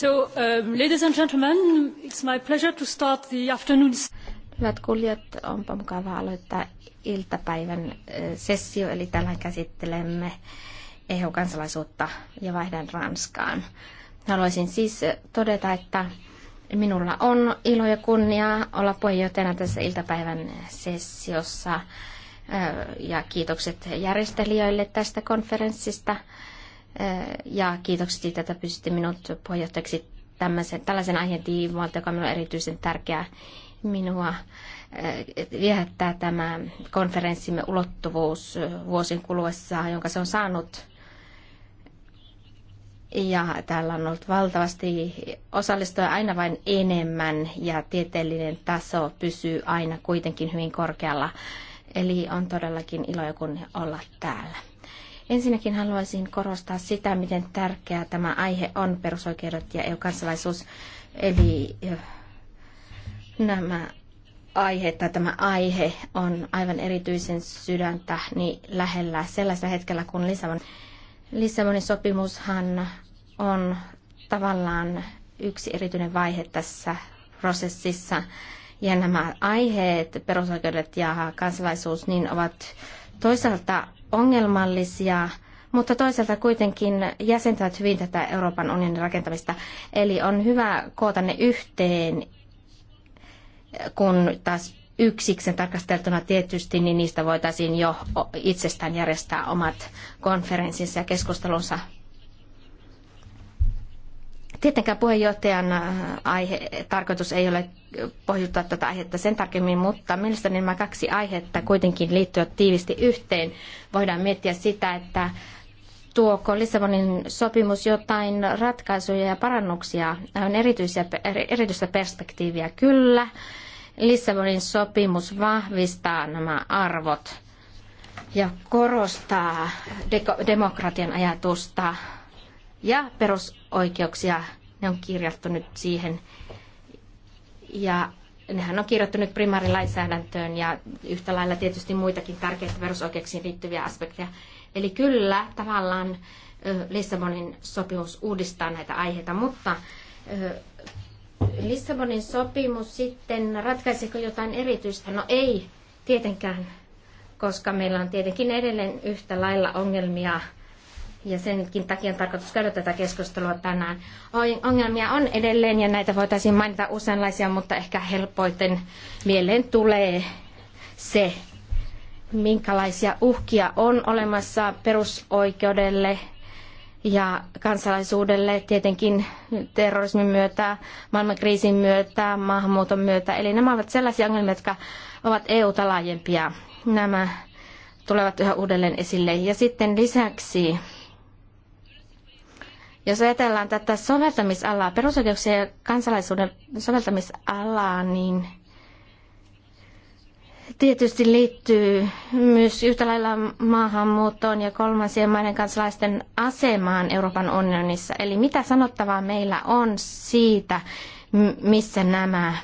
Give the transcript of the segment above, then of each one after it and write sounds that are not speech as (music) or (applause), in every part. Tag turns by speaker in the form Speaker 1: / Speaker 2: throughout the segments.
Speaker 1: So, um, ladies and gentlemen, it's my pleasure to start the afternoon. Hyvät kuulijat, onpa mukava aloittaa iltapäivän äh, sessio, eli tällä käsittelemme EU-kansalaisuutta ja vaihdan Ranskaan. Haluaisin siis todeta, että minulla on ilo ja kunnia olla puheenjohtajana tässä iltapäivän sessiossa äh, ja kiitokset järjestelijöille tästä konferenssista. Ja kiitokset siitä, että pystytte minut puheenjohtajaksi tämmöisen, tällaisen aiheen tiimoilta, joka on minulle erityisen tärkeää Minua viehättää tämä konferenssimme ulottuvuus vuosien kuluessa, jonka se on saanut. Ja täällä on ollut valtavasti osallistujia aina vain enemmän ja tieteellinen taso pysyy aina kuitenkin hyvin korkealla. Eli on todellakin ilo ja kunnia olla täällä. Ensinnäkin haluaisin korostaa sitä, miten tärkeä tämä aihe on, perusoikeudet ja EU-kansalaisuus. Eli nämä aiheet tai tämä aihe on aivan erityisen sydäntäni lähellä sellaisella hetkellä, kun Lissabonin, Lissabonin sopimushan on tavallaan yksi erityinen vaihe tässä prosessissa. Ja nämä aiheet, perusoikeudet ja kansalaisuus, niin ovat toisaalta ongelmallisia, mutta toisaalta kuitenkin jäsentävät hyvin tätä Euroopan unionin rakentamista. Eli on hyvä koota ne yhteen, kun taas yksiksen tarkasteltuna tietysti, niin niistä voitaisiin jo itsestään järjestää omat konferenssinsa ja keskustelunsa Tietenkään puheenjohtajan äh, aihe, tarkoitus ei ole pohjuttaa tätä aihetta sen tarkemmin, mutta mielestäni nämä kaksi aihetta kuitenkin liittyvät tiivisti yhteen. Voidaan miettiä sitä, että tuoko Lissabonin sopimus jotain ratkaisuja ja parannuksia. Nämä on erityisiä, erityistä perspektiiviä. Kyllä, Lissabonin sopimus vahvistaa nämä arvot ja korostaa demokratian ajatusta ja perusoikeuksia. Ne on kirjattu nyt siihen. Ja nehän on kirjattu nyt primaarilainsäädäntöön ja yhtä lailla tietysti muitakin tärkeitä perusoikeuksiin liittyviä aspekteja. Eli kyllä tavallaan Lissabonin sopimus uudistaa näitä aiheita, mutta Lissabonin sopimus sitten, ratkaiseeko jotain erityistä? No ei tietenkään, koska meillä on tietenkin edelleen yhtä lailla ongelmia ja senkin takia on tarkoitus käydä tätä keskustelua tänään. Ongelmia on edelleen ja näitä voitaisiin mainita useanlaisia, mutta ehkä helpoiten mieleen tulee se, minkälaisia uhkia on olemassa perusoikeudelle ja kansalaisuudelle tietenkin terrorismin myötä, maailmankriisin myötä, maahanmuuton myötä. Eli nämä ovat sellaisia ongelmia, jotka ovat EU-ta laajempia. Nämä tulevat yhä uudelleen esille. Ja sitten lisäksi jos ajatellaan tätä soveltamisalaa, perusoikeuksien ja kansalaisuuden soveltamisalaa, niin tietysti liittyy myös yhtä lailla maahanmuuttoon ja kolmansien maiden kansalaisten asemaan Euroopan unionissa. Eli mitä sanottavaa meillä on siitä, missä nämä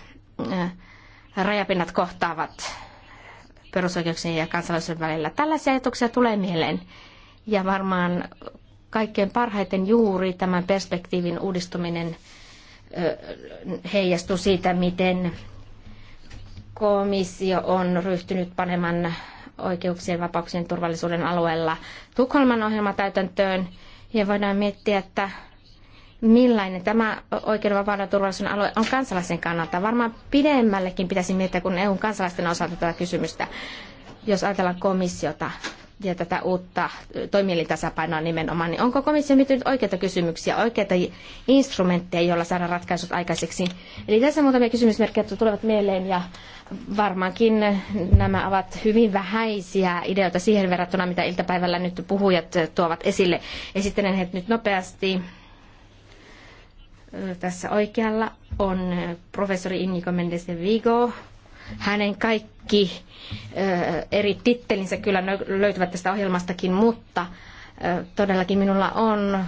Speaker 1: rajapinnat kohtaavat perusoikeuksien ja kansalaisuuden välillä. Tällaisia ajatuksia tulee mieleen. Ja varmaan kaikkein parhaiten juuri tämän perspektiivin uudistuminen heijastuu siitä, miten komissio on ryhtynyt panemaan oikeuksien, vapauksien turvallisuuden alueella Tukholman ohjelma täytäntöön. Ja voidaan miettiä, että millainen tämä oikeuden, vapauden turvallisuuden alue on kansalaisen kannalta. Varmaan pidemmällekin pitäisi miettiä kuin EUn kansalaisten osalta tätä kysymystä, jos ajatellaan komissiota ja tätä uutta toimielintasapainoa nimenomaan, niin onko komissio miettinyt oikeita kysymyksiä, oikeita instrumentteja, joilla saada ratkaisut aikaiseksi? Eli tässä muutamia kysymysmerkkejä tulevat mieleen ja varmaankin nämä ovat hyvin vähäisiä ideoita siihen verrattuna, mitä iltapäivällä nyt puhujat tuovat esille. Esittelen heitä nyt nopeasti. Tässä oikealla on professori Inigo Mendes de Vigo, hänen kaikki eri tittelinsä kyllä löytyvät tästä ohjelmastakin, mutta todellakin minulla on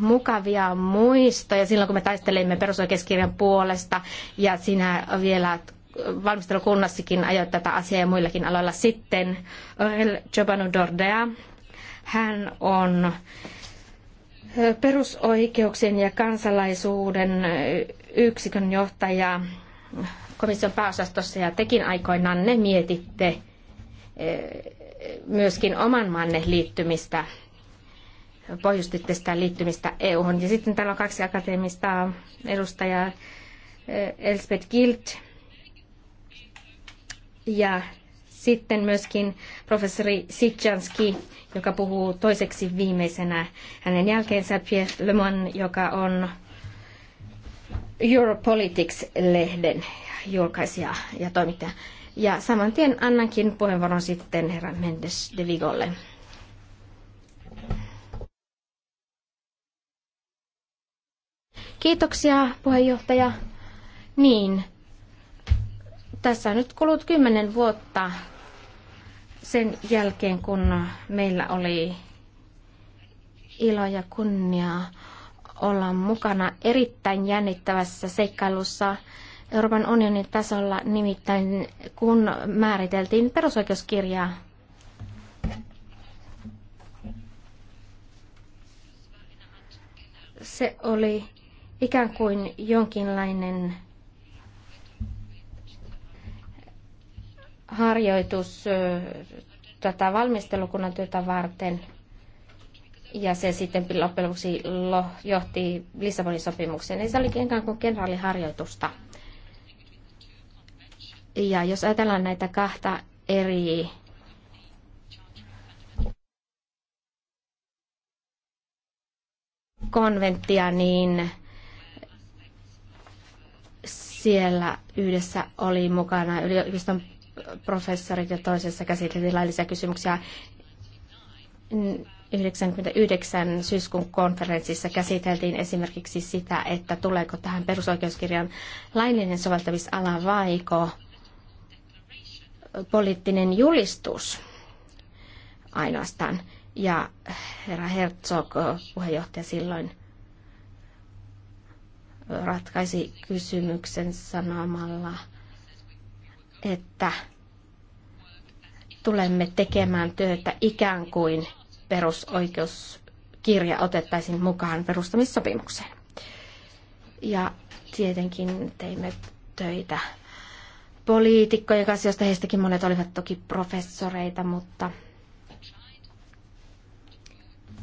Speaker 1: mukavia muistoja silloin, kun me taistelimme perusoikeuskirjan puolesta ja sinä vielä valmistelukunnassakin ajoit tätä asiaa ja muillakin aloilla. Sitten Orel Jobanu Dordea, hän on perusoikeuksien ja kansalaisuuden yksikön johtaja komission pääosastossa ja tekin aikoinaan ne mietitte eh, myöskin oman maanne liittymistä, pohjustitte sitä liittymistä EU-hun. Ja sitten täällä on kaksi akateemista edustajaa, eh, Elspeth Gilt ja sitten myöskin professori Sitjanski, joka puhuu toiseksi viimeisenä hänen jälkeensä Pierre Lemon, joka on Europolitics-lehden julkaisija ja toimittaja. Ja saman tien annankin puheenvuoron sitten herra Mendes de Vigolle. Kiitoksia puheenjohtaja. Niin, tässä on nyt kulut kymmenen vuotta sen jälkeen, kun meillä oli ilo ja kunnia olla mukana erittäin jännittävässä seikkailussa Euroopan unionin tasolla, nimittäin kun määriteltiin perusoikeuskirjaa. Se oli ikään kuin jonkinlainen harjoitus tätä valmistelukunnan työtä varten – ja se sitten loppujen lopuksi johti Lissabonin sopimukseen. Eli se olikin ikään kuin kenraaliharjoitusta. Ja jos ajatellaan näitä kahta eri konventtia, niin siellä yhdessä oli mukana yliopiston professorit ja toisessa käsiteltiin laillisia kysymyksiä 1999 syyskuun konferenssissa käsiteltiin esimerkiksi sitä, että tuleeko tähän perusoikeuskirjan laillinen soveltamisala vaiko poliittinen julistus ainoastaan. Ja herra Herzog, puheenjohtaja silloin, ratkaisi kysymyksen sanomalla, että tulemme tekemään työtä ikään kuin perusoikeuskirja otettaisiin mukaan perustamissopimukseen. Ja tietenkin teimme töitä poliitikkojen kanssa, joista heistäkin monet olivat toki professoreita, mutta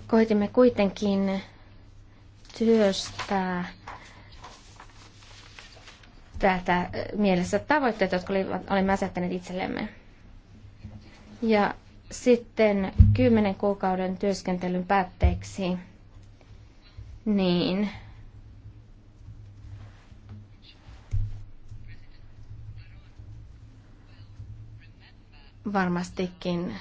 Speaker 1: koitimme kuitenkin työstää tätä mielessä tavoitteet, jotka olimme asettaneet itsellemme. Ja sitten kymmenen kuukauden työskentelyn päätteeksi, niin varmastikin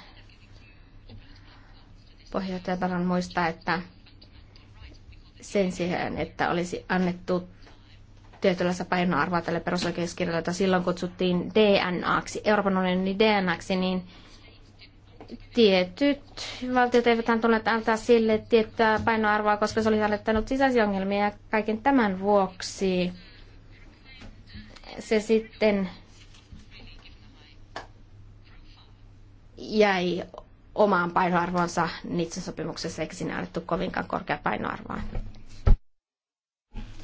Speaker 1: puheenjohtaja Baron muistaa, että sen sijaan, että olisi annettu tietynlaista painoarvoa tälle perusoikeuskirjalle, jota silloin kutsuttiin DNAksi, Euroopan unionin DNAksi, niin tietyt valtiot eivät tule antaa sille tiettyä painoarvoa, koska se oli aiheuttanut sisäisiä ongelmia ja kaiken tämän vuoksi se sitten jäi omaan painoarvoonsa Nitsan sopimuksessa, eikä siinä annettu kovinkaan korkea painoarvoa.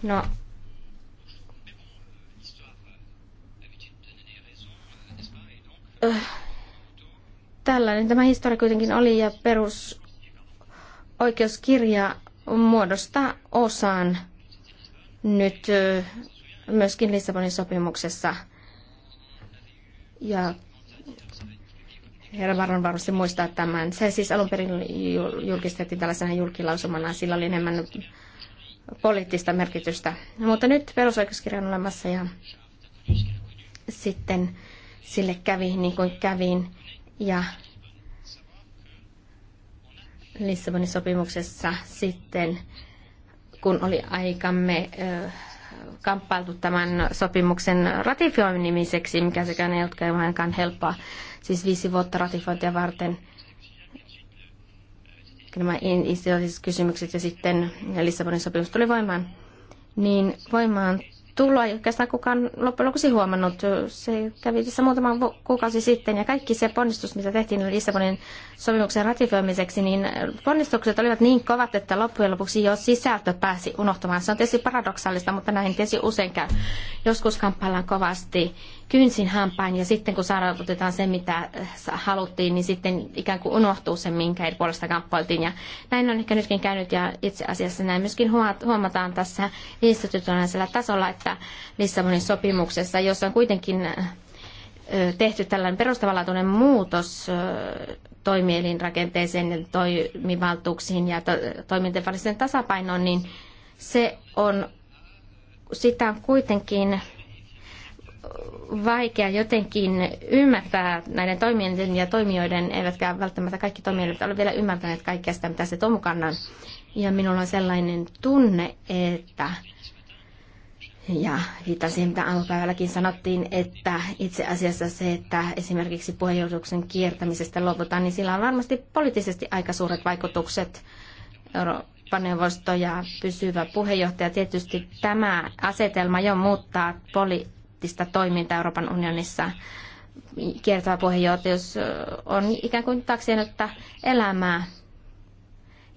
Speaker 1: No, Öh tällainen tämä historia kuitenkin oli ja perusoikeuskirja muodostaa osan nyt myöskin Lissabonin sopimuksessa. Ja herra Varon varmasti muistaa tämän. Se siis alun perin julkistettiin tällaisena julkilausumana, sillä oli enemmän poliittista merkitystä. Mutta nyt perusoikeuskirja on olemassa ja sitten sille kävi niin kuin kävin. Ja Lissabonin sopimuksessa sitten, kun oli aikamme kamppailtu tämän sopimuksen ratifioimiseksi, mikä sekään ei ole ainakaan helppoa, siis viisi vuotta ratifiointia varten nämä instituutiset kysymykset ja sitten Lissabonin sopimus tuli voimaan, niin voimaan tullut, ei oikeastaan kukaan loppujen lopuksi huomannut. Se kävi tässä muutama kuukausi sitten ja kaikki se ponnistus, mitä tehtiin Lissabonin sopimuksen ratifioimiseksi, niin ponnistukset olivat niin kovat, että loppujen lopuksi jo sisältö pääsi unohtumaan. Se on tietysti paradoksaalista, mutta näin tietysti usein käy. Joskus kamppaillaan kovasti kynsin hampain ja sitten kun saavutetaan se, mitä äh, haluttiin, niin sitten ikään kuin unohtuu se, minkä eri puolesta kamppailtiin. Ja näin on ehkä nytkin käynyt ja itse asiassa näin myöskin huomataan tässä institutionaalisella tasolla, että Lissabonin sopimuksessa, jossa on kuitenkin äh, tehty tällainen perustavanlaatuinen muutos äh, toimielinrakenteeseen, toimivaltuuksiin ja to, toimintavälisen tasapainoon, niin se on, sitä on kuitenkin vaikea jotenkin ymmärtää näiden toimijoiden ja toimijoiden, eivätkä välttämättä kaikki toimijat ole vielä ymmärtäneet kaikkea sitä, mitä se Tomu kannan. Ja minulla on sellainen tunne, että ja viittaan mitä aamupäivälläkin sanottiin, että itse asiassa se, että esimerkiksi puheenjohtuksen kiertämisestä luovutaan, niin sillä on varmasti poliittisesti aika suuret vaikutukset Euroopan neuvosto ja pysyvä puheenjohtaja. Tietysti tämä asetelma jo muuttaa poli- poliittista toimintaa Euroopan unionissa. Kiertävä puheenjohtajuus on ikään kuin taksienottaa elämää.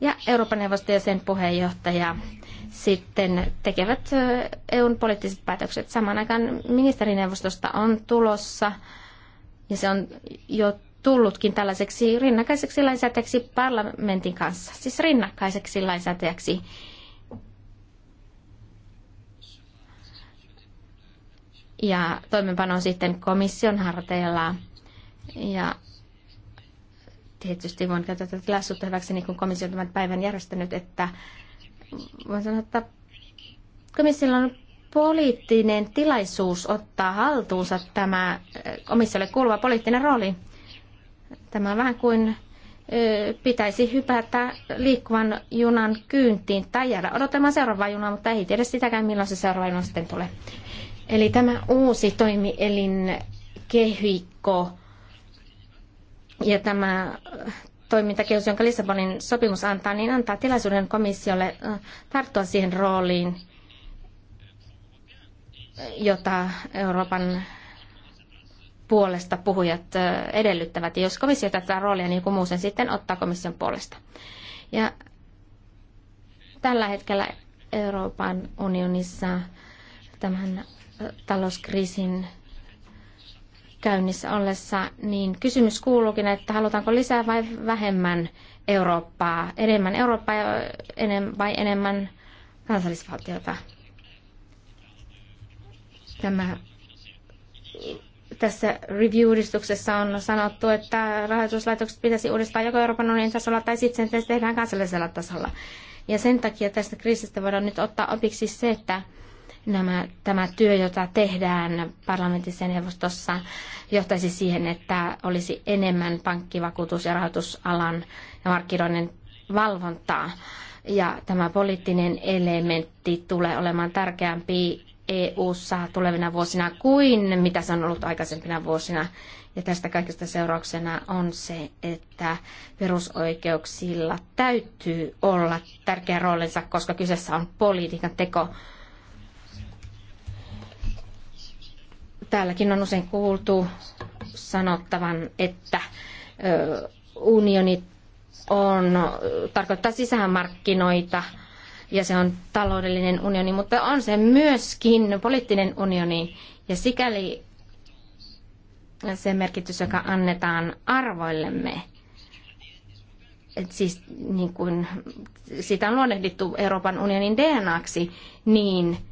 Speaker 1: Ja Euroopan neuvosto ja sen puheenjohtaja sitten tekevät EUn poliittiset päätökset. Samaan aikaan ministerineuvostosta on tulossa, ja se on jo tullutkin tällaiseksi rinnakkaiseksi lainsäätäjäksi parlamentin kanssa, siis rinnakkaiseksi lainsäätäjäksi ja toimenpano sitten komission harteilla. Ja tietysti voin käyttää tätä tilaisuutta hyväksi, niin kuin komissio tämän päivän järjestänyt, että voin sanoa, että komissiolla on poliittinen tilaisuus ottaa haltuunsa tämä eh, komissiolle kuuluva poliittinen rooli. Tämä on vähän kuin eh, pitäisi hypätä liikkuvan junan kyyntiin tai jäädä odottamaan seuraavaa junaa, mutta ei tiedä sitäkään, milloin se seuraava juna sitten tulee. Eli tämä uusi toimielin kehikko ja tämä äh, toimintakehys, jonka Lissabonin sopimus antaa, niin antaa tilaisuuden komissiolle äh, tarttua siihen rooliin, jota Euroopan puolesta puhujat äh, edellyttävät. Ja jos komissio tätä roolia, niin joku muu sen sitten ottaa komission puolesta. Ja tällä hetkellä Euroopan unionissa tämän talouskriisin käynnissä ollessa, niin kysymys kuuluukin, että halutaanko lisää vai vähemmän Eurooppaa, enemmän Eurooppaa vai enemmän kansallisvaltiota. Tämä, tässä review-uudistuksessa on sanottu, että rahoituslaitokset pitäisi uudistaa joko Euroopan unionin tasolla tai sitten se tehdään kansallisella tasolla. Ja sen takia tästä kriisistä voidaan nyt ottaa opiksi se, että nämä, tämä työ, jota tehdään parlamentissa neuvostossa, johtaisi siihen, että olisi enemmän pankkivakuutus- ja rahoitusalan ja markkinoiden valvontaa. Ja tämä poliittinen elementti tulee olemaan tärkeämpi EU-ssa tulevina vuosina kuin mitä se on ollut aikaisempina vuosina. Ja tästä kaikesta seurauksena on se, että perusoikeuksilla täytyy olla tärkeä roolinsa, koska kyseessä on politiikan teko Täälläkin on usein kuultu sanottavan, että unioni on, tarkoittaa sisämarkkinoita ja se on taloudellinen unioni, mutta on se myöskin poliittinen unioni ja sikäli se merkitys, joka annetaan arvoillemme, et siis niin kuin, sitä on luonnehdittu Euroopan unionin DNAksi, niin –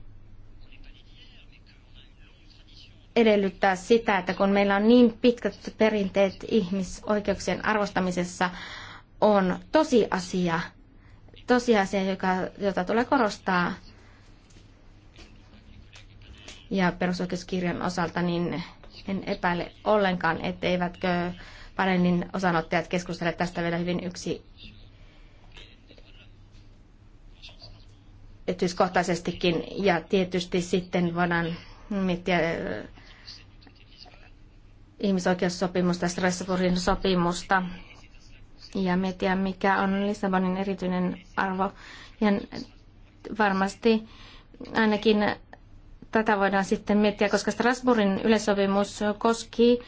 Speaker 1: edellyttää sitä, että kun meillä on niin pitkät perinteet ihmisoikeuksien arvostamisessa, on tosiasia, tosiasia joka, jota tulee korostaa. Ja perusoikeuskirjan osalta niin en epäile ollenkaan, etteivätkö paremmin osanottajat keskustele tästä vielä hyvin yksi yksityiskohtaisestikin. Ja tietysti sitten voidaan miettiä ihmisoikeussopimusta ja Strasbourgin sopimusta ja miettiä, mikä on Lissabonin erityinen arvo. Ja varmasti ainakin tätä voidaan sitten miettiä, koska Strasbourgin yleissopimus koski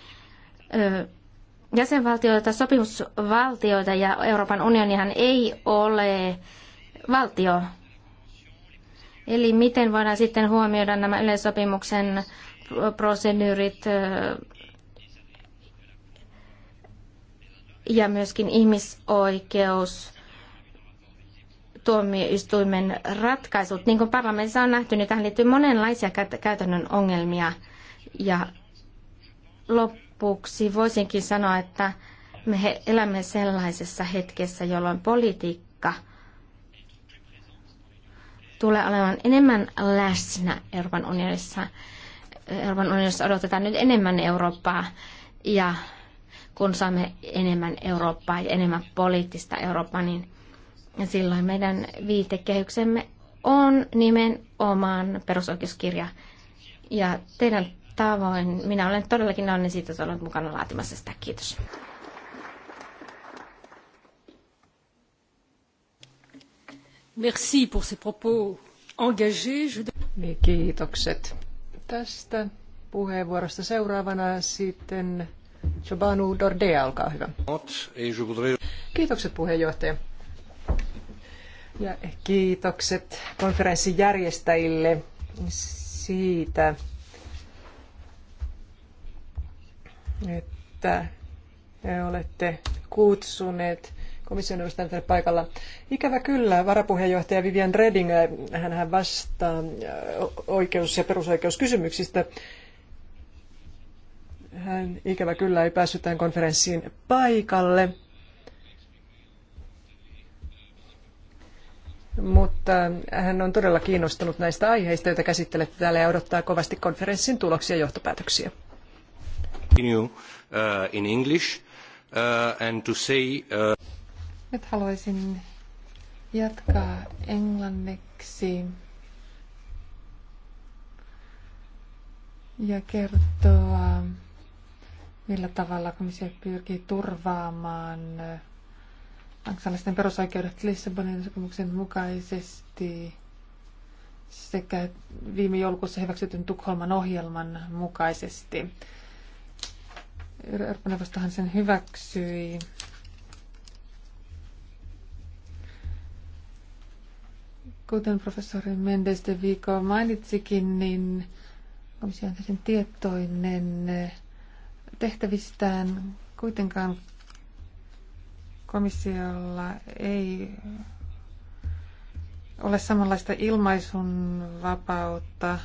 Speaker 1: jäsenvaltioita, sopimusvaltioita ja Euroopan unionihan ei ole valtio. Eli miten voidaan sitten huomioida nämä yleissopimuksen proseduurit, ja myöskin ihmisoikeus tuomioistuimen ratkaisut. Niin kuin parlamentissa on nähty, niin tähän liittyy monenlaisia käytännön ongelmia. Ja lopuksi voisinkin sanoa, että me elämme sellaisessa hetkessä, jolloin politiikka tulee olemaan enemmän läsnä Euroopan unionissa. Euroopan unionissa odotetaan nyt enemmän Eurooppaa ja kun saamme enemmän Eurooppaa ja enemmän poliittista Eurooppaa, niin silloin meidän viitekehyksemme on nimenomaan perusoikeuskirja. Ja teidän tavoin, minä olen todellakin onnellinen siitä, että olen mukana laatimassa sitä. Kiitos.
Speaker 2: Merci
Speaker 3: pour ces propos engagés. Je... Niin, kiitokset tästä puheenvuorosta. Seuraavana sitten Chobanu Dordea, olkaa hyvä. Kiitokset puheenjohtaja. Ja kiitokset konferenssin järjestäjille siitä, että olette kutsuneet komission edustajan tänne paikalla. Ikävä kyllä, varapuheenjohtaja Vivian Reding, äh, hän vastaa äh, oikeus- ja perusoikeuskysymyksistä, hän ikävä kyllä ei päässyt tämän konferenssiin paikalle. Mutta hän on todella kiinnostunut näistä aiheista, joita käsittelette täällä ja odottaa kovasti konferenssin tuloksia
Speaker 4: ja johtopäätöksiä.
Speaker 2: Uh, in English, uh, and to say, uh,
Speaker 4: Nyt haluaisin jatkaa englanniksi. ja kertoa millä tavalla komissio pyrkii turvaamaan äh, kansalaisten perusoikeudet Lissabonin sopimuksen mukaisesti sekä viime joulukuussa hyväksytyn Tukholman ohjelman mukaisesti. Euroopan neuvostohan sen hyväksyi. Kuten professori Mendes de Vico mainitsikin, niin komissio on tietoinen äh, tehtävistään. Kuitenkaan komissiolla ei ole samanlaista ilmaisun vapautta.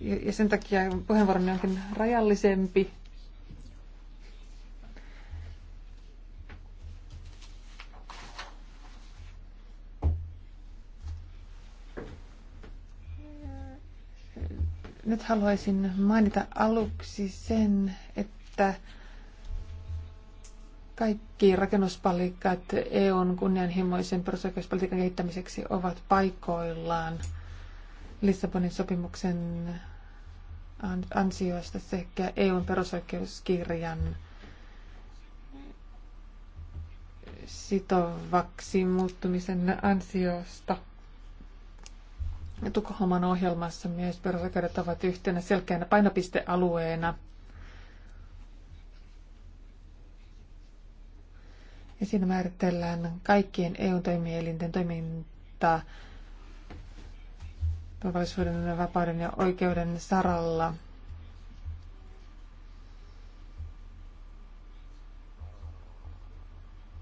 Speaker 4: Ja sen takia puheenvuoroni onkin rajallisempi Nyt haluaisin mainita aluksi sen, että kaikki rakennuspalikat EUn kunnianhimoisen perusoikeuspolitiikan kehittämiseksi ovat paikoillaan Lissabonin sopimuksen ansioista sekä EUn perusoikeuskirjan sitovaksi muuttumisen ansiosta. Tukholman ohjelmassa myös perusoikeudet ovat yhtenä selkeänä painopistealueena. Ja siinä määritellään kaikkien EU-toimielinten toimintaa turvallisuuden, vapauden ja oikeuden saralla.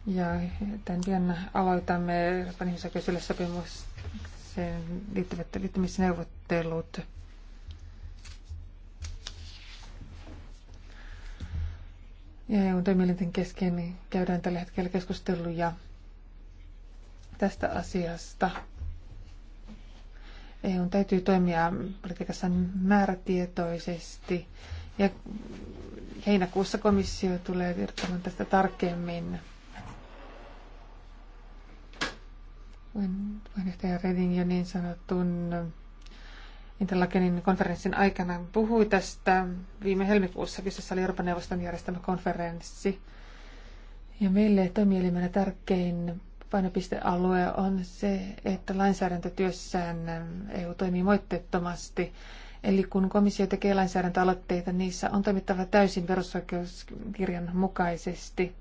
Speaker 4: Ja tämän aloitamme Euroopan ihmisoikeusyleissopimusta liittyvät liittymisneuvottelut. Ja EUn toimielinten kesken niin käydään tällä hetkellä keskusteluja tästä asiasta. EUn täytyy toimia politiikassa määrätietoisesti. Ja heinäkuussa komissio tulee tiedottamaan tästä tarkemmin. puheenjohtaja Redin jo niin sanotun Interlakenin konferenssin aikana puhui tästä viime helmikuussa. Kyseessä oli Euroopan neuvoston järjestämä konferenssi. Ja meille toimielimenä tärkein painopistealue on se, että lainsäädäntötyössään EU toimii moitteettomasti. Eli kun komissio tekee lainsäädäntöaloitteita, niissä on toimittava täysin perusoikeuskirjan mukaisesti.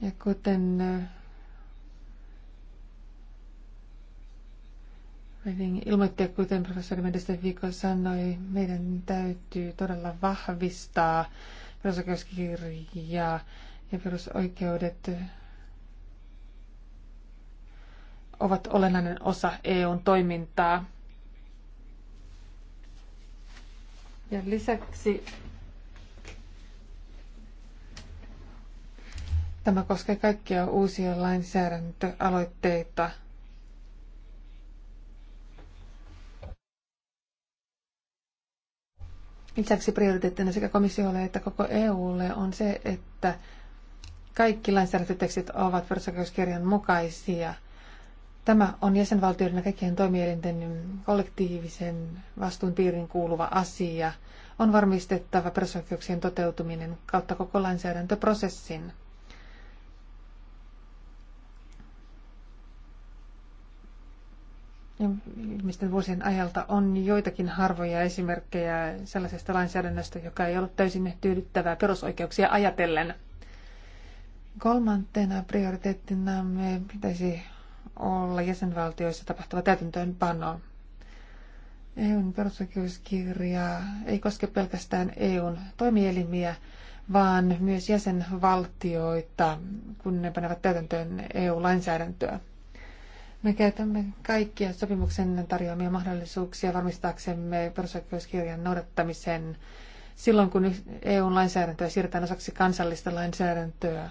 Speaker 4: Ja kuten äh, ilmoitti, kuten professori Medeste sanoi, meidän täytyy todella vahvistaa perusoikeuskirjaa ja perusoikeudet äh, ovat olennainen osa EUn toimintaa. Ja lisäksi Tämä koskee kaikkia uusia lainsäädäntöaloitteita. Lisäksi prioriteettina sekä komissiolle että koko EUlle on se, että kaikki lainsäädäntötekstit ovat perusoikeuskirjan mukaisia. Tämä on jäsenvaltioiden ja kaikkien toimielinten kollektiivisen vastuun piirin kuuluva asia. On varmistettava perusoikeuksien toteutuminen kautta koko lainsäädäntöprosessin. ihmisten vuosien ajalta on joitakin harvoja esimerkkejä sellaisesta lainsäädännöstä, joka ei ollut täysin tyydyttävää perusoikeuksia ajatellen. Kolmantena prioriteettina me pitäisi olla jäsenvaltioissa tapahtuva täytäntöönpano. EUn perusoikeuskirja ei koske pelkästään EUn toimielimiä, vaan myös jäsenvaltioita, kun ne panevat täytäntöön EU-lainsäädäntöä. Me käytämme kaikkia sopimuksen tarjoamia mahdollisuuksia varmistaaksemme perusoikeuskirjan noudattamisen silloin, kun EU-lainsäädäntöä siirretään osaksi kansallista lainsäädäntöä.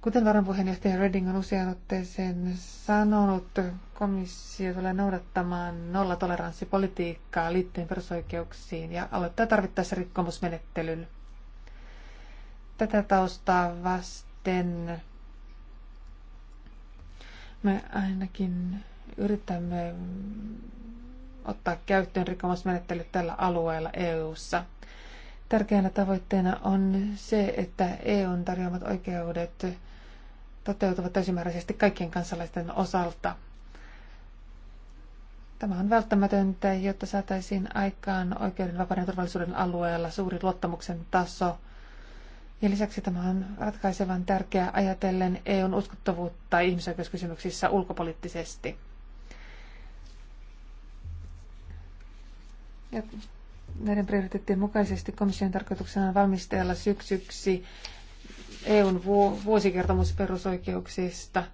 Speaker 4: Kuten varapuheenjohtaja Redding on usean otteeseen sanonut, komissio tulee noudattamaan nollatoleranssipolitiikkaa liittyen perusoikeuksiin ja aloittaa tarvittaessa rikkomusmenettelyn. Tätä taustaa vasten me ainakin yritämme ottaa käyttöön rikkomusmenettelyt tällä alueella EU:ssa. Tärkeänä tavoitteena on se, että EUn tarjoamat oikeudet toteutuvat täysimääräisesti kaikkien kansalaisten osalta. Tämä on välttämätöntä, jotta saataisiin aikaan oikeuden, vapauden ja turvallisuuden alueella suuri luottamuksen taso – ja lisäksi tämä on ratkaisevan tärkeä ajatellen EUn uskottavuutta ihmisoikeuskysymyksissä ulkopoliittisesti. Ja näiden prioriteettien mukaisesti komission tarkoituksena on valmistella syksyksi EUn vuosikertomus perusoikeuksista,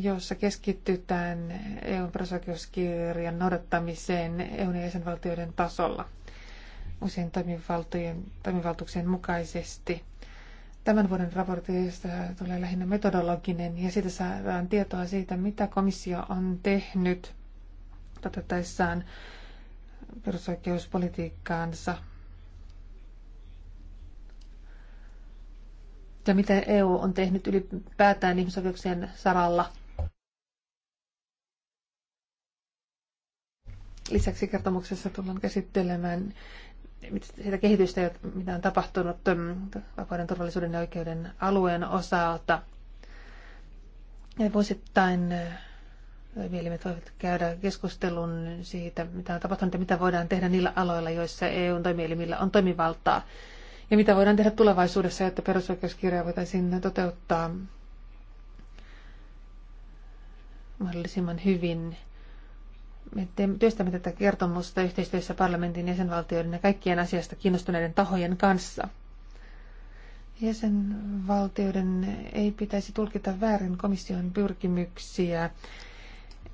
Speaker 4: jossa keskitytään EUn perusoikeuskirjan noudattamiseen EUn ja jäsenvaltioiden tasolla – usein toimivaltuuksien mukaisesti. Tämän vuoden raportista tulee lähinnä metodologinen ja siitä saadaan tietoa siitä, mitä komissio on tehnyt toteuttaessaan perusoikeuspolitiikkaansa ja mitä EU on tehnyt ylipäätään ihmisoikeuksien saralla. Lisäksi kertomuksessa tullaan käsittelemään sitä kehitystä, mitä on tapahtunut mm, vapauden, turvallisuuden ja oikeuden alueen osalta. Ja vuosittain mielimet voivat käydä keskustelun siitä, mitä on tapahtunut ja mitä voidaan tehdä niillä aloilla, joissa eu toimielimillä on toimivaltaa. Ja mitä voidaan tehdä tulevaisuudessa, jotta perusoikeuskirjaa voitaisiin toteuttaa mahdollisimman hyvin me työstämme tätä kertomusta yhteistyössä parlamentin jäsenvaltioiden ja kaikkien asiasta kiinnostuneiden tahojen kanssa. Jäsenvaltioiden ei pitäisi tulkita väärin komission pyrkimyksiä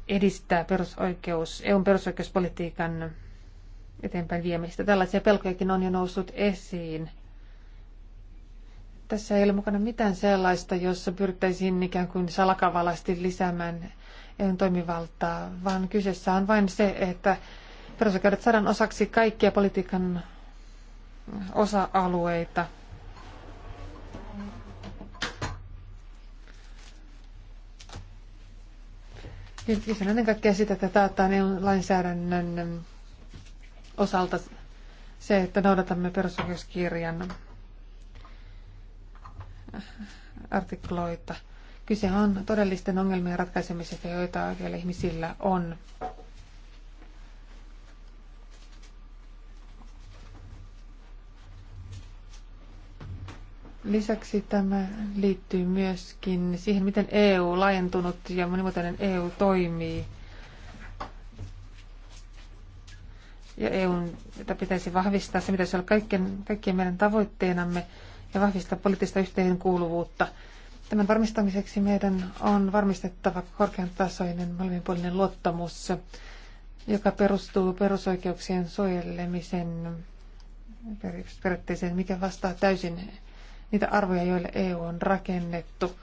Speaker 4: edistää perusoikeus, EUn perusoikeuspolitiikan eteenpäin viemistä. Tällaisia pelkojakin on jo noussut esiin. Tässä ei ole mukana mitään sellaista, jossa pyrittäisiin ikään kuin salakavalasti lisäämään toimivaltaa, vaan kyseessä on vain se, että perusoikeudet saadaan osaksi kaikkia politiikan osa-alueita. Kyse on ennen kaikkea sitä, että taataan lainsäädännön osalta se, että noudatamme perusoikeuskirjan artikloita. Kyse on todellisten ongelmien ratkaisemisesta, joita vielä ihmisillä on. Lisäksi tämä liittyy myöskin siihen, miten EU, laajentunut ja monimuotoinen EU toimii. Ja EU jota pitäisi vahvistaa, se pitäisi olla kaikkien, kaikkien meidän tavoitteenamme ja vahvistaa poliittista yhteenkuuluvuutta. kuuluvuutta Tämän varmistamiseksi meidän on varmistettava korkean tasoinen molemminpuolinen luottamus, joka perustuu perusoikeuksien suojelemisen periaatteeseen, mikä vastaa täysin niitä arvoja, joille EU on rakennettu.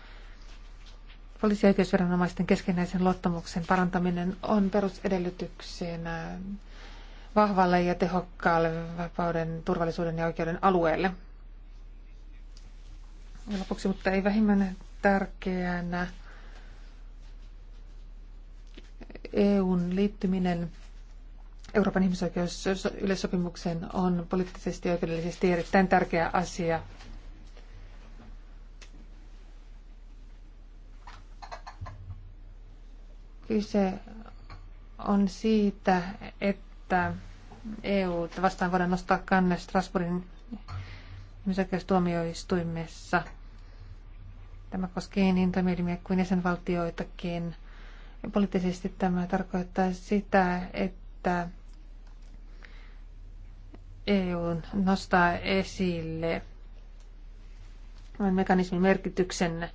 Speaker 4: Poliisi- ja oikeusviranomaisten keskinäisen luottamuksen parantaminen on perusedellytyksenä vahvalle ja tehokkaalle vapauden, turvallisuuden ja oikeuden alueelle lopuksi, mutta ei vähimmän tärkeänä EUn liittyminen Euroopan ihmisoikeusyleissopimukseen on poliittisesti ja oikeudellisesti erittäin tärkeä asia. Kyse on siitä, että EU vastaan voidaan nostaa kanne Strasbourgin ihmisoikeustuomioistuimessa. Tämä koskee niin toimielimiä kuin jäsenvaltioitakin. Poliittisesti tämä tarkoittaa sitä, että EU nostaa esille mekanismin merkityksen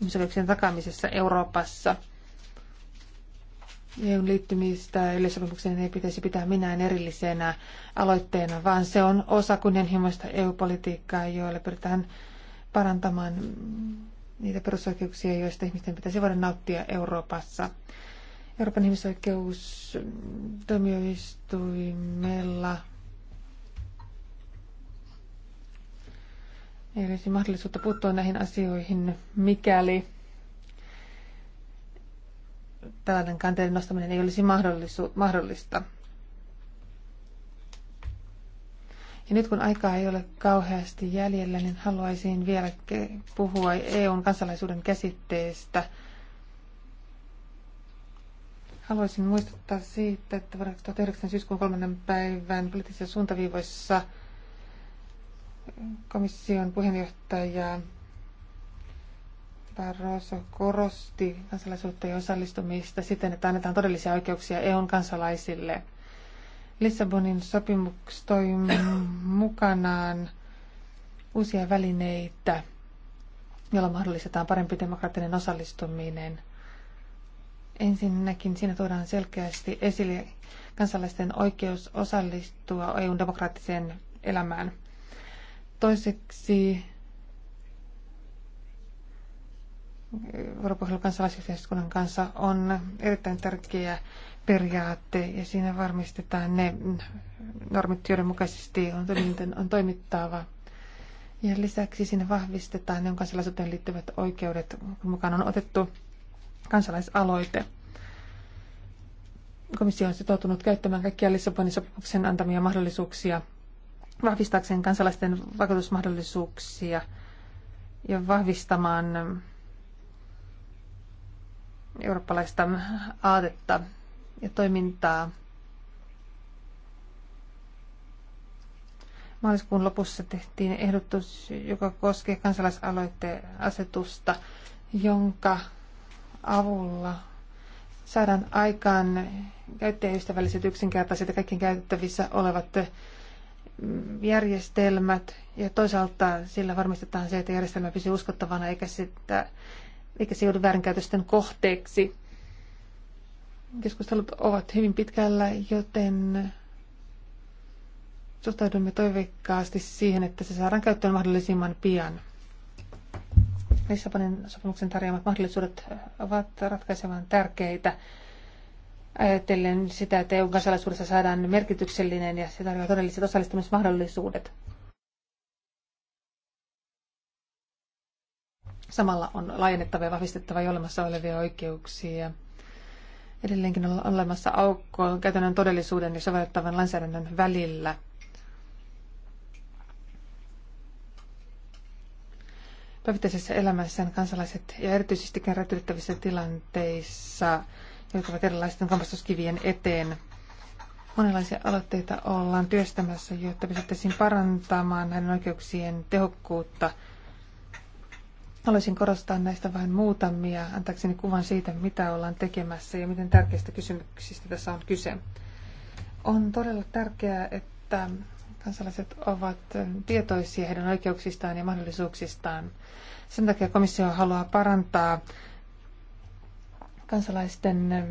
Speaker 4: ihmisoikeuksien takaamisessa Euroopassa – EUn liittymistä yleissopimukseen ei pitäisi pitää minään erillisenä aloitteena, vaan se on osa kunnianhimoista EU-politiikkaa, joilla pyritään parantamaan niitä perusoikeuksia, joista ihmisten pitäisi voida nauttia Euroopassa. Euroopan ihmisoikeustuomioistuimella ei olisi mahdollisuutta puuttua näihin asioihin, mikäli tällainen kanteiden nostaminen ei olisi mahdollista. Ja nyt kun aikaa ei ole kauheasti jäljellä, niin haluaisin vielä puhua EUn kansalaisuuden käsitteestä. Haluaisin muistuttaa siitä, että vuonna 2009 syyskuun kolmannen päivän poliittisissa suuntaviivoissa komission puheenjohtaja Barroso korosti ja osallistumista siten, että annetaan todellisia oikeuksia EUn kansalaisille. Lissabonin sopimus toi mukanaan uusia välineitä, joilla mahdollistetaan parempi demokraattinen osallistuminen. Ensinnäkin siinä tuodaan selkeästi esille kansalaisten oikeus osallistua EUn demokraattiseen elämään. Toiseksi Euroopan kansalaisyhteiskunnan kanssa on erittäin tärkeä periaatte ja siinä varmistetaan ne normit, joiden mukaisesti on, on toimittava. Ja lisäksi siinä vahvistetaan ne kansalaisuuteen liittyvät oikeudet, kun mukaan on otettu kansalaisaloite. Komissio on sitoutunut käyttämään kaikkia Lissabonin sopimuksen antamia mahdollisuuksia vahvistaakseen kansalaisten vaikutusmahdollisuuksia ja vahvistamaan eurooppalaista aatetta ja toimintaa. Maaliskuun lopussa tehtiin ehdotus, joka koskee kansalaisaloitteen asetusta, jonka avulla saadaan aikaan käyttäjäystävälliset, yksinkertaiset ja kaikkien käytettävissä olevat mm, järjestelmät ja toisaalta sillä varmistetaan se, että järjestelmä pysyy uskottavana eikä sitä eikä se joudu väärinkäytösten kohteeksi. Keskustelut ovat hyvin pitkällä, joten suhtaudumme toiveikkaasti siihen, että se saadaan käyttöön mahdollisimman pian. Lissabonin sopimuksen tarjoamat mahdollisuudet ovat ratkaisevan tärkeitä. Ajatellen sitä, että EU-kansalaisuudessa saadaan merkityksellinen ja se tarjoaa todelliset osallistumismahdollisuudet. Samalla on laajennettava ja vahvistettava jo olemassa olevia oikeuksia. Edelleenkin on olemassa aukko käytännön todellisuuden ja sovellettavan lainsäädännön välillä. Päivittäisessä elämässään kansalaiset ja erityisesti kerätyttävissä tilanteissa joutuvat erilaisten kompastuskivien eteen. Monenlaisia aloitteita ollaan työstämässä, jotta pystyttäisiin parantamaan näiden oikeuksien tehokkuutta – Haluaisin korostaa näistä vain muutamia, antaakseni kuvan siitä, mitä ollaan tekemässä ja miten tärkeistä kysymyksistä tässä on kyse. On todella tärkeää, että kansalaiset ovat tietoisia heidän oikeuksistaan ja mahdollisuuksistaan. Sen takia komissio haluaa parantaa kansalaisten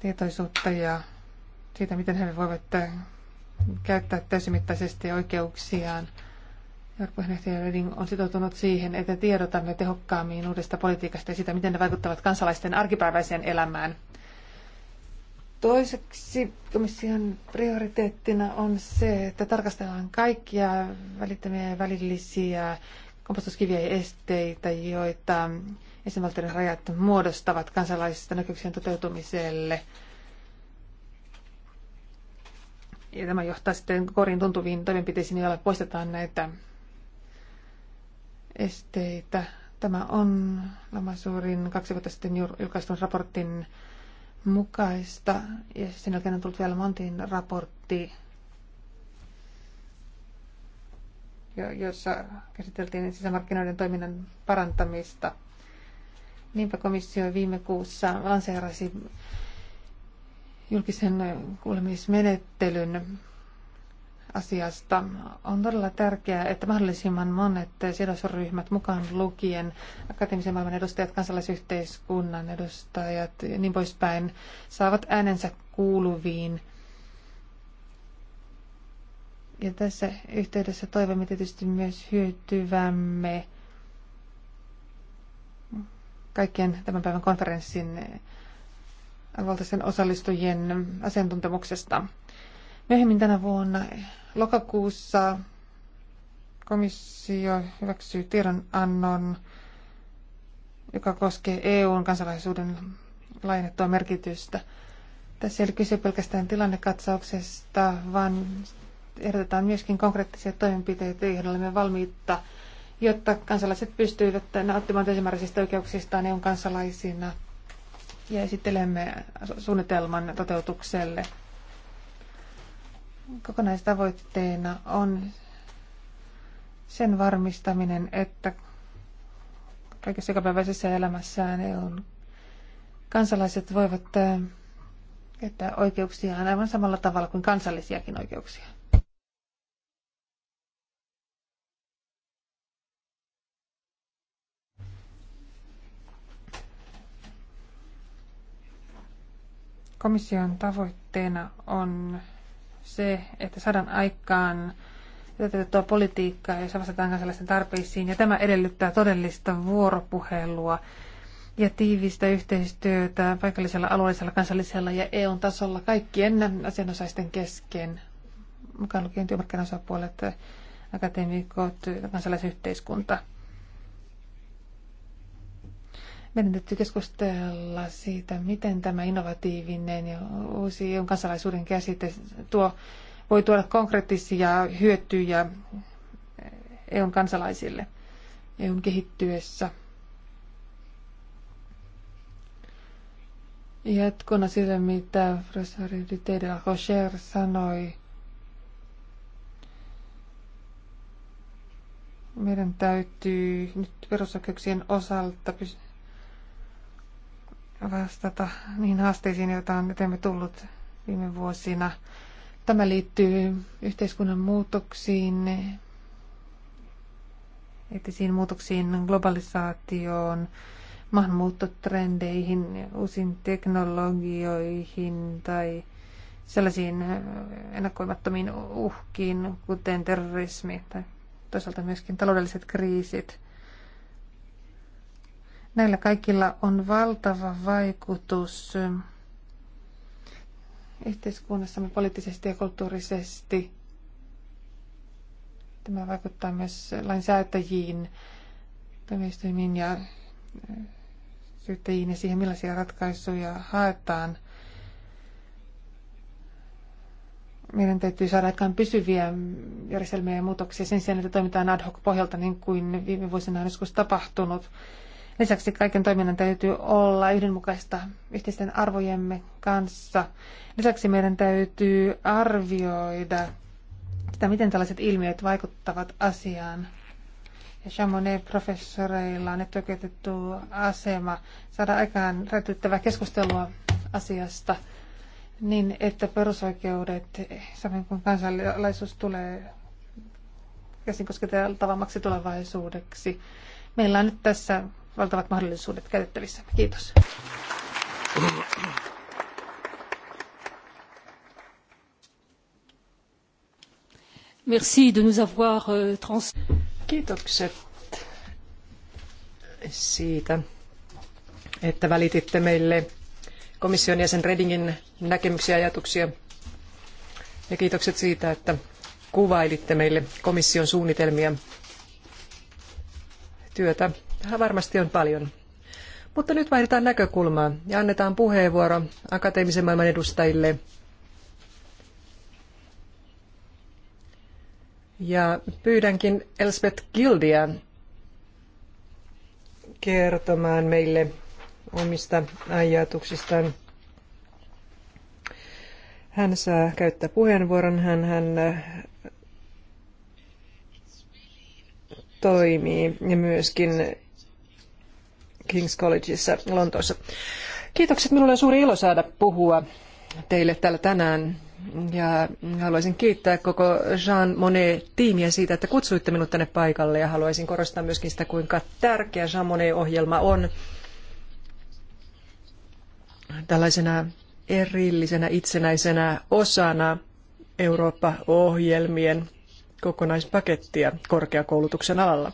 Speaker 4: tietoisuutta ja siitä, miten he voivat käyttää täysimittaisesti oikeuksiaan – Puheenjohtaja Reding on sitoutunut siihen, että tiedotamme tehokkaammin uudesta politiikasta ja sitä, miten ne vaikuttavat kansalaisten arkipäiväiseen elämään. Toiseksi komission prioriteettina on se, että tarkastellaan kaikkia välittömiä ja välillisiä kompostuskiviä ja esteitä, joita esimerkiksi rajat muodostavat kansalaisista näkyksien toteutumiselle. Ja tämä johtaa sitten korin tuntuviin toimenpiteisiin, joilla poistetaan näitä esteitä. Tämä on Lamasuurin kaksi vuotta sitten julkaistun raportin mukaista. Ja sen jälkeen on tullut vielä Montin raportti, jossa käsiteltiin sisämarkkinoiden toiminnan parantamista. Niinpä komissio viime kuussa lanseerasi julkisen kuulemismenettelyn asiasta. On todella tärkeää, että mahdollisimman monet sidosryhmät mukaan lukien akateemisen maailman edustajat, kansalaisyhteiskunnan edustajat ja niin poispäin saavat äänensä kuuluviin. Ja tässä yhteydessä toivomme tietysti myös hyötyvämme kaikkien tämän päivän konferenssin valtaisen osallistujien asiantuntemuksesta. Myöhemmin tänä vuonna Lokakuussa komissio hyväksyy tiedonannon, joka koskee EUn kansalaisuuden laajennettua merkitystä. Tässä ei ole kyse pelkästään tilannekatsauksesta, vaan ehdotetaan myöskin konkreettisia toimenpiteitä, joihin olemme valmiita, jotta kansalaiset pystyivät nauttimaan täysimääräisistä oikeuksistaan EUn kansalaisina. Ja esittelemme suunnitelman toteutukselle Kokonaistavoitteena on sen varmistaminen, että kaikessa jokapäiväisessä elämässään EUn kansalaiset voivat äh, käyttää oikeuksiaan aivan samalla tavalla kuin kansallisiakin oikeuksia. Komission tavoitteena on se, että saadaan aikaan toteutettua politiikkaa, jossa vastataan kansalaisten tarpeisiin. Ja tämä edellyttää todellista vuoropuhelua ja tiivistä yhteistyötä paikallisella, alueellisella, kansallisella ja EU-tasolla kaikkien asianosaisten kesken, mukaan lukien työmarkkinaosapuolet, akateemikot, kansalaisyhteiskunta. Meidän täytyy keskustella siitä, miten tämä innovatiivinen ja uusi EUn kansalaisuuden käsite tuo, voi tuoda konkreettisia hyötyjä EUn kansalaisille EUn kehittyessä. Jatkona sille, mitä professori Rite de la Rocher sanoi, meidän täytyy nyt perusoikeuksien osalta pystyä vastata niihin haasteisiin, joita on eteemme tullut viime vuosina. Tämä liittyy yhteiskunnan muutoksiin, etisiin muutoksiin, globalisaatioon, maahanmuuttotrendeihin, uusiin teknologioihin tai sellaisiin ennakoimattomiin uhkiin, kuten terrorismi tai toisaalta myöskin taloudelliset kriisit – Näillä kaikilla on valtava vaikutus yhteiskunnassamme poliittisesti ja kulttuurisesti. Tämä vaikuttaa myös lainsäätäjiin, toimistoimiin ja äh, syyttäjiin ja siihen, millaisia ratkaisuja haetaan. Meidän täytyy saada aikaan pysyviä järjestelmiä ja muutoksia sen sijaan, että toimitaan ad hoc pohjalta niin kuin viime vuosina on joskus tapahtunut. Lisäksi kaiken toiminnan täytyy olla yhdenmukaista yhteisten arvojemme kanssa. Lisäksi meidän täytyy arvioida sitä, miten tällaiset ilmiöt vaikuttavat asiaan. Ja Chamonet professoreilla on etuoikeutettu asema saada aikaan rätyttävää keskustelua asiasta niin, että perusoikeudet, samoin kuin kansalaisuus tulee käsin kosketeltavammaksi tulevaisuudeksi. Meillä on nyt tässä valtavat mahdollisuudet käytettävissä. Kiitos.
Speaker 3: Merci de nous avoir euh, trans... Kiitokset siitä, että välititte meille komission jäsen Redingin näkemyksiä ja ajatuksia. Ja kiitokset siitä, että kuvailitte meille komission suunnitelmia työtä varmasti on paljon. Mutta nyt vaihdetaan näkökulmaa ja annetaan puheenvuoro akateemisen maailman edustajille. Ja pyydänkin Elspeth Gildia kertomaan meille omista ajatuksistaan. Hän saa käyttää puheenvuoron. Hän, hän äh, toimii ja myöskin King's Collegeissa Lontoossa. Kiitokset, minulle on suuri ilo saada puhua teille täällä tänään. Ja haluaisin kiittää koko Jean Monnet-tiimiä siitä, että kutsuitte minut tänne paikalle ja haluaisin korostaa myöskin sitä, kuinka tärkeä Jean Monnet-ohjelma on tällaisena erillisenä itsenäisenä osana Eurooppa-ohjelmien kokonaispakettia korkeakoulutuksen alalla.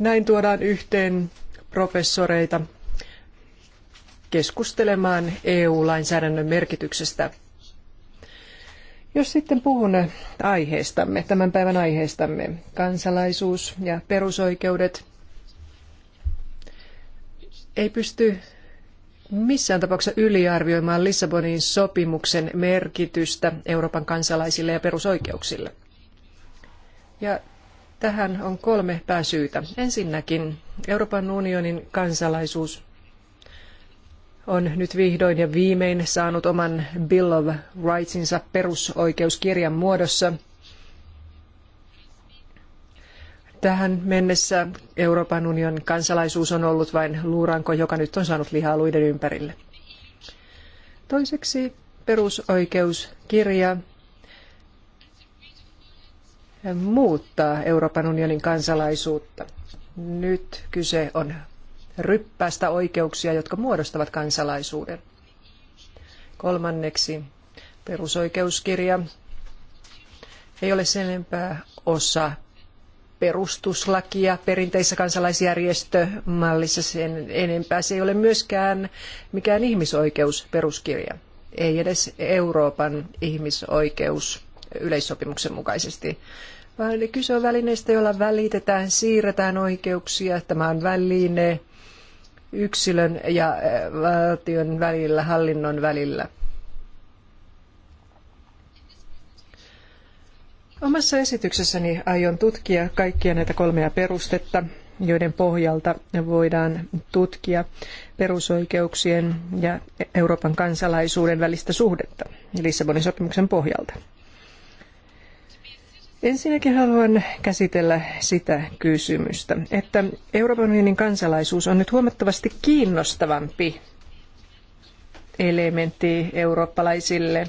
Speaker 3: Näin tuodaan yhteen professoreita keskustelemaan EU-lainsäädännön merkityksestä. Jos sitten puhun aiheestamme, tämän päivän aiheestamme, kansalaisuus ja perusoikeudet, ei pysty missään tapauksessa yliarvioimaan Lissabonin sopimuksen merkitystä Euroopan kansalaisille ja perusoikeuksille. Ja Tähän on kolme pääsyytä. Ensinnäkin Euroopan unionin kansalaisuus on nyt vihdoin ja viimein saanut oman Bill of Rightsinsa perusoikeuskirjan muodossa. Tähän mennessä Euroopan unionin kansalaisuus on ollut vain luuranko, joka nyt on saanut lihaa luiden ympärille. Toiseksi perusoikeuskirja muuttaa Euroopan unionin kansalaisuutta. Nyt kyse on ryppäästä oikeuksia, jotka muodostavat kansalaisuuden. Kolmanneksi perusoikeuskirja ei ole sen enempää osa perustuslakia perinteisessä kansalaisjärjestömallissa sen enempää. Se ei ole myöskään mikään ihmisoikeusperuskirja, ei edes Euroopan ihmisoikeus yleissopimuksen mukaisesti. Vaan kyse on välineistä, joilla välitetään, siirretään oikeuksia. Tämä on väline yksilön ja äh, valtion välillä, hallinnon välillä. Omassa esityksessäni aion tutkia kaikkia näitä kolmea perustetta, joiden pohjalta voidaan tutkia perusoikeuksien ja Euroopan kansalaisuuden välistä suhdetta Lissabonin sopimuksen pohjalta. Ensinnäkin haluan käsitellä sitä kysymystä, että Euroopan unionin kansalaisuus on nyt huomattavasti kiinnostavampi elementti eurooppalaisille.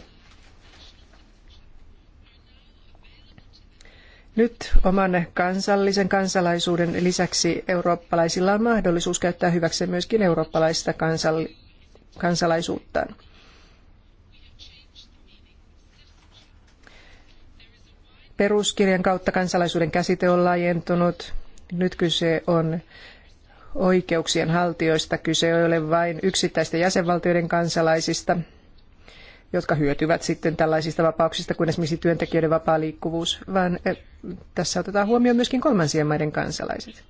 Speaker 3: Nyt oman kansallisen kansalaisuuden lisäksi eurooppalaisilla on mahdollisuus käyttää hyväkseen myöskin eurooppalaista kansal- kansalaisuuttaan. peruskirjan kautta kansalaisuuden käsite on laajentunut. Nyt kyse on oikeuksien haltijoista. Kyse ei ole vain yksittäisten jäsenvaltioiden kansalaisista, jotka hyötyvät sitten tällaisista vapauksista kuin esimerkiksi työntekijöiden vapaa liikkuvuus, vaan eh, tässä otetaan huomioon myöskin kolmansien maiden kansalaiset.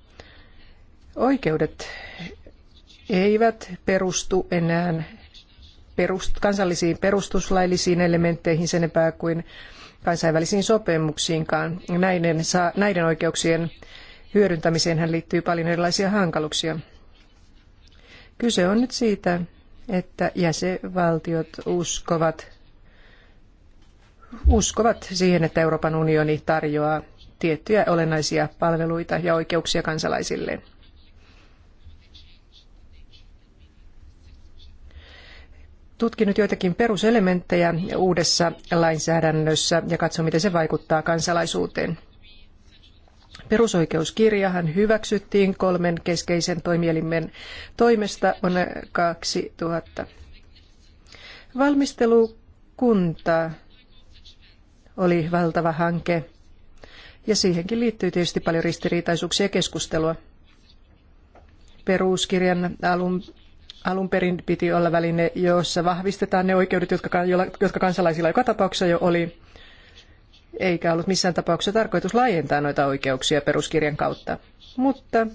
Speaker 3: Oikeudet eivät perustu enää perust- kansallisiin perustuslaillisiin elementteihin sen enempää kuin kansainvälisiin sopimuksiinkaan. Näiden, näiden oikeuksien hyödyntämiseen liittyy paljon erilaisia hankaluuksia. Kyse on nyt siitä, että jäsenvaltiot uskovat, uskovat siihen, että Euroopan unioni tarjoaa tiettyjä olennaisia palveluita ja oikeuksia kansalaisilleen. tutkinut joitakin peruselementtejä uudessa lainsäädännössä ja katsoo, miten se vaikuttaa kansalaisuuteen. Perusoikeuskirjahan hyväksyttiin kolmen keskeisen toimielimen toimesta vuonna 2000. Valmistelukunta oli valtava hanke ja siihenkin liittyy tietysti paljon ristiriitaisuuksia ja keskustelua. Peruskirjan alun alun perin piti olla väline, jossa vahvistetaan ne oikeudet, jotka, kansalaisilla joka tapauksessa jo oli, eikä ollut missään tapauksessa tarkoitus laajentaa noita oikeuksia peruskirjan kautta. Mutta,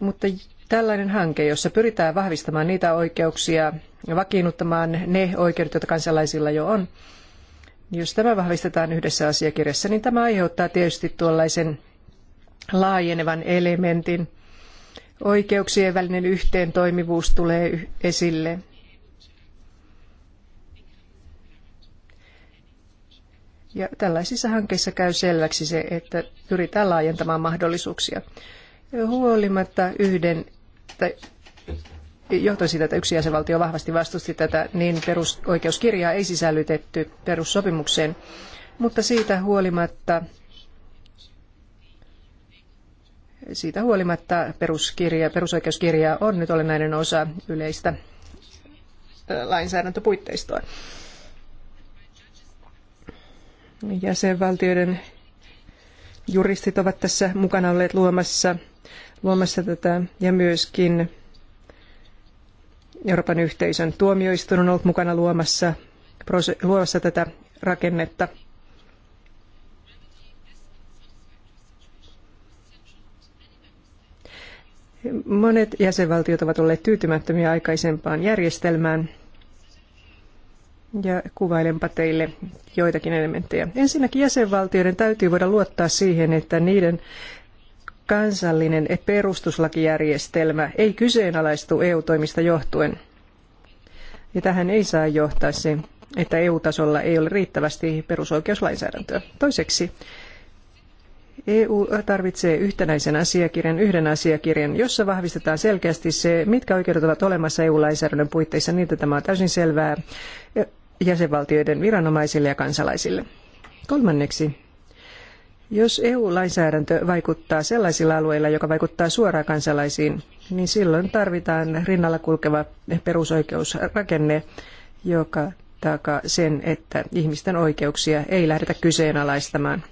Speaker 3: mutta tällainen hanke, jossa pyritään vahvistamaan niitä oikeuksia ja vakiinnuttamaan ne oikeudet, joita kansalaisilla jo on, niin jos tämä vahvistetaan yhdessä asiakirjassa, niin tämä aiheuttaa tietysti tuollaisen laajenevan elementin – oikeuksien välinen yhteentoimivuus tulee esille. Ja tällaisissa hankkeissa käy selväksi se, että pyritään laajentamaan mahdollisuuksia. Huolimatta yhden, tai johtuen siitä, että yksi jäsenvaltio vahvasti vastusti tätä, niin perusoikeuskirjaa ei sisällytetty perussopimukseen. Mutta siitä huolimatta siitä huolimatta peruskirja, perusoikeuskirja on nyt olennainen osa yleistä lainsäädäntöpuitteistoa. Jäsenvaltioiden juristit ovat tässä mukana olleet luomassa, luomassa tätä ja myöskin Euroopan yhteisön tuomioistuin on ollut mukana luomassa, luomassa tätä rakennetta – Monet jäsenvaltiot ovat olleet tyytymättömiä aikaisempaan järjestelmään. Ja kuvailenpa teille joitakin elementtejä. Ensinnäkin jäsenvaltioiden täytyy voida luottaa siihen, että niiden kansallinen perustuslakijärjestelmä ei kyseenalaistu EU-toimista johtuen. Ja tähän ei saa johtaa se, että EU-tasolla ei ole riittävästi perusoikeuslainsäädäntöä. Toiseksi EU tarvitsee yhtenäisen asiakirjan, yhden asiakirjan, jossa vahvistetaan selkeästi se, mitkä oikeudet ovat olemassa EU-lainsäädännön puitteissa. että tämä on täysin selvää jäsenvaltioiden viranomaisille ja kansalaisille. Kolmanneksi, jos EU-lainsäädäntö vaikuttaa sellaisilla alueilla, joka vaikuttaa suoraan kansalaisiin, niin silloin tarvitaan rinnalla kulkeva perusoikeusrakenne, joka takaa sen, että ihmisten oikeuksia ei lähdetä kyseenalaistamaan.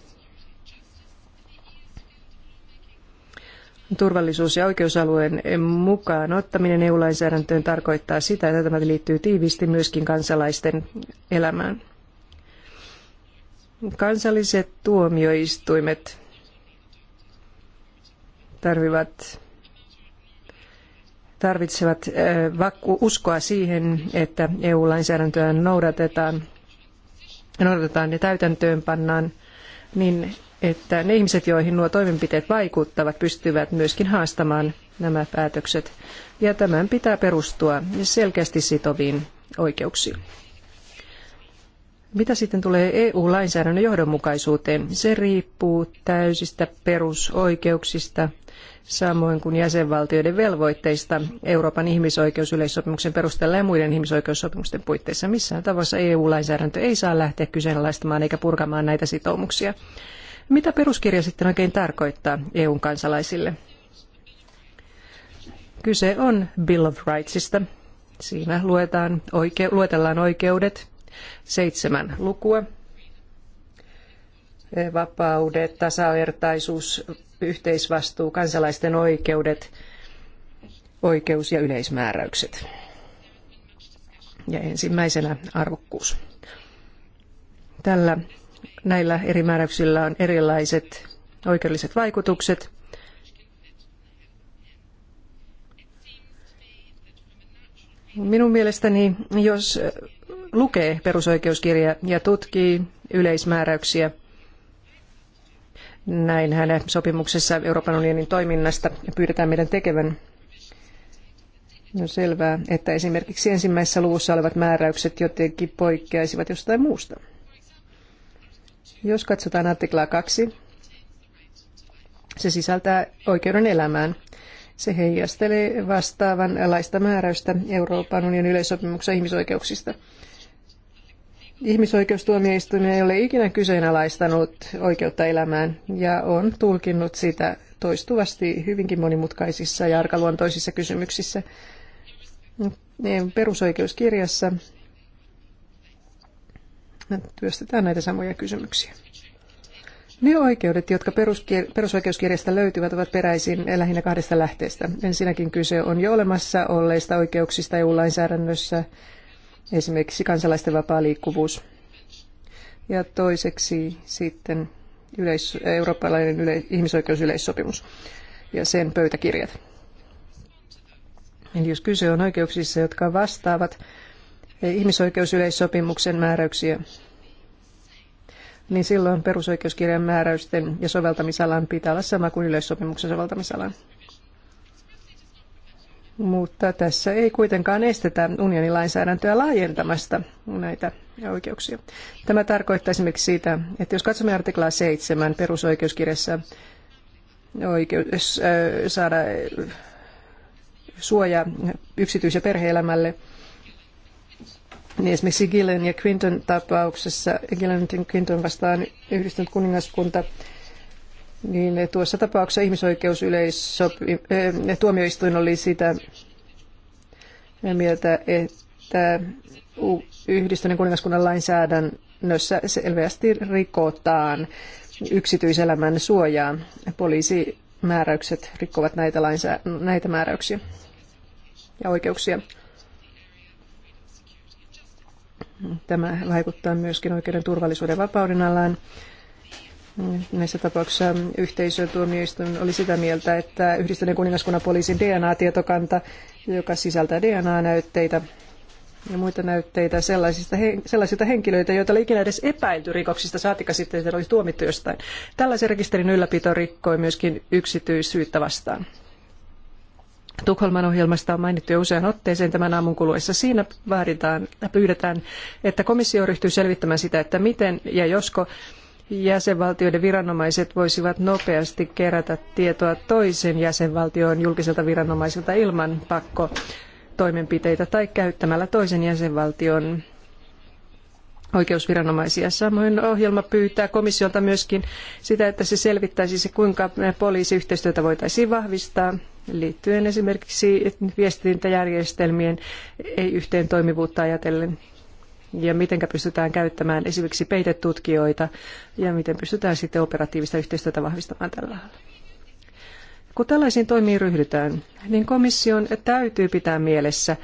Speaker 3: turvallisuus- ja oikeusalueen mukaan ottaminen EU-lainsäädäntöön tarkoittaa sitä, että tämä liittyy tiiviisti myöskin kansalaisten elämään. Kansalliset tuomioistuimet tarvivat, tarvitsevat uskoa siihen, että EU-lainsäädäntöä noudatetaan, noudatetaan ja täytäntöön pannaan niin, että ne ihmiset, joihin nuo toimenpiteet vaikuttavat, pystyvät myöskin haastamaan nämä päätökset. Ja tämän pitää perustua selkeästi sitoviin oikeuksiin. Mitä sitten tulee EU-lainsäädännön johdonmukaisuuteen? Se riippuu täysistä perusoikeuksista, samoin kuin jäsenvaltioiden velvoitteista Euroopan ihmisoikeusyleissopimuksen perusteella ja muiden ihmisoikeussopimusten puitteissa. Missään tavassa EU-lainsäädäntö ei saa lähteä kyseenalaistamaan eikä purkamaan näitä sitoumuksia. Mitä peruskirja sitten oikein tarkoittaa EUn kansalaisille? Kyse on Bill of Rightsista. Siinä luetaan oike- luetellaan oikeudet, seitsemän lukua, vapaudet, tasavertaisuus, yhteisvastuu, kansalaisten oikeudet, oikeus ja yleismääräykset. Ja ensimmäisenä arvokkuus. Tällä näillä eri määräyksillä on erilaiset oikeudelliset vaikutukset. Minun mielestäni, jos lukee perusoikeuskirja ja tutkii yleismääräyksiä, näin hänen sopimuksessa Euroopan unionin toiminnasta pyydetään meidän tekevän. No selvää, että esimerkiksi ensimmäisessä luvussa olevat määräykset jotenkin poikkeaisivat jostain muusta. Jos katsotaan artiklaa 2, se sisältää oikeuden elämään. Se heijastelee laista määräystä Euroopan unionin yleissopimuksen ihmisoikeuksista. Ihmisoikeustuomioistuimia ei ole ikinä kyseenalaistanut oikeutta elämään ja on tulkinnut sitä toistuvasti hyvinkin monimutkaisissa ja arkaluontoisissa kysymyksissä. Perusoikeuskirjassa työstetään näitä samoja kysymyksiä. Ne oikeudet, jotka perusoikeuskirjasta löytyvät, ovat peräisin lähinnä kahdesta lähteestä. Ensinnäkin kyse on jo olemassa olleista oikeuksista EU-lainsäädännössä, esimerkiksi kansalaisten vapaa liikkuvuus. Ja toiseksi sitten yleis, eurooppalainen yle, ihmisoikeusyleissopimus ja sen pöytäkirjat. Eli jos kyse on oikeuksissa, jotka vastaavat ihmisoikeusyleissopimuksen määräyksiä, niin silloin perusoikeuskirjan määräysten ja soveltamisalan pitää olla sama kuin yleissopimuksen soveltamisalan. Mutta tässä ei kuitenkaan estetä unionin lainsäädäntöä laajentamasta näitä oikeuksia. Tämä tarkoittaa esimerkiksi sitä, että jos katsomme artiklaa 7 perusoikeuskirjassa oikeus äh, saada suoja yksityis- ja perheelämälle – niin esimerkiksi Gillen ja Quinton tapauksessa, Gillen ja Quinton vastaan yhdistynyt kuningaskunta, niin tuossa tapauksessa ihmisoikeustuomioistuin eh, oli sitä mieltä, että yhdistyneen kuningaskunnan lainsäädännössä selvästi rikotaan yksityiselämän suojaa. Poliisimääräykset rikkovat näitä, lainsä, näitä määräyksiä ja oikeuksia. Tämä vaikuttaa myöskin oikeuden turvallisuuden vapauden alaan. Näissä tapauksissa yhteisötuomioistuin oli sitä mieltä, että yhdistyneen kuningaskunnan poliisin DNA-tietokanta, joka sisältää DNA-näytteitä ja muita näytteitä sellaisista, sellaisilta henkilöitä, joita oli ikinä edes epäilty rikoksista, saatika sitten, että olisi tuomittu jostain. Tällaisen rekisterin ylläpito rikkoi myöskin yksityisyyttä vastaan. Tukholman ohjelmasta on mainittu jo usean otteeseen tämän aamun kuluessa. Siinä vaaditaan, pyydetään, että komissio ryhtyy selvittämään sitä, että miten ja josko jäsenvaltioiden viranomaiset voisivat nopeasti kerätä tietoa toisen jäsenvaltion julkiselta viranomaiselta ilman pakkotoimenpiteitä tai käyttämällä toisen jäsenvaltion oikeusviranomaisia. Samoin ohjelma pyytää komissiolta myöskin sitä, että se selvittäisi se, kuinka poliisiyhteistyötä voitaisiin vahvistaa liittyen esimerkiksi viestintäjärjestelmien ei yhteen toimivuutta ajatellen ja miten pystytään käyttämään esimerkiksi peitetutkijoita ja miten pystytään sitten operatiivista yhteistyötä vahvistamaan tällä alalla. Kun tällaisiin toimiin ryhdytään, niin komission täytyy pitää mielessä,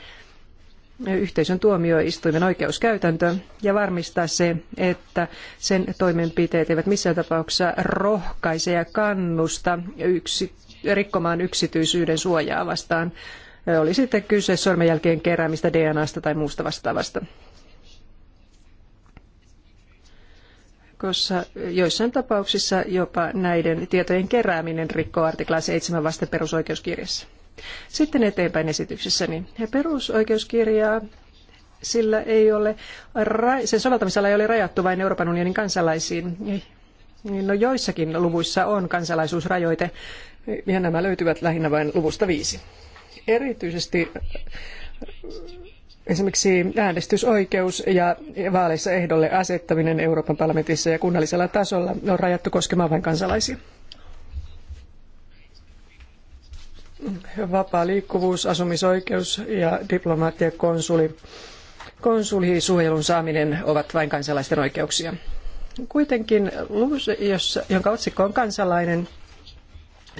Speaker 3: yhteisön tuomioistuimen oikeuskäytäntö ja varmistaa se, että sen toimenpiteet eivät missään tapauksessa rohkaise ja kannusta yksi, rikkomaan yksityisyyden suojaa vastaan. Oli sitten kyse sormenjälkien keräämistä DNAsta tai muusta vastaavasta. koska joissain tapauksissa jopa näiden tietojen kerääminen rikkoo artiklaa 7 vasten perusoikeuskirjassa. Sitten eteenpäin esityksessäni. Niin perusoikeuskirjaa sillä ei ole, sen soveltamisella ei ole rajattu vain Euroopan unionin kansalaisiin. No joissakin luvuissa on kansalaisuusrajoite, ja nämä löytyvät lähinnä vain luvusta viisi. Erityisesti äh, esimerkiksi äänestysoikeus ja vaaleissa ehdolle asettaminen Euroopan parlamentissa ja kunnallisella tasolla on rajattu koskemaan vain kansalaisia. vapaa liikkuvuus, asumisoikeus ja diplomaatti ja konsuli, konsulisuojelun saaminen ovat vain kansalaisten oikeuksia. Kuitenkin luvus, jonka otsikko on kansalainen,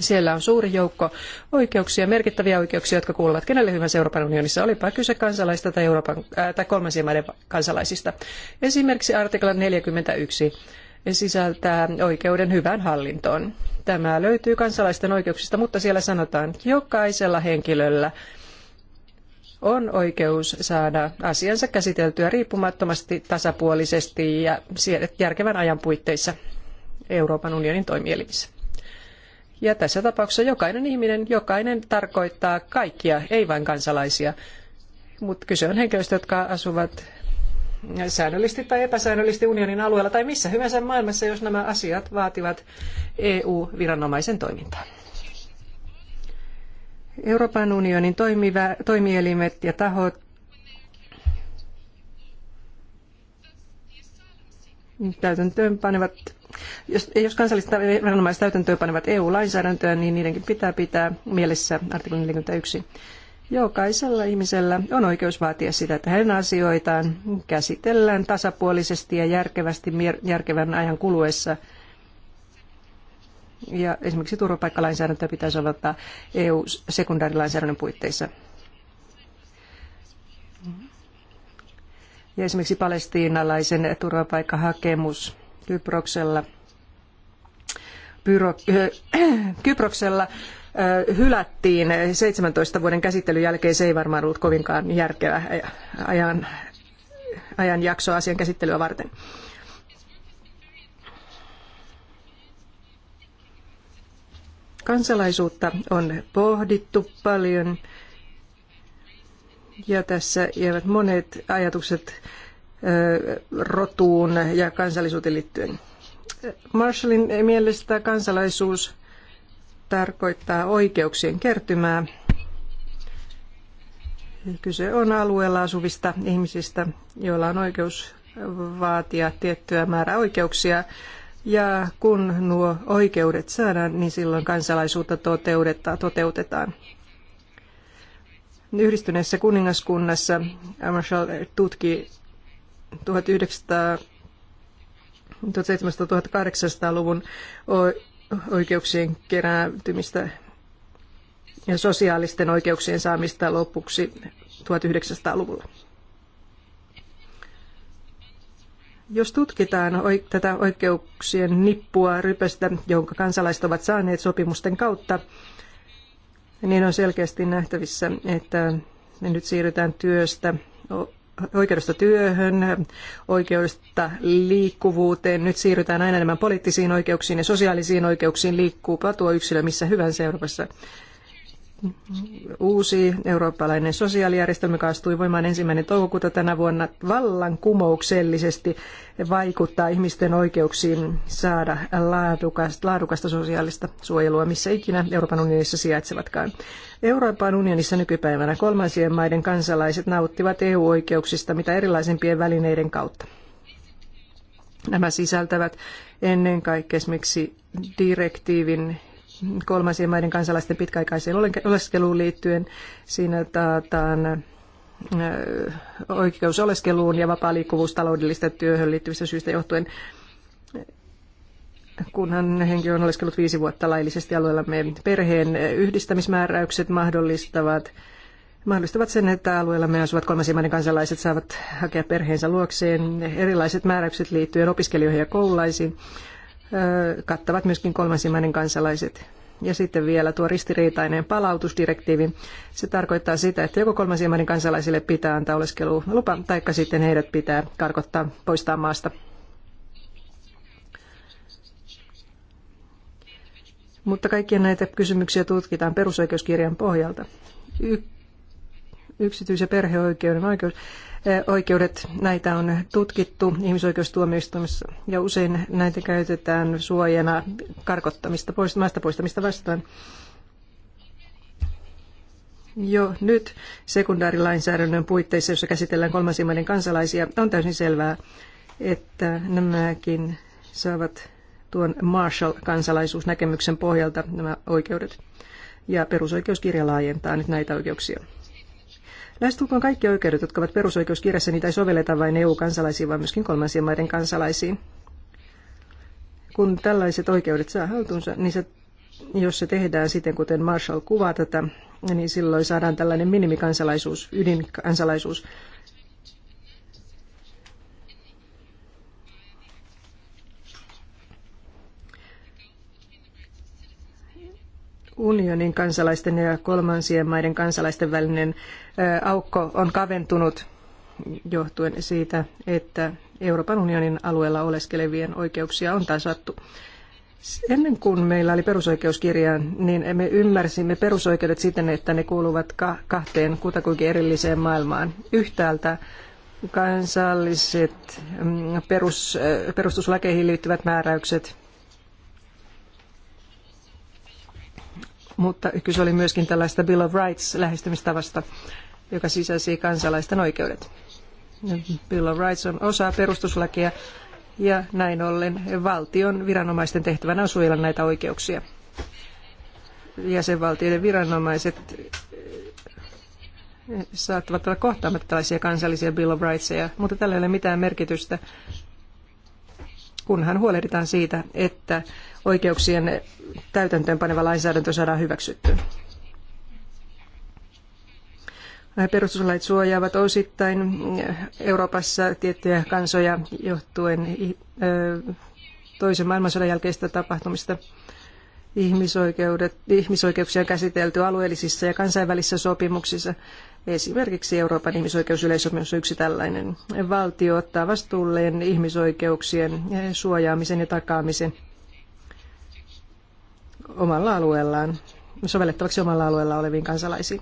Speaker 3: siellä on suuri joukko oikeuksia, merkittäviä oikeuksia, jotka kuuluvat kenelle hyvänsä Euroopan unionissa, olipa kyse kansalaista tai, Euroopan, ää, äh, tai kolmansien maiden kansalaisista. Esimerkiksi artikla 41 sisältää oikeuden hyvään hallintoon. Tämä löytyy kansalaisten oikeuksista, mutta siellä sanotaan, että jokaisella henkilöllä on oikeus saada asiansa käsiteltyä riippumattomasti, tasapuolisesti ja järkevän ajan puitteissa Euroopan unionin toimielimissä. Ja tässä tapauksessa jokainen ihminen, jokainen tarkoittaa kaikkia, ei vain kansalaisia. Mutta kyse on henkilöistä, jotka asuvat säännöllisesti tai epäsäännöllisesti unionin alueella tai missä hyvänsä maailmassa, jos nämä asiat vaativat EU-viranomaisen toimintaa. Euroopan unionin toimielimet ja tahot täytäntöönpanevat jos, jos kansalliset viranomaiset täytäntöönpanevat EU-lainsäädäntöä, niin niidenkin pitää pitää mielessä artikla 41 Jokaisella ihmisellä on oikeus vaatia sitä, että hänen asioitaan käsitellään tasapuolisesti ja järkevästi järkevän ajan kuluessa. Ja esimerkiksi turvapaikkalainsäädäntöä pitäisi soveltaa EU-sekundaarilainsäädännön puitteissa. Ja esimerkiksi palestiinalaisen turvapaikkahakemus Kyproksella, Pyro, (clears throat) Kyproksella hylättiin 17 vuoden käsittelyn jälkeen. Se ei varmaan ollut kovinkaan järkevä ajan, ajanjakso asian käsittelyä varten. Kansalaisuutta on pohdittu paljon ja tässä jäävät monet ajatukset rotuun ja kansallisuuteen liittyen. Marshallin mielestä kansalaisuus tarkoittaa oikeuksien kertymää. Kyse on alueella asuvista ihmisistä, joilla on oikeus vaatia tiettyä määrää oikeuksia. Ja kun nuo oikeudet saadaan, niin silloin kansalaisuutta toteutetaan. Yhdistyneessä kuningaskunnassa Marshall tutki 1700-1800-luvun oikeuksien kerääntymistä ja sosiaalisten oikeuksien saamista lopuksi 1900-luvulla. Jos tutkitaan tätä oikeuksien nippua rypestä, jonka kansalaiset ovat saaneet sopimusten kautta, niin on selkeästi nähtävissä, että me nyt siirrytään työstä oikeudesta työhön, oikeudesta liikkuvuuteen. Nyt siirrytään aina enemmän poliittisiin oikeuksiin ja sosiaalisiin oikeuksiin liikkuu patua yksilö missä hyvänsä Euroopassa. Uusi eurooppalainen sosiaalijärjestelmä, joka astui voimaan ensimmäinen toukokuuta tänä vuonna, vallankumouksellisesti vaikuttaa ihmisten oikeuksiin saada laadukasta, laadukasta sosiaalista suojelua, missä ikinä Euroopan unionissa sijaitsevatkaan. Euroopan unionissa nykypäivänä kolmansien maiden kansalaiset nauttivat EU-oikeuksista mitä erilaisimpien välineiden kautta. Nämä sisältävät ennen kaikkea esimerkiksi direktiivin kolmansien maiden kansalaisten pitkäaikaiseen oleskeluun liittyen. Siinä taataan oikeus oleskeluun ja vapaa liikkuvuus taloudellista työhön liittyvistä syistä johtuen, kunhan henkilö on oleskellut viisi vuotta laillisesti alueellamme. Perheen yhdistämismääräykset mahdollistavat mahdollistavat sen, että me asuvat kolmansien maiden kansalaiset saavat hakea perheensä luokseen erilaiset määräykset liittyen opiskelijoihin ja koululaisiin kattavat myöskin kolmansimainen kansalaiset. Ja sitten vielä tuo ristiriitainen palautusdirektiivi. Se tarkoittaa sitä, että joko kolmansimainen kansalaisille pitää antaa oleskelulupa, tai sitten heidät pitää karkottaa, poistaa maasta. Mutta kaikkia näitä kysymyksiä tutkitaan perusoikeuskirjan pohjalta. Y- yksityis- ja perheoikeuden oikeus, eh, oikeudet. Näitä on tutkittu ihmisoikeustuomioistuimessa ja usein näitä käytetään suojana karkottamista pois, maasta poistamista vastaan. Jo nyt sekundaarilainsäädännön puitteissa, jossa käsitellään kolmansien maiden kansalaisia, on täysin selvää, että nämäkin saavat tuon Marshall-kansalaisuusnäkemyksen pohjalta nämä oikeudet. Ja perusoikeuskirja laajentaa nyt näitä oikeuksia. Lähestulkoon kaikki oikeudet, jotka ovat perusoikeuskirjassa, niitä ei sovelleta vain EU-kansalaisiin, vaan myöskin kolmansien maiden kansalaisiin. Kun tällaiset oikeudet saa haltuunsa, niin se, jos se tehdään siten, kuten Marshall kuvaa tätä, niin silloin saadaan tällainen minimikansalaisuus, ydinkansalaisuus. unionin kansalaisten ja kolmansien maiden kansalaisten välinen aukko on kaventunut johtuen siitä, että Euroopan unionin alueella oleskelevien oikeuksia on tasattu. Ennen kuin meillä oli perusoikeuskirja, niin me ymmärsimme perusoikeudet siten, että ne kuuluvat kahteen kutakuinkin erilliseen maailmaan. Yhtäältä kansalliset mm, perus, perustuslakeihin liittyvät määräykset mutta kyse oli myöskin tällaista Bill of Rights lähestymistavasta, joka sisälsi kansalaisten oikeudet. Bill of Rights on osa perustuslakia ja näin ollen valtion viranomaisten tehtävänä on suojella näitä oikeuksia. Jäsenvaltioiden viranomaiset eh, saattavat olla kohtaamatta tällaisia kansallisia Bill of Rightsia, mutta tällä ei ole mitään merkitystä, kunhan huolehditaan siitä, että oikeuksien täytäntöönpaneva lainsäädäntö saadaan hyväksyttyä. Perustuslait suojaavat osittain Euroopassa tiettyjä kansoja johtuen eh, toisen maailmansodan jälkeistä tapahtumista. Ihmisoikeudet, ihmisoikeuksia on käsitelty alueellisissa ja kansainvälisissä sopimuksissa. Esimerkiksi Euroopan ihmisoikeusyleisopimus on yksi tällainen. Valtio ottaa vastuulleen ihmisoikeuksien suojaamisen ja takaamisen omalla alueellaan, sovellettavaksi omalla alueella oleviin kansalaisiin.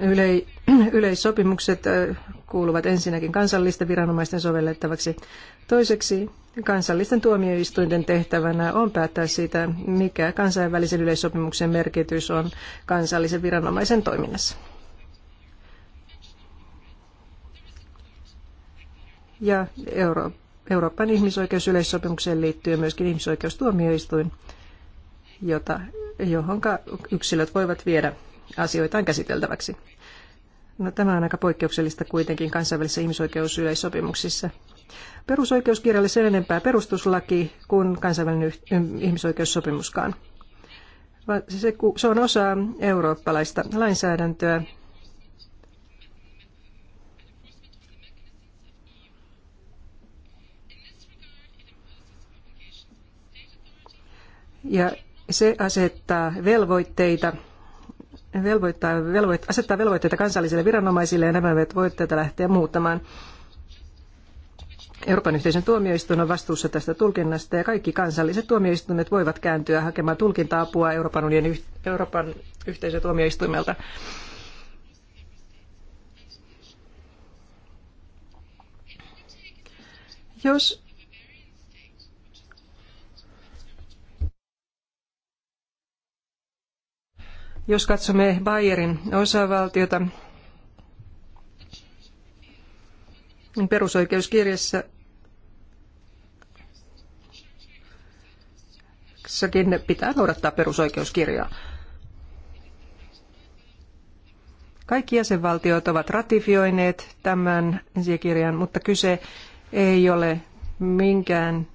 Speaker 3: Yle, yleissopimukset kuuluvat ensinnäkin kansallisten viranomaisten sovellettavaksi. Toiseksi kansallisten tuomioistuinten tehtävänä on päättää siitä, mikä kansainvälisen yleissopimuksen merkitys on kansallisen viranomaisen toiminnassa. Ja Euroopan Euroopan ihmisoikeusyleissopimukseen liittyy myöskin ihmisoikeustuomioistuin, jota, johonka yksilöt voivat viedä asioitaan käsiteltäväksi. No, tämä on aika poikkeuksellista kuitenkin kansainvälisissä ihmisoikeusyleissopimuksissa. Perusoikeuskirjalle sen enempää perustuslaki kuin kansainvälinen ihmisoikeussopimuskaan. Se on osa eurooppalaista lainsäädäntöä Ja se asettaa velvoitteita velvoittaa, velvoit, asettaa velvoitteita kansallisille viranomaisille ja nämä velvoitteita lähteä muuttamaan. Euroopan yhteisön tuomioistuin on vastuussa tästä tulkinnasta ja kaikki kansalliset tuomioistuimet voivat kääntyä hakemaan tulkinta-apua Euroopan, unionin, Euroopan yhteisön tuomioistuimelta. Jos Jos katsomme Bayerin osavaltiota, niin perusoikeuskirjassa Sakin pitää noudattaa perusoikeuskirjaa. Kaikki jäsenvaltiot ovat ratifioineet tämän asiakirjan, mutta kyse ei ole minkään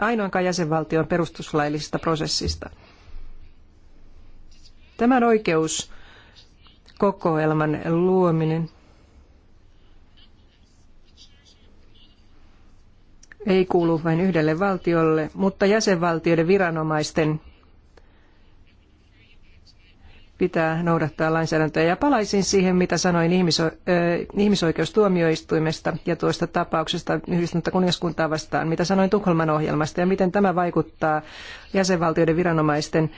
Speaker 3: ainoankaan jäsenvaltion perustuslaillisesta prosessista. Tämän oikeuskokoelman luominen ei kuulu vain yhdelle valtiolle, mutta jäsenvaltioiden viranomaisten pitää noudattaa lainsäädäntöä. Ja palaisin siihen, mitä sanoin ihmiso- ihmisoikeustuomioistuimesta ja tuosta tapauksesta yhdistynyttä kuningaskuntaa vastaan, mitä sanoin Tukholman ohjelmasta ja miten tämä vaikuttaa jäsenvaltioiden viranomaisten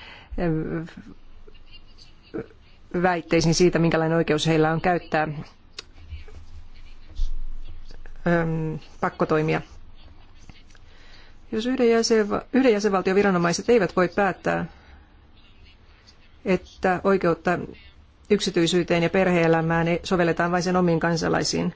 Speaker 3: väitteisiin siitä, minkälainen oikeus heillä on käyttää ähm, pakkotoimia. Jos yhden, jäsenva- yhden jäsenvaltion viranomaiset eivät voi päättää, että oikeutta yksityisyyteen ja perhe-elämään sovelletaan vain sen omiin kansalaisiin,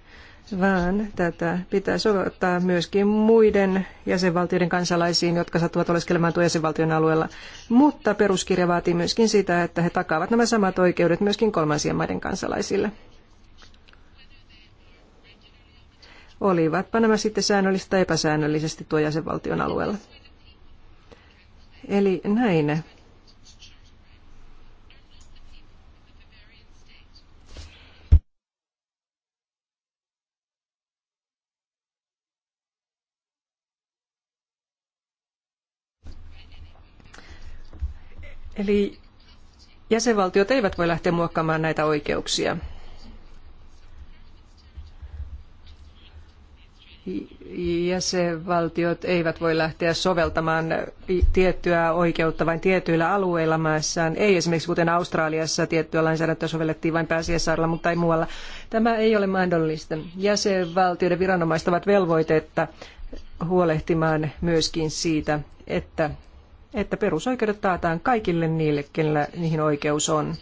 Speaker 3: vaan tätä pitää soveltaa myöskin muiden jäsenvaltioiden kansalaisiin, jotka sattuvat oleskelemaan tuon jäsenvaltion alueella. Mutta peruskirja vaatii myöskin sitä, että he takaavat nämä samat oikeudet myöskin kolmansien maiden kansalaisille. Olivatpa nämä sitten säännöllisesti tai epäsäännöllisesti tuon jäsenvaltion alueella. Eli näin Eli jäsenvaltiot eivät voi lähteä muokkaamaan näitä oikeuksia. jäsenvaltiot eivät voi lähteä soveltamaan tiettyä oikeutta vain tietyillä alueilla maassaan. Ei esimerkiksi kuten Australiassa tiettyä lainsäädäntöä sovellettiin vain pääsiäissaarella, mutta ei muualla. Tämä ei ole mahdollista. Jäsenvaltioiden viranomaiset ovat velvoitetta huolehtimaan myöskin siitä, että että perusoikeudet taataan kaikille niille, kenellä niihin oikeus on.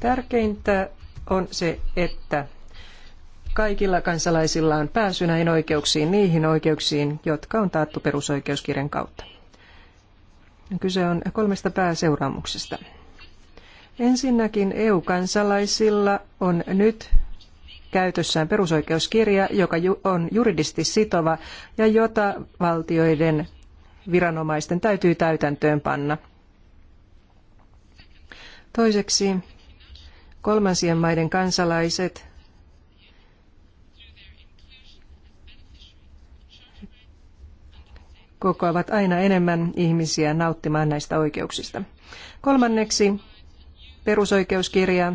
Speaker 3: Tärkeintä on se, että kaikilla kansalaisilla on pääsy näihin oikeuksiin, niihin oikeuksiin, jotka on taattu perusoikeuskirjan kautta. Kyse on kolmesta pääseuraamuksesta. Ensinnäkin EU-kansalaisilla on nyt käytössään perusoikeuskirja, joka on juridisesti sitova ja jota valtioiden viranomaisten täytyy täytäntöön panna. Toiseksi kolmansien maiden kansalaiset kokoavat aina enemmän ihmisiä nauttimaan näistä oikeuksista. Kolmanneksi perusoikeuskirja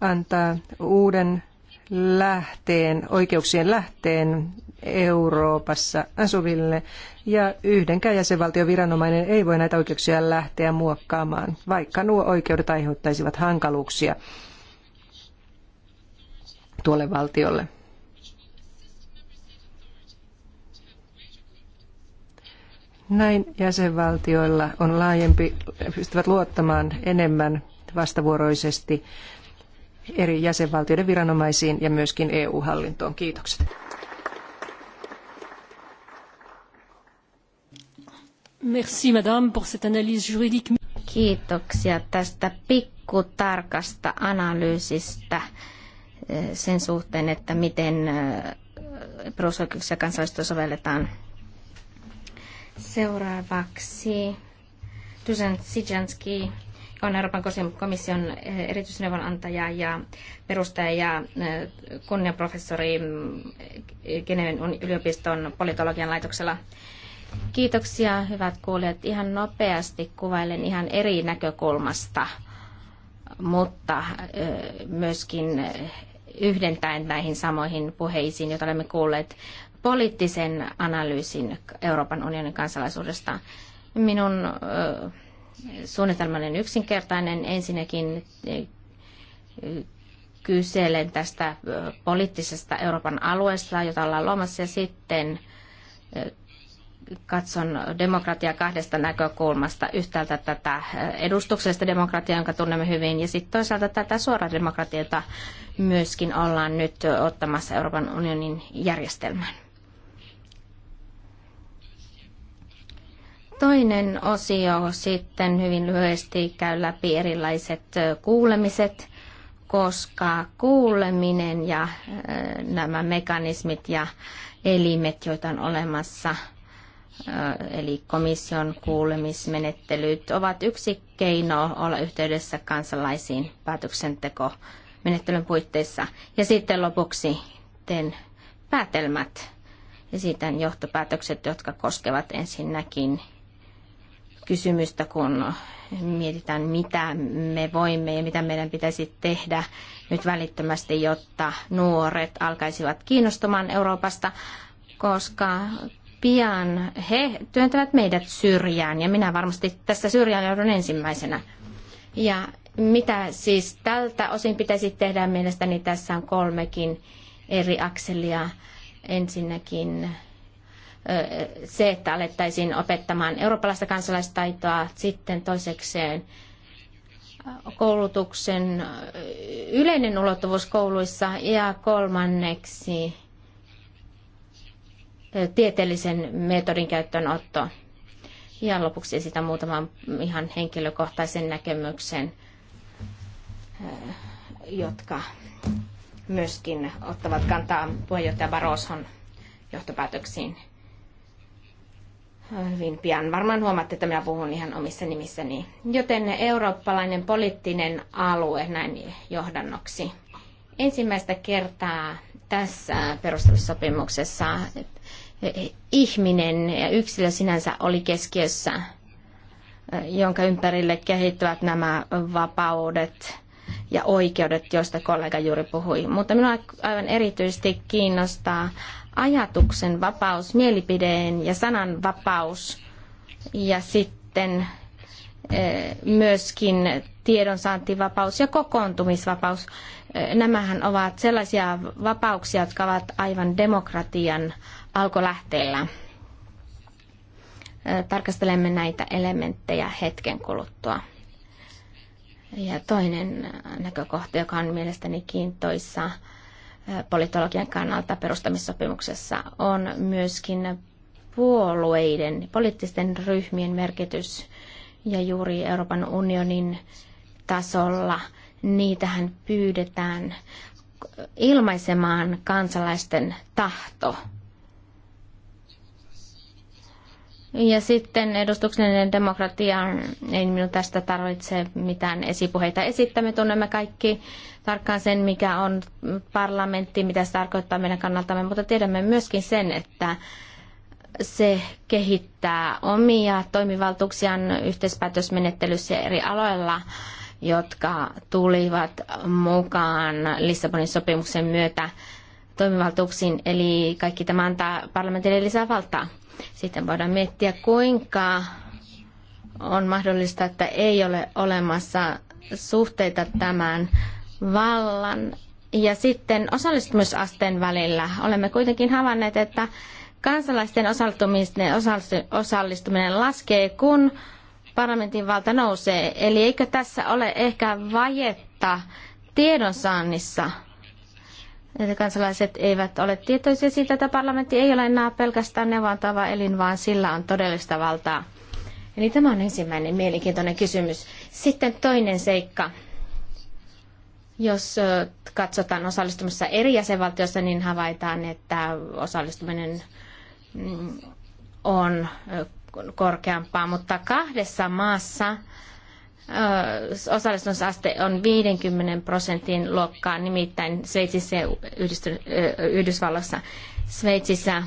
Speaker 3: antaa uuden lähteen, oikeuksien lähteen Euroopassa asuville ja yhdenkään jäsenvaltion viranomainen ei voi näitä oikeuksia lähteä muokkaamaan, vaikka nuo oikeudet aiheuttaisivat hankaluuksia tuolle valtiolle. Näin jäsenvaltioilla on laajempi, pystyvät luottamaan enemmän vastavuoroisesti eri jäsenvaltioiden viranomaisiin ja myöskin EU-hallintoon. Kiitokset.
Speaker 1: Merci madame pour cette analyse juridique. Kiitoksia tästä pikkutarkasta analyysistä eh, sen suhteen, että miten eh, perusoikeuksia kansalaisuutta sovelletaan. Seuraavaksi Dusan Sijanski on Euroopan komission eh, erityisneuvonantaja ja perustaja ja eh, kunniaprofessori eh, Geneven yliopiston politologian laitoksella. Kiitoksia, hyvät kuulijat. Ihan nopeasti kuvailen ihan eri näkökulmasta, mutta myöskin yhdentäen näihin samoihin puheisiin, joita olemme kuulleet poliittisen analyysin Euroopan unionin kansalaisuudesta. Minun suunnitelmallinen yksinkertainen. Ensinnäkin eh, kyselen tästä eh, poliittisesta Euroopan alueesta, jota ollaan luomassa, ja sitten eh, katson demokratiaa kahdesta näkökulmasta. Yhtäältä tätä edustuksellista demokratiaa, jonka tunnemme hyvin, ja sitten toisaalta tätä suoraa demokratiaa, jota myöskin ollaan nyt ottamassa Euroopan unionin järjestelmään. Toinen osio sitten hyvin lyhyesti käy läpi erilaiset kuulemiset, koska kuuleminen ja nämä mekanismit ja elimet, joita on olemassa, eli komission kuulemismenettelyt, ovat yksi keino olla yhteydessä kansalaisiin päätöksentekomenettelyn puitteissa. Ja sitten lopuksi teen päätelmät ja siitä johtopäätökset, jotka koskevat ensinnäkin kysymystä, kun mietitään, mitä me voimme ja mitä meidän pitäisi tehdä nyt välittömästi, jotta nuoret alkaisivat kiinnostumaan Euroopasta, koska pian he työntävät meidät syrjään ja minä varmasti tässä syrjään joudun ensimmäisenä. Ja mitä siis tältä osin pitäisi tehdä, mielestäni tässä on kolmekin eri akselia. Ensinnäkin se, että alettaisiin opettamaan eurooppalaista kansalaistaitoa sitten toisekseen koulutuksen yleinen ulottuvuus kouluissa ja kolmanneksi tieteellisen metodin käyttöönotto. Ja lopuksi sitä muutaman ihan henkilökohtaisen näkemyksen, jotka myöskin ottavat kantaa puheenjohtaja Baroson johtopäätöksiin hyvin pian. Varmaan huomaatte, että minä puhun ihan omissa nimissäni. Joten eurooppalainen poliittinen alue näin johdannoksi. Ensimmäistä kertaa tässä perustelussopimuksessa ihminen ja yksilö sinänsä oli keskiössä, jonka ympärille kehittyvät nämä vapaudet ja oikeudet, joista kollega juuri puhui. Mutta minua aivan erityisesti kiinnostaa ajatuksen vapaus, mielipideen ja sanan vapaus ja sitten eh, myöskin tiedonsaantivapaus ja kokoontumisvapaus. Eh, nämähän ovat sellaisia vapauksia, jotka ovat aivan demokratian alkolähteellä. Eh, tarkastelemme näitä elementtejä hetken kuluttua. Ja toinen näkökohta, joka on mielestäni kiintoissa, politologian kannalta perustamissopimuksessa on myöskin puolueiden, poliittisten ryhmien merkitys ja juuri Euroopan unionin tasolla niitähän pyydetään ilmaisemaan kansalaisten tahto Ja sitten edustuksellinen demokratia, ei minun tästä tarvitse mitään esipuheita esittää. Me tunnemme kaikki tarkkaan sen, mikä on parlamentti, mitä se tarkoittaa meidän kannaltamme, mutta tiedämme myöskin sen, että se kehittää omia toimivaltuuksiaan yhteispäätösmenettelyssä eri aloilla, jotka tulivat mukaan Lissabonin sopimuksen myötä toimivaltuuksiin. Eli kaikki tämä antaa parlamentille lisää valtaa. Sitten voidaan miettiä, kuinka on mahdollista, että ei ole olemassa suhteita tämän vallan ja sitten osallistumisasteen välillä. Olemme kuitenkin havainneet, että kansalaisten osallistuminen, osallistuminen laskee, kun parlamentin valta nousee. Eli eikö tässä ole ehkä vajetta tiedonsaannissa? että kansalaiset eivät ole tietoisia siitä, että parlamentti ei ole enää pelkästään neuvontava elin, vaan sillä on todellista valtaa. Eli tämä on ensimmäinen mielenkiintoinen kysymys. Sitten toinen seikka. Jos katsotaan osallistumista eri jäsenvaltioissa, niin havaitaan, että osallistuminen mm, on korkeampaa, mutta kahdessa maassa osallistumisaste on 50 prosentin luokkaa, nimittäin Sveitsissä ja Yhdysvalloissa. Sveitsissä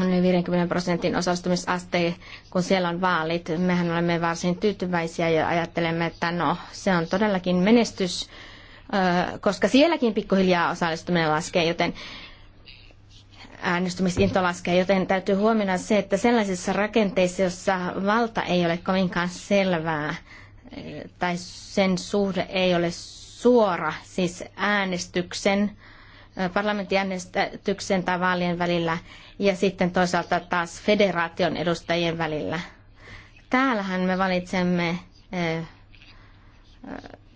Speaker 1: on 50 prosentin osallistumisaste, kun siellä on vaalit. Mehän olemme varsin tyytyväisiä ja ajattelemme, että no, se on todellakin menestys, koska sielläkin pikkuhiljaa osallistuminen laskee, joten äänestymisinto laskee, joten täytyy huomioida se, että sellaisissa rakenteissa, jossa valta ei ole kovinkaan selvää, tai sen suhde ei ole suora, siis äänestyksen, parlamenttiäänestyksen tai vaalien välillä ja sitten toisaalta taas federaation edustajien välillä. Täällähän me valitsemme eh,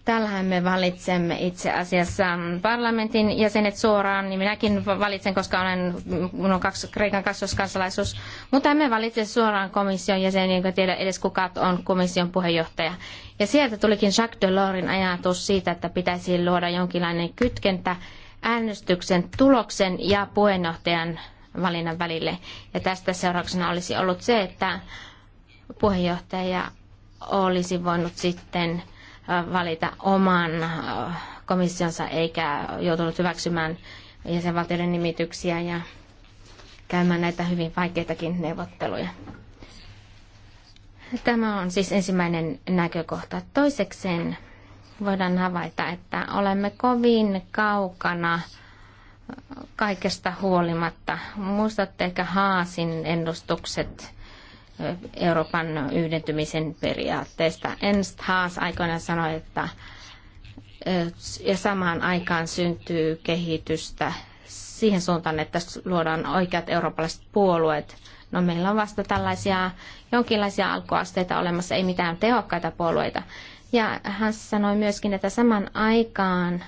Speaker 1: Tällähän me valitsemme itse asiassa parlamentin jäsenet suoraan, niin minäkin valitsen, koska olen, minun on Kreikan kaksoiskansalaisuus. Mutta emme valitse suoraan komission jäseniä, jonka tiedä edes kuka on komission puheenjohtaja. Ja sieltä tulikin Jacques Delorsin ajatus siitä, että pitäisi luoda jonkinlainen kytkentä äänestyksen tuloksen ja puheenjohtajan valinnan välille. Ja tästä seurauksena olisi ollut se, että puheenjohtaja olisi voinut sitten valita oman komissionsa eikä joutunut hyväksymään jäsenvaltioiden nimityksiä ja käymään näitä hyvin vaikeitakin neuvotteluja. Tämä on siis ensimmäinen näkökohta. Toisekseen voidaan havaita, että olemme kovin kaukana kaikesta huolimatta. Muistatte ehkä Haasin ennustukset Euroopan yhdentymisen periaatteesta. Ernst Haas aikoinaan sanoi, että ja samaan aikaan syntyy kehitystä siihen suuntaan, että luodaan oikeat eurooppalaiset puolueet. No meillä on vasta tällaisia jonkinlaisia alkuasteita olemassa, ei mitään tehokkaita puolueita. Ja hän sanoi myöskin, että saman aikaan,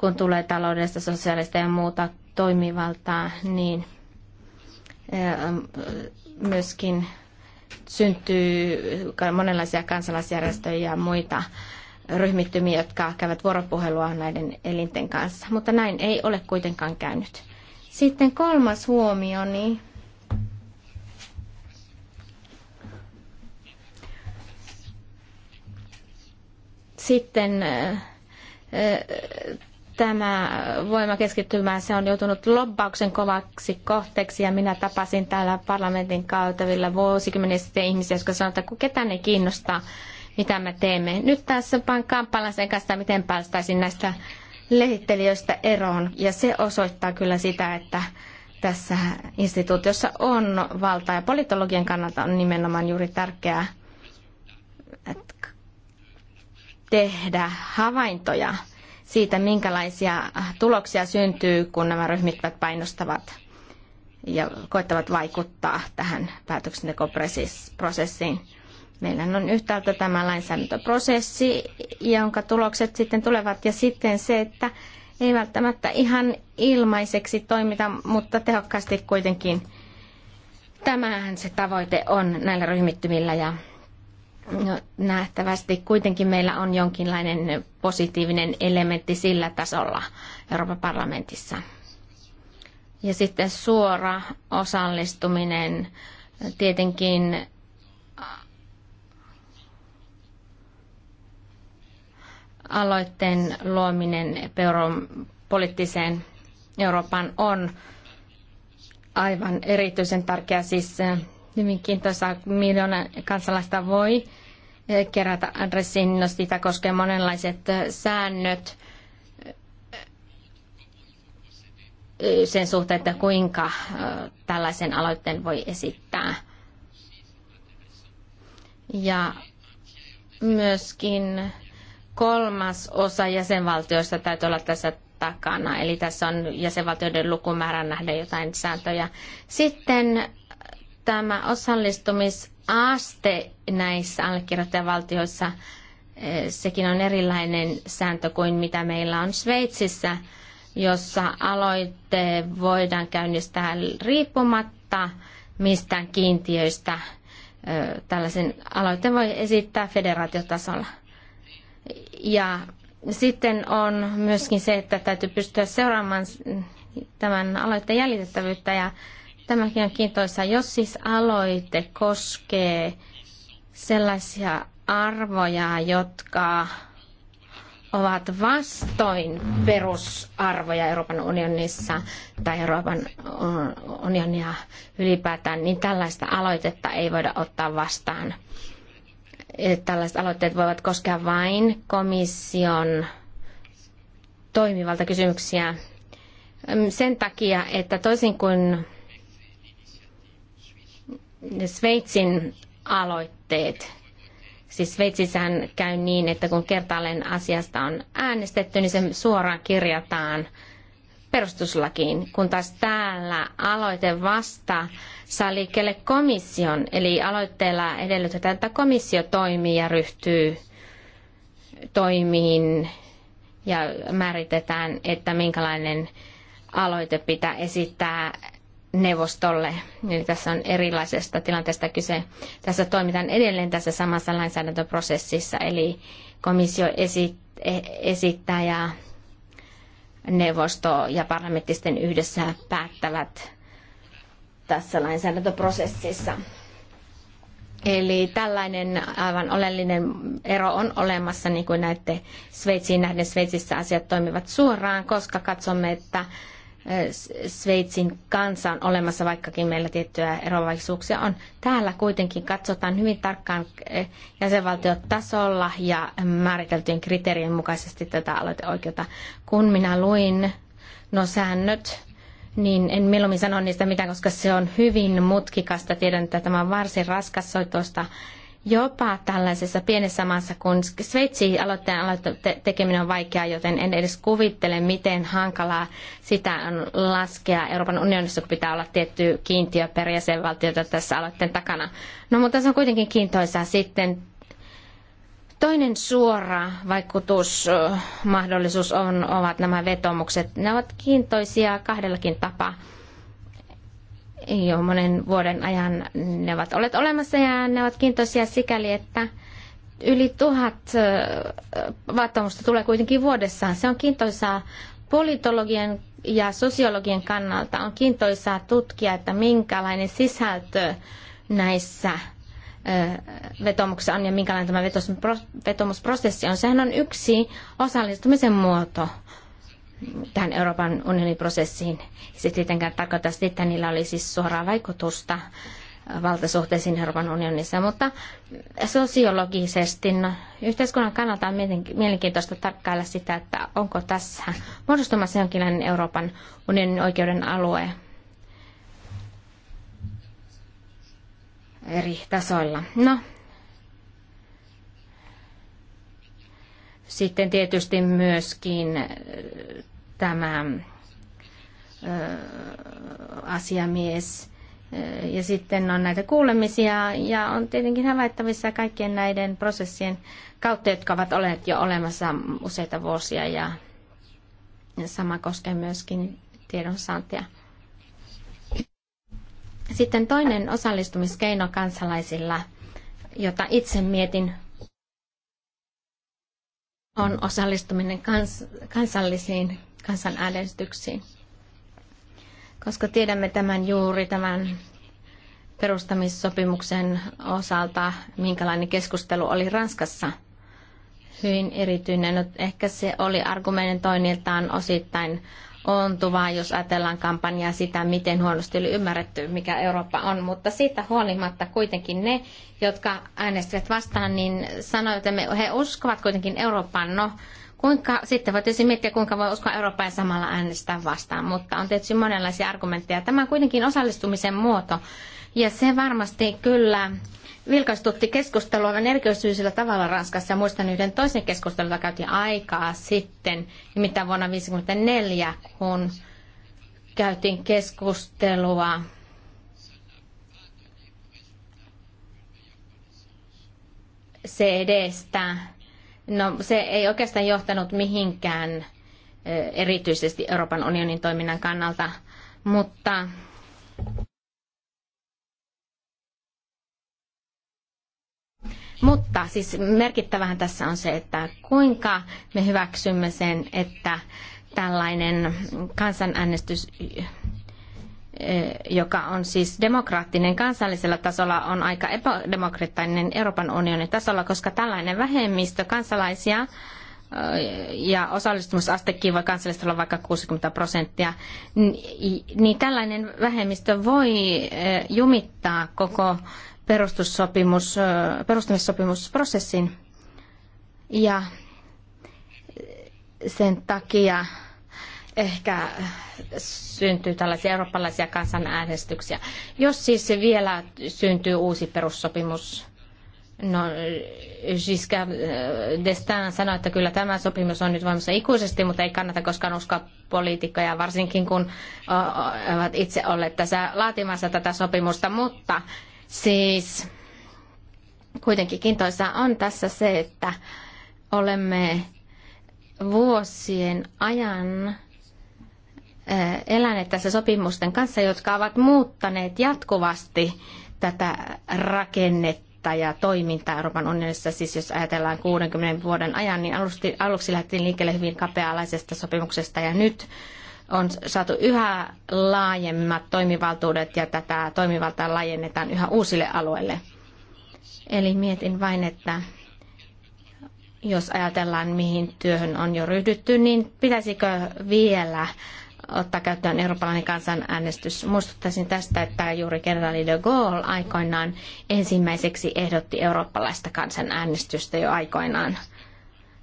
Speaker 1: kun tulee taloudesta, sosiaalista ja muuta toimivaltaa, niin myöskin syntyy monenlaisia kansalaisjärjestöjä ja muita ryhmittymiä, jotka käyvät vuoropuhelua näiden elinten kanssa. Mutta näin ei ole kuitenkaan käynyt. Sitten kolmas huomio, niin sitten äh, äh, tämä voimakeskittymä, se on joutunut lobbauksen kovaksi kohteeksi ja minä tapasin täällä parlamentin kaltavilla vuosikymmeniä sitten ihmisiä, jotka sanoivat, että kun ketään ei kiinnostaa, mitä me teemme. Nyt tässä vaan kamppaillaan sen kanssa, miten päästäisiin näistä lehittelijöistä eroon. Ja se osoittaa kyllä sitä, että tässä instituutiossa on valtaa ja politologian kannalta on nimenomaan juuri tärkeää tehdä havaintoja siitä, minkälaisia tuloksia syntyy, kun nämä ryhmittävät painostavat ja koettavat vaikuttaa tähän päätöksentekoprosessiin. Meillä on yhtäältä tämä lainsäädäntöprosessi, jonka tulokset sitten tulevat, ja sitten se, että ei välttämättä ihan ilmaiseksi toimita, mutta tehokkaasti kuitenkin. Tämähän se tavoite on näillä ryhmittymillä ja No, nähtävästi kuitenkin meillä on jonkinlainen positiivinen elementti sillä tasolla Euroopan parlamentissa. Ja sitten suora osallistuminen tietenkin aloitteen luominen poliittiseen Euroopan on aivan erityisen tärkeä siis hyvin tuossa Miljoona kansalaista voi eh, kerätä adressin, no sitä koskee monenlaiset eh, säännöt eh, sen suhteen, että kuinka tällaisen aloitteen voi esittää. Ja myöskin kolmas osa jäsenvaltioista täytyy olla tässä takana. Eli tässä on jäsenvaltioiden lukumäärän nähden jotain sääntöjä. Sitten tämä osallistumisaste näissä allekirjoittajavaltioissa, eh, sekin on erilainen sääntö kuin mitä meillä on Sveitsissä, jossa aloitte voidaan käynnistää riippumatta mistään kiintiöistä. Eh, tällaisen aloitteen voi esittää federaatiotasolla. Ja sitten on myöskin se, että täytyy pystyä seuraamaan tämän aloitteen jäljitettävyyttä ja Tämäkin on kiintoisa. Jos siis aloite koskee sellaisia arvoja, jotka ovat vastoin perusarvoja Euroopan unionissa tai Euroopan unionia ylipäätään, niin tällaista aloitetta ei voida ottaa vastaan. Tällaiset aloitteet voivat koskea vain komission toimivalta kysymyksiä sen takia, että toisin kuin Sveitsin aloitteet. Siis Sveitsissähän käy niin, että kun kertaalleen asiasta on äänestetty, niin se suoraan kirjataan perustuslakiin, kun taas täällä aloite vasta saa liikkeelle komission, eli aloitteella edellytetään, että komissio toimii ja ryhtyy toimiin ja määritetään, että minkälainen aloite pitää esittää neuvostolle. Eli tässä on erilaisesta tilanteesta kyse. Tässä toimitaan edelleen tässä samassa lainsäädäntöprosessissa, eli komissio esittää ja neuvosto ja parlamentti sitten yhdessä päättävät tässä lainsäädäntöprosessissa. Eli tällainen aivan oleellinen ero on olemassa, niin kuin näette Sveitsiin nähden. Sveitsissä asiat toimivat suoraan, koska katsomme, että Sveitsin kansan on olemassa, vaikkakin meillä tiettyjä eroavaisuuksia on. Täällä kuitenkin katsotaan hyvin tarkkaan jäsenvaltiotasolla ja määriteltyjen kriteerien mukaisesti tätä aloiteoikeutta. Kun minä luin nuo säännöt, niin en mieluummin sano niistä mitään, koska se on hyvin mutkikasta. Tiedän, että tämä on varsin raskassoitoista Jopa tällaisessa pienessä maassa, kun Sveitsi aloitteen tekeminen on vaikeaa, joten en edes kuvittele, miten hankalaa sitä on laskea Euroopan unionissa, kun pitää olla tietty kiintiö per jäsenvaltiota tässä aloitteen takana. No mutta se on kuitenkin kiintoisaa sitten Toinen suora vaikutusmahdollisuus on, ovat nämä vetomukset. Ne ovat kiintoisia kahdellakin tapaa jo monen vuoden ajan ne ovat olleet olemassa ja ne ovat kiintoisia sikäli, että yli tuhat vaatimusta tulee kuitenkin vuodessa. Se on kiintoisaa politologian ja sosiologian kannalta. On kiintoisaa tutkia, että minkälainen sisältö näissä vetomuksessa on ja minkälainen tämä vetomusprosessi on. Sehän on yksi osallistumisen muoto tähän Euroopan unionin prosessiin. Se tietenkään tarkoittaa sitä, että niillä olisi siis suoraa vaikutusta valtasuhteisiin Euroopan unionissa, mutta sosiologisesti no, yhteiskunnan kannalta on mielenkiintoista tarkkailla sitä, että onko tässä muodostumassa jonkinlainen Euroopan unionin oikeuden alue eri tasoilla. No, sitten tietysti myöskin tämä asiamies. Ja sitten on näitä kuulemisia ja on tietenkin havaittavissa kaikkien näiden prosessien kautta, jotka ovat olleet jo olemassa useita vuosia ja sama koskee myöskin tiedonsaantia. Sitten toinen osallistumiskeino kansalaisilla, jota itse mietin, on osallistuminen kans- kansallisiin äänestyksiin. Koska tiedämme tämän juuri tämän perustamissopimuksen osalta, minkälainen keskustelu oli Ranskassa. Hyvin erityinen. No, ehkä se oli argumentoinniltaan osittain ontuvaa, jos ajatellaan kampanjaa sitä, miten huonosti oli ymmärretty, mikä Eurooppa on. Mutta siitä huolimatta kuitenkin ne, jotka äänestivät vastaan, niin sanoivat, että he uskovat kuitenkin Eurooppaan. No, Kuinka, sitten tietysti miettiä, kuinka voi uskoa Eurooppaa ja samalla äänestää vastaan, mutta on tietysti monenlaisia argumentteja. Tämä on kuitenkin osallistumisen muoto, ja se varmasti kyllä vilkastutti keskustelua erikoisyisellä tavalla Ranskassa. Muistan yhden toisen keskustelun, jota käytiin aikaa sitten, nimittäin vuonna 1954, kun käytiin keskustelua CD-stä No se ei oikeastaan johtanut mihinkään erityisesti Euroopan unionin toiminnan kannalta, mutta Mutta siis merkittävähän tässä on se, että kuinka me hyväksymme sen, että tällainen kansanäänestys Eh, joka on siis demokraattinen kansallisella tasolla, on aika epädemokraattinen Euroopan unionin tasolla, koska tällainen vähemmistö kansalaisia eh, ja osallistumisastekin voi kansallisesti olla vaikka 60 prosenttia, niin tällainen vähemmistö voi eh, jumittaa koko perustussopimus, perustamissopimusprosessin. Ja sen takia ehkä syntyy tällaisia eurooppalaisia kansanäänestyksiä. Jos siis vielä syntyy uusi perussopimus, no Giscard d'Estaing sanoi, että kyllä tämä sopimus on nyt voimassa ikuisesti, mutta ei kannata koskaan uskoa poliitikkoja, varsinkin kun ovat itse olleet tässä laatimassa tätä sopimusta, mutta siis kuitenkin kiintoisaa on tässä se, että olemme vuosien ajan eläneet tässä sopimusten kanssa, jotka ovat muuttaneet jatkuvasti tätä rakennetta ja toimintaa Euroopan unionissa. Siis jos ajatellaan 60 vuoden ajan, niin alusti, aluksi lähdettiin liikkeelle hyvin kapea-alaisesta sopimuksesta ja nyt on saatu yhä laajemmat toimivaltuudet ja tätä toimivaltaa laajennetaan yhä uusille alueille. Eli mietin vain, että jos ajatellaan mihin työhön on jo ryhdytty, niin pitäisikö vielä ottaa käyttöön eurooppalainen kansanäänestys. Muistuttaisin tästä, että juuri kenraali de Gaulle aikoinaan ensimmäiseksi ehdotti eurooppalaista kansanäänestystä jo aikoinaan.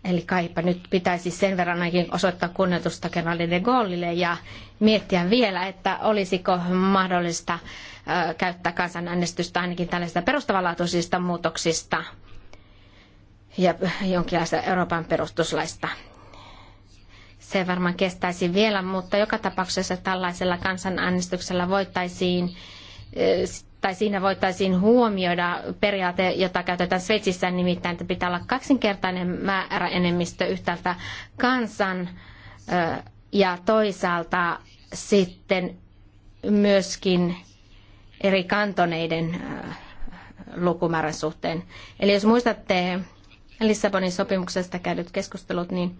Speaker 1: Eli kaipa nyt pitäisi sen verran ainakin osoittaa kunnioitusta kenraali de Gaullille ja miettiä vielä, että olisiko mahdollista käyttää kansanäänestystä ainakin tällaisista perustavanlaatuisista muutoksista ja jonkinlaista Euroopan perustuslaista se varmaan kestäisi vielä, mutta joka tapauksessa tällaisella kansanäänestyksellä voitaisiin eh, tai siinä voitaisiin huomioida periaate, jota käytetään Sveitsissä, nimittäin, että pitää olla kaksinkertainen määräenemmistö yhtäältä kansan eh, ja toisaalta sitten myöskin eri kantoneiden eh, lukumäärän suhteen. Eli jos muistatte Lissabonin sopimuksesta käydyt keskustelut, niin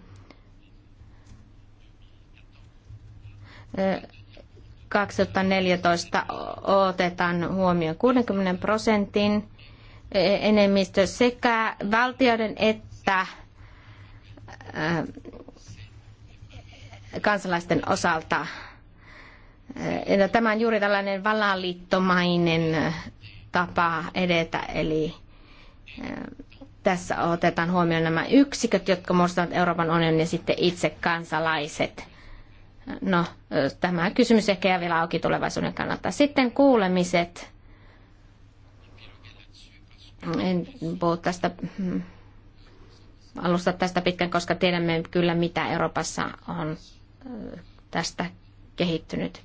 Speaker 1: 2014 otetaan huomioon 60 prosentin enemmistö sekä valtioiden että äh, kansalaisten osalta. Äh, tämä on juuri tällainen valaliittomainen tapa edetä, eli äh, tässä otetaan huomioon nämä yksiköt, jotka muodostavat Euroopan unionin ja sitten itse kansalaiset. No, tämä kysymys ehkä jää vielä auki tulevaisuuden kannalta. Sitten kuulemiset. En puhu tästä mm, alusta tästä pitkän, koska tiedämme kyllä, mitä Euroopassa on tästä kehittynyt.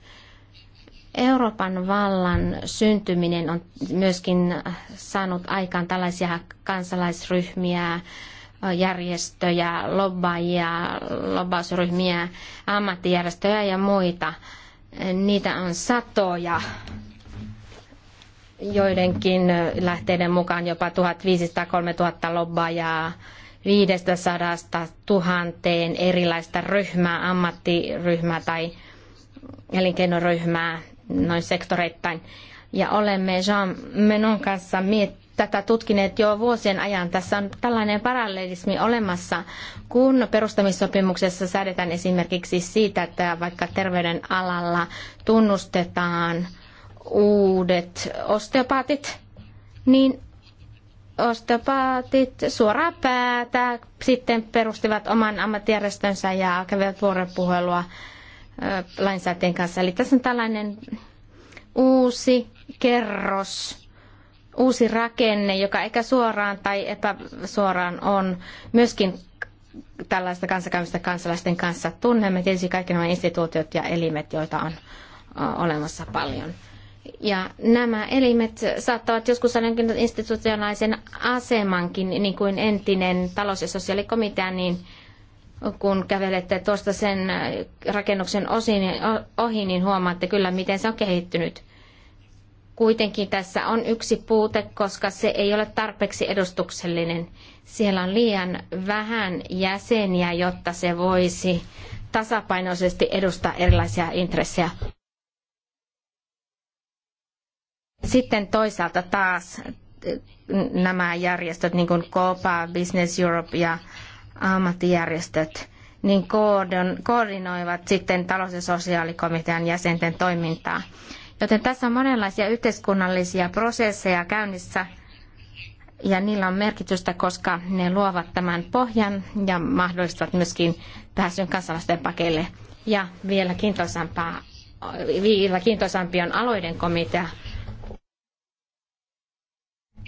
Speaker 1: Euroopan vallan syntyminen on myöskin saanut aikaan tällaisia kansalaisryhmiä, järjestöjä, lobbaajia, lobbausryhmiä, ammattijärjestöjä ja muita. Niitä on satoja joidenkin lähteiden mukaan jopa 1500-3000 lobbaajaa, 500 tuhanteen erilaista ryhmää, ammattiryhmää tai elinkeinoryhmää noin sektoreittain. Ja olemme Jean Menon kanssa miettineet, tätä tutkineet jo vuosien ajan. Tässä on tällainen parallelismi olemassa, kun perustamissopimuksessa säädetään esimerkiksi siitä, että vaikka terveydenalalla tunnustetaan uudet osteopaatit, niin osteopaatit suoraan päätä sitten perustivat oman ammattijärjestönsä ja kävivät vuoropuhelua lainsäätien kanssa. Eli tässä on tällainen uusi kerros uusi rakenne, joka eikä suoraan tai epäsuoraan on myöskin tällaista kanssakäymistä kansalaisten kanssa. Tunnemme tietysti kaikki nämä instituutiot ja elimet, joita on olemassa paljon. Ja nämä elimet saattavat joskus saada jonkin institutionaalisen asemankin, niin kuin entinen talous- ja sosiaalikomitea, niin kun kävelette tuosta sen rakennuksen osin, ohi, niin huomaatte kyllä, miten se on kehittynyt – Kuitenkin tässä on yksi puute, koska se ei ole tarpeeksi edustuksellinen. Siellä on liian vähän jäseniä, jotta se voisi tasapainoisesti edustaa erilaisia intressejä. Sitten toisaalta taas eh, nämä järjestöt, niin kuin COPA, Business Europe ja ammattijärjestöt, niin koordinoivat sitten talous- ja sosiaalikomitean jäsenten toimintaa. Joten tässä on monenlaisia yhteiskunnallisia prosesseja käynnissä ja niillä on merkitystä, koska ne luovat tämän pohjan ja mahdollistavat myöskin pääsyn kansalaisten pakeille. Ja vielä kiintoisampaa vielä kiintoisampi on aloiden komitea.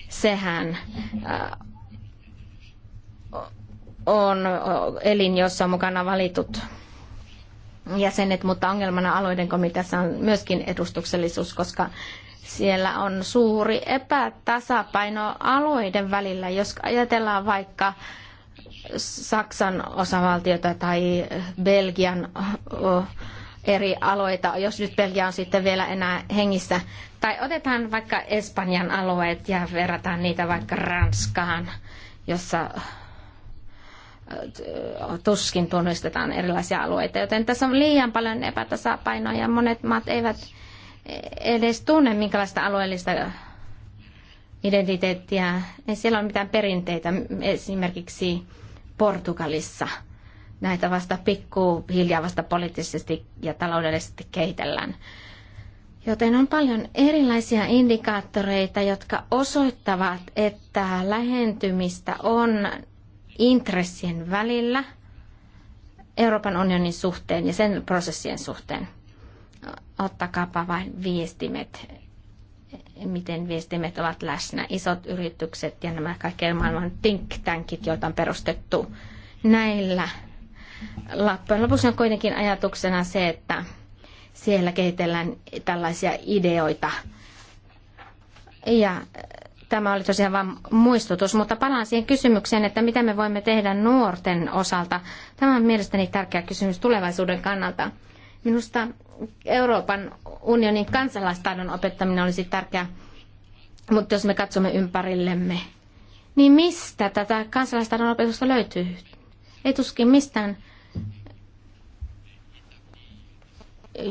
Speaker 1: Sehän äh, on elin, jossa on mukana valitut jäsenet, mutta ongelmana alueiden komiteassa on myöskin edustuksellisuus, koska siellä on suuri epätasapaino alueiden välillä. Jos ajatellaan vaikka Saksan osavaltiota tai Belgian eri alueita, jos nyt Belgia on sitten vielä enää hengissä. Tai otetaan vaikka Espanjan alueet ja verrataan niitä vaikka Ranskaan, jossa Äh, tuskin tunnistetaan erilaisia alueita, joten tässä on liian paljon epätasapainoa ja monet maat eivät edes tunne minkälaista alueellista identiteettiä. Ei siellä ole mitään perinteitä esimerkiksi Portugalissa. Näitä vasta pikkuhiljaa vasta poliittisesti ja taloudellisesti kehitellään. Joten on paljon erilaisia indikaattoreita, jotka osoittavat, että lähentymistä on intressien välillä Euroopan unionin suhteen ja sen prosessien suhteen. Ottakaapa vain viestimet, miten viestimet ovat läsnä. Isot yritykset ja nämä kaikkien maailman think tankit, joita on perustettu näillä lappujen lopuksi on kuitenkin ajatuksena se, että siellä kehitellään tällaisia ideoita. Ja Tämä oli tosiaan vain muistutus, mutta palaan siihen kysymykseen, että mitä me voimme tehdä nuorten osalta. Tämä on mielestäni tärkeä kysymys tulevaisuuden kannalta. Minusta Euroopan unionin kansalaistaidon opettaminen olisi tärkeää, mutta jos me katsomme ympärillemme, niin mistä tätä kansalaistaidon opetusta löytyy? Ei tuskin mistään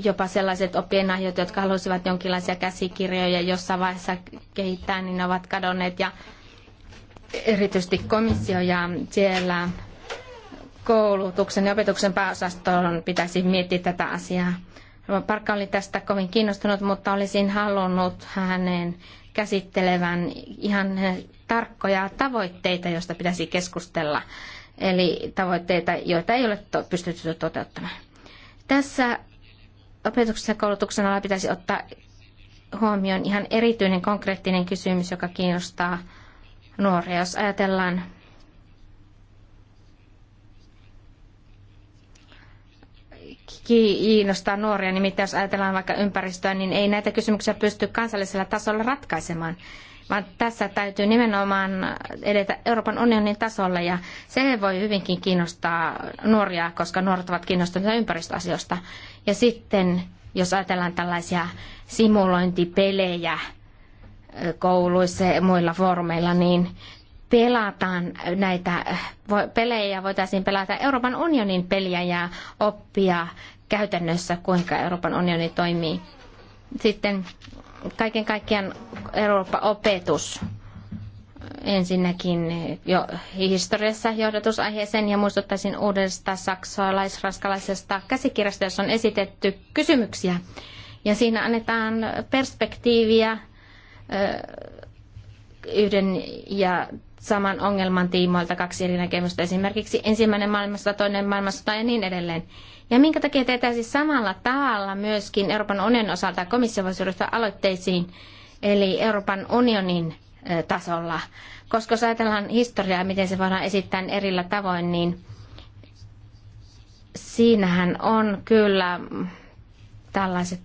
Speaker 1: jopa sellaiset opinahjot, jotka halusivat jonkinlaisia käsikirjoja jossain vaiheessa kehittää, niin ne ovat kadonneet. Ja erityisesti komissio ja siellä koulutuksen ja opetuksen pääosastoon pitäisi miettiä tätä asiaa. Parkka oli tästä kovin kiinnostunut, mutta olisin halunnut hänen käsittelevän ihan tarkkoja tavoitteita, joista pitäisi keskustella. Eli tavoitteita, joita ei ole pystytty toteuttamaan. Tässä opetuksessa ja koulutuksen alla pitäisi ottaa huomioon ihan erityinen konkreettinen kysymys, joka kiinnostaa nuoria. Jos ajatellaan kiinnostaa nuoria, nimittäin niin jos ajatellaan vaikka ympäristöä, niin ei näitä kysymyksiä pysty kansallisella tasolla ratkaisemaan vaan tässä täytyy nimenomaan edetä Euroopan unionin tasolla ja se voi hyvinkin kiinnostaa nuoria, koska nuoret ovat kiinnostuneita ympäristöasioista. Ja sitten jos ajatellaan tällaisia simulointipelejä kouluissa ja muilla foorumeilla, niin pelataan näitä pelejä, voitaisiin pelata Euroopan unionin peliä ja oppia käytännössä, kuinka Euroopan unioni toimii. Sitten kaiken kaikkiaan Euroopan opetus ensinnäkin jo historiassa johdatusaiheeseen ja muistuttaisin uudesta saksalais-raskalaisesta käsikirjasta, jossa on esitetty kysymyksiä. Ja siinä annetaan perspektiiviä yhden ja saman ongelman tiimoilta kaksi eri näkemystä, esimerkiksi ensimmäinen maailmansota, toinen maailmansota ja niin edelleen. Ja minkä takia teetään siis samalla tavalla myöskin Euroopan unionin osalta komissio voisi ryhtyä aloitteisiin, eli Euroopan unionin tasolla. Koska jos ajatellaan historiaa, miten se voidaan esittää niin erillä tavoin, niin siinähän on kyllä tällaiset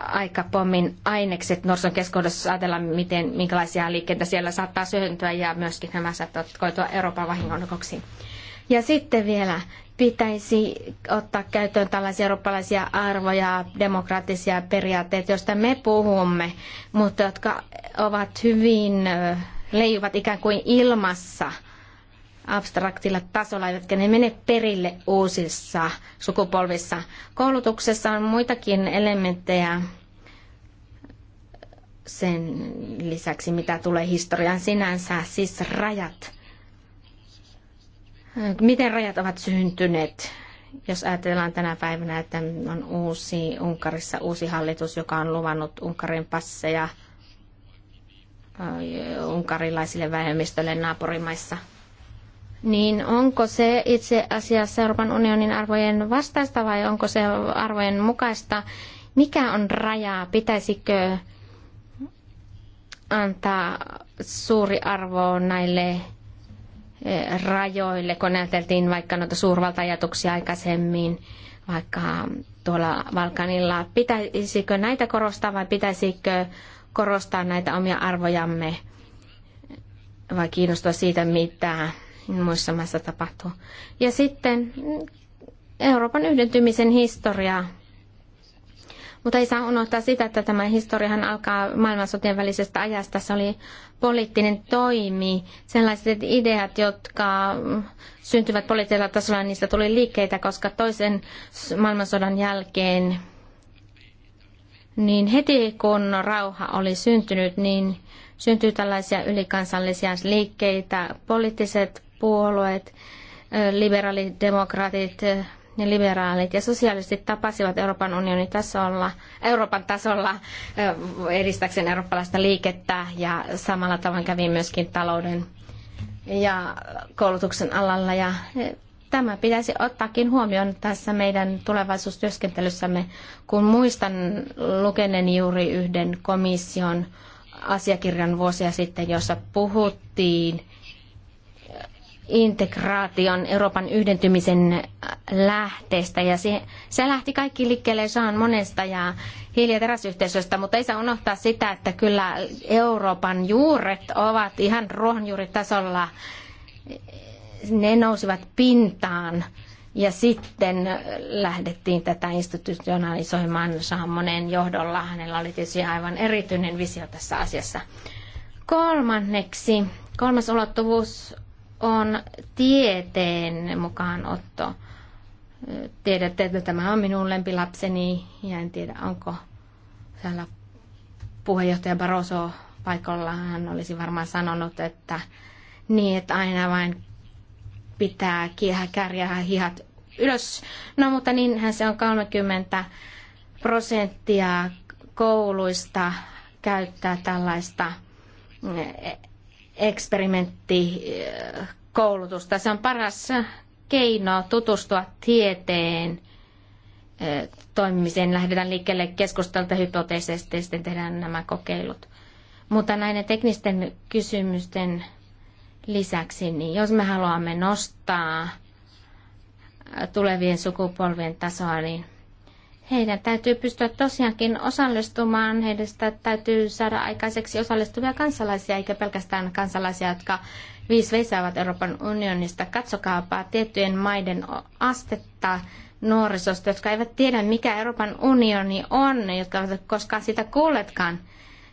Speaker 1: aikapommin ainekset Norson keskuudessa, jos ajatellaan, miten, minkälaisia liikkeitä siellä saattaa syöntyä ja myöskin nämä saattavat koitua Euroopan vahingonkoksiin. Ja sitten vielä pitäisi ottaa käyttöön tällaisia eurooppalaisia arvoja, demokraattisia periaatteita, joista me puhumme, mutta jotka ovat hyvin, leijuvat ikään kuin ilmassa abstraktilla tasolla, eivätkä ne mene perille uusissa sukupolvissa. Koulutuksessa on muitakin elementtejä sen lisäksi, mitä tulee historiaan sinänsä, siis rajat Miten rajat ovat syntyneet? Jos ajatellaan tänä päivänä, että on uusi Unkarissa uusi hallitus, joka on luvannut Unkarin passeja unkarilaisille vähemmistölle naapurimaissa, niin onko se itse asiassa Euroopan unionin arvojen vastaista vai onko se arvojen mukaista? Mikä on raja? Pitäisikö antaa suuri arvo näille rajoille, kun ajateltiin vaikka noita suurvaltajatuksia aikaisemmin, vaikka tuolla Valkanilla. Pitäisikö näitä korostaa vai pitäisikö korostaa näitä omia arvojamme vai kiinnostua siitä, mitä muissa maissa tapahtuu. Ja sitten Euroopan yhdentymisen historiaa mutta ei saa unohtaa sitä, että tämä historiahan alkaa maailmansotien välisestä ajasta. Se oli poliittinen toimi. Sellaiset ideat, jotka syntyvät poliittisella tasolla, niistä tuli liikkeitä, koska toisen maailmansodan jälkeen, niin heti kun rauha oli syntynyt, niin syntyi tällaisia ylikansallisia liikkeitä, poliittiset puolueet, liberaalidemokraatit, ne liberaalit ja sosiaaliset tapasivat Euroopan unionin tasolla, Euroopan tasolla edistäkseen eurooppalaista liikettä ja samalla tavoin kävi myöskin talouden ja koulutuksen alalla ja tämä pitäisi ottaakin huomioon tässä meidän tulevaisuustyöskentelyssämme, kun muistan lukeneeni juuri yhden komission asiakirjan vuosia sitten, jossa puhuttiin integraation, Euroopan yhdentymisen lähteestä. Ja se, se lähti kaikki liikkeelle saan Monesta ja hiili- ja teräsyhteisöstä, mutta ei saa unohtaa sitä, että kyllä Euroopan juuret ovat ihan ruohonjuuritasolla. Ne nousivat pintaan ja sitten lähdettiin tätä institutionalisoimaan Jean Monen johdolla. Hänellä oli tietysti aivan erityinen visio tässä asiassa. Kolmanneksi, kolmas ulottuvuus on tieteen mukaanotto. Tiedätte, että tämä on minun lempilapseni ja en tiedä, onko täällä puheenjohtaja Barroso paikalla. Hän olisi varmaan sanonut, että niin, että aina vain pitää kiehä, kärjää hihat ylös. No mutta niinhän se on 30 prosenttia kouluista käyttää tällaista eksperimenttikoulutusta. Eh, Se on paras keino tutustua tieteen eh, toimimiseen. Lähdetään liikkeelle keskustelta hypoteeseista ja sitten tehdään nämä kokeilut. Mutta näiden teknisten kysymysten lisäksi, niin jos me haluamme nostaa tulevien sukupolvien tasoa, niin heidän täytyy pystyä tosiaankin osallistumaan, heidästä täytyy saada aikaiseksi osallistuvia kansalaisia, eikä pelkästään kansalaisia, jotka viisi veisaavat Euroopan unionista. Katsokaapa tiettyjen maiden astetta nuorisosta, jotka eivät tiedä, mikä Euroopan unioni on, jotka eivät koskaan sitä kuulletkaan.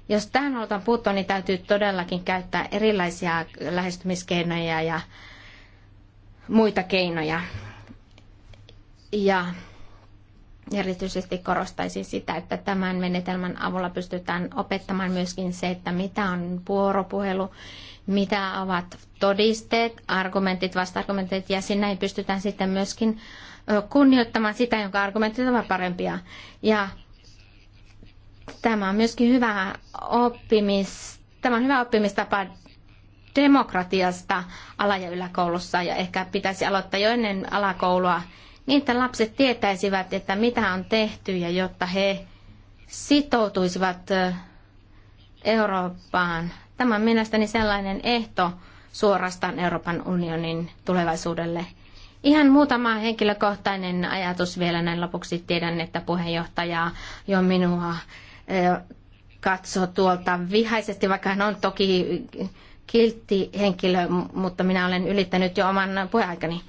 Speaker 1: Jos tähän halutaan puuttua, niin täytyy todellakin käyttää erilaisia lähestymiskeinoja ja muita keinoja. Ja erityisesti korostaisin sitä, että tämän menetelmän avulla pystytään opettamaan myöskin se, että mitä on vuoropuhelu, mitä ovat todisteet, argumentit, vastargumentit ja sinne ei pystytään sitten myöskin kunnioittamaan sitä, jonka argumentit ovat parempia. Ja tämä on myöskin hyvä oppimis, tämä on hyvä oppimistapa demokratiasta ala- ja yläkoulussa ja ehkä pitäisi aloittaa jo ennen alakoulua niin että lapset tietäisivät, että mitä on tehty ja jotta he sitoutuisivat Eurooppaan. Tämä on mielestäni sellainen ehto suorastaan Euroopan unionin tulevaisuudelle. Ihan muutama henkilökohtainen ajatus vielä näin lopuksi. Tiedän, että puheenjohtaja jo minua katsoo tuolta vihaisesti, vaikka hän on toki kiltti henkilö, mutta minä olen ylittänyt jo oman puheaikani.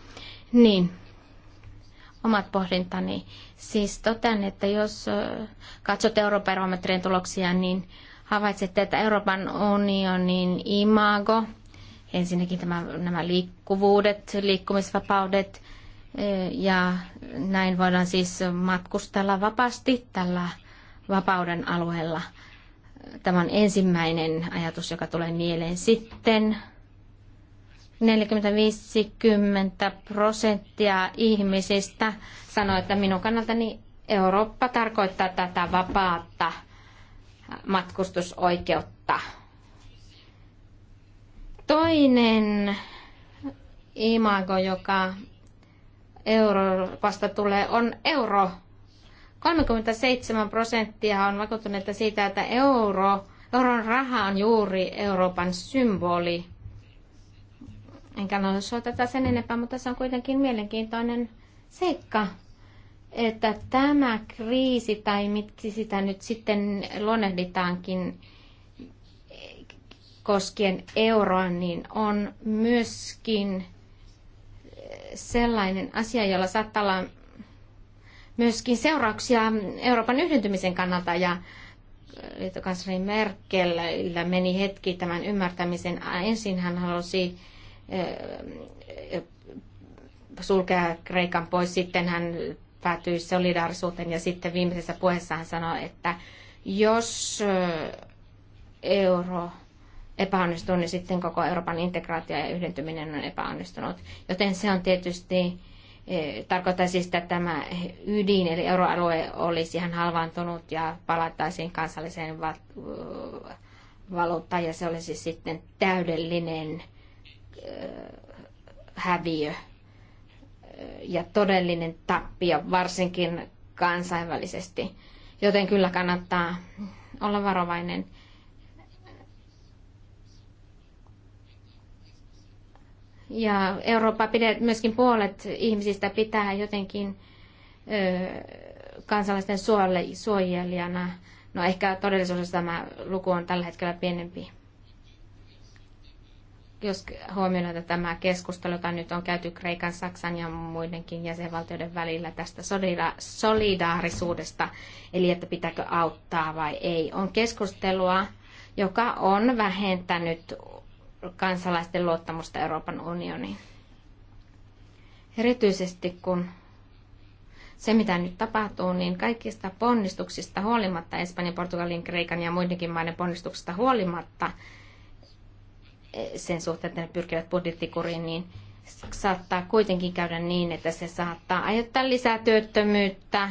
Speaker 1: Niin, omat pohdintani. Siis totean, että jos katsot eurobarometrien tuloksia, niin havaitsette, että Euroopan unionin imago, ensinnäkin tämä, nämä liikkuvuudet, liikkumisvapaudet, ja näin voidaan siis matkustella vapaasti tällä vapauden alueella. Tämä on ensimmäinen ajatus, joka tulee mieleen sitten. 40-50 prosenttia ihmisistä sanoi, että minun kannaltani Eurooppa tarkoittaa tätä vapaata matkustusoikeutta. Toinen imago, joka Euroopasta tulee, on euro. 37 prosenttia on vakuuttuneita siitä, että euro, euron raha on juuri Euroopan symboli enkä analysoi tätä sen enempää, mutta se on kuitenkin mielenkiintoinen seikka, että tämä kriisi, tai miksi sitä nyt sitten lonehditaankin koskien euroa, niin on myöskin sellainen asia, jolla saattaa olla myöskin seurauksia Euroopan yhdentymisen kannalta ja liittokansleri Merkel meni hetki tämän ymmärtämisen. Ensin hän halusi Äh, äh, sulkea Kreikan pois. Sitten hän päätyi solidaarisuuteen ja sitten viimeisessä puheessa hän sanoi, että jos äh, euro epäonnistuu, niin sitten koko Euroopan integraatio ja yhdentyminen on epäonnistunut. Joten se on tietysti tarkoittaa siis, että tämä ydin eli euroalue olisi ihan halvaantunut ja palattaisiin kansalliseen valuuttaan ja se olisi sitten täydellinen häviö ja todellinen tappio, varsinkin kansainvälisesti. Joten kyllä kannattaa olla varovainen. Ja Eurooppa pidet, myöskin puolet ihmisistä pitää jotenkin ö, kansalaisten suojelijana. No ehkä todellisuudessa tämä luku on tällä hetkellä pienempi jos huomioidaan tämä keskustelu, jota nyt on käyty Kreikan, Saksan ja muidenkin jäsenvaltioiden välillä tästä solidaarisuudesta, eli että pitääkö auttaa vai ei, on keskustelua, joka on vähentänyt kansalaisten luottamusta Euroopan unioniin. Erityisesti kun se, mitä nyt tapahtuu, niin kaikista ponnistuksista huolimatta, Espanjan, Portugalin, Kreikan ja muidenkin maiden ponnistuksista huolimatta, sen suhteen, että ne pyrkivät budjettikuriin, niin saattaa kuitenkin käydä niin, että se saattaa aiheuttaa lisää työttömyyttä,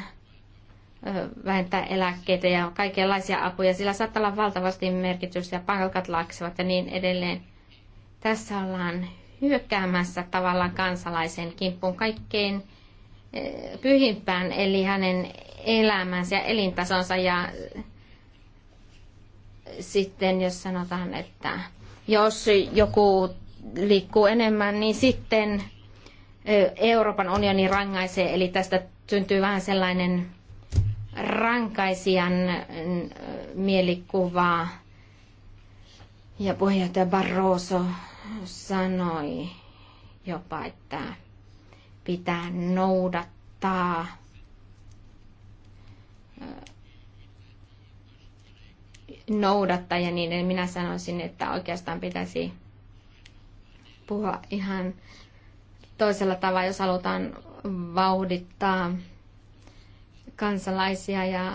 Speaker 1: vähentää eläkkeitä ja kaikenlaisia apuja. Sillä saattaa olla valtavasti merkitystä ja palkat laksevat ja niin edelleen. Tässä ollaan hyökkäämässä tavallaan kansalaisen kimppuun kaikkein pyhimpään, eli hänen elämänsä ja elintasonsa. Ja sitten jos sanotaan, että jos joku liikkuu enemmän, niin sitten Euroopan unioni rangaisee, eli tästä syntyy vähän sellainen rankaisijan mielikuva. Ja puheenjohtaja Barroso sanoi jopa, että pitää noudattaa noudattajia, niin, niin minä sanoisin, että oikeastaan pitäisi puhua ihan toisella tavalla, jos halutaan vauhdittaa kansalaisia ja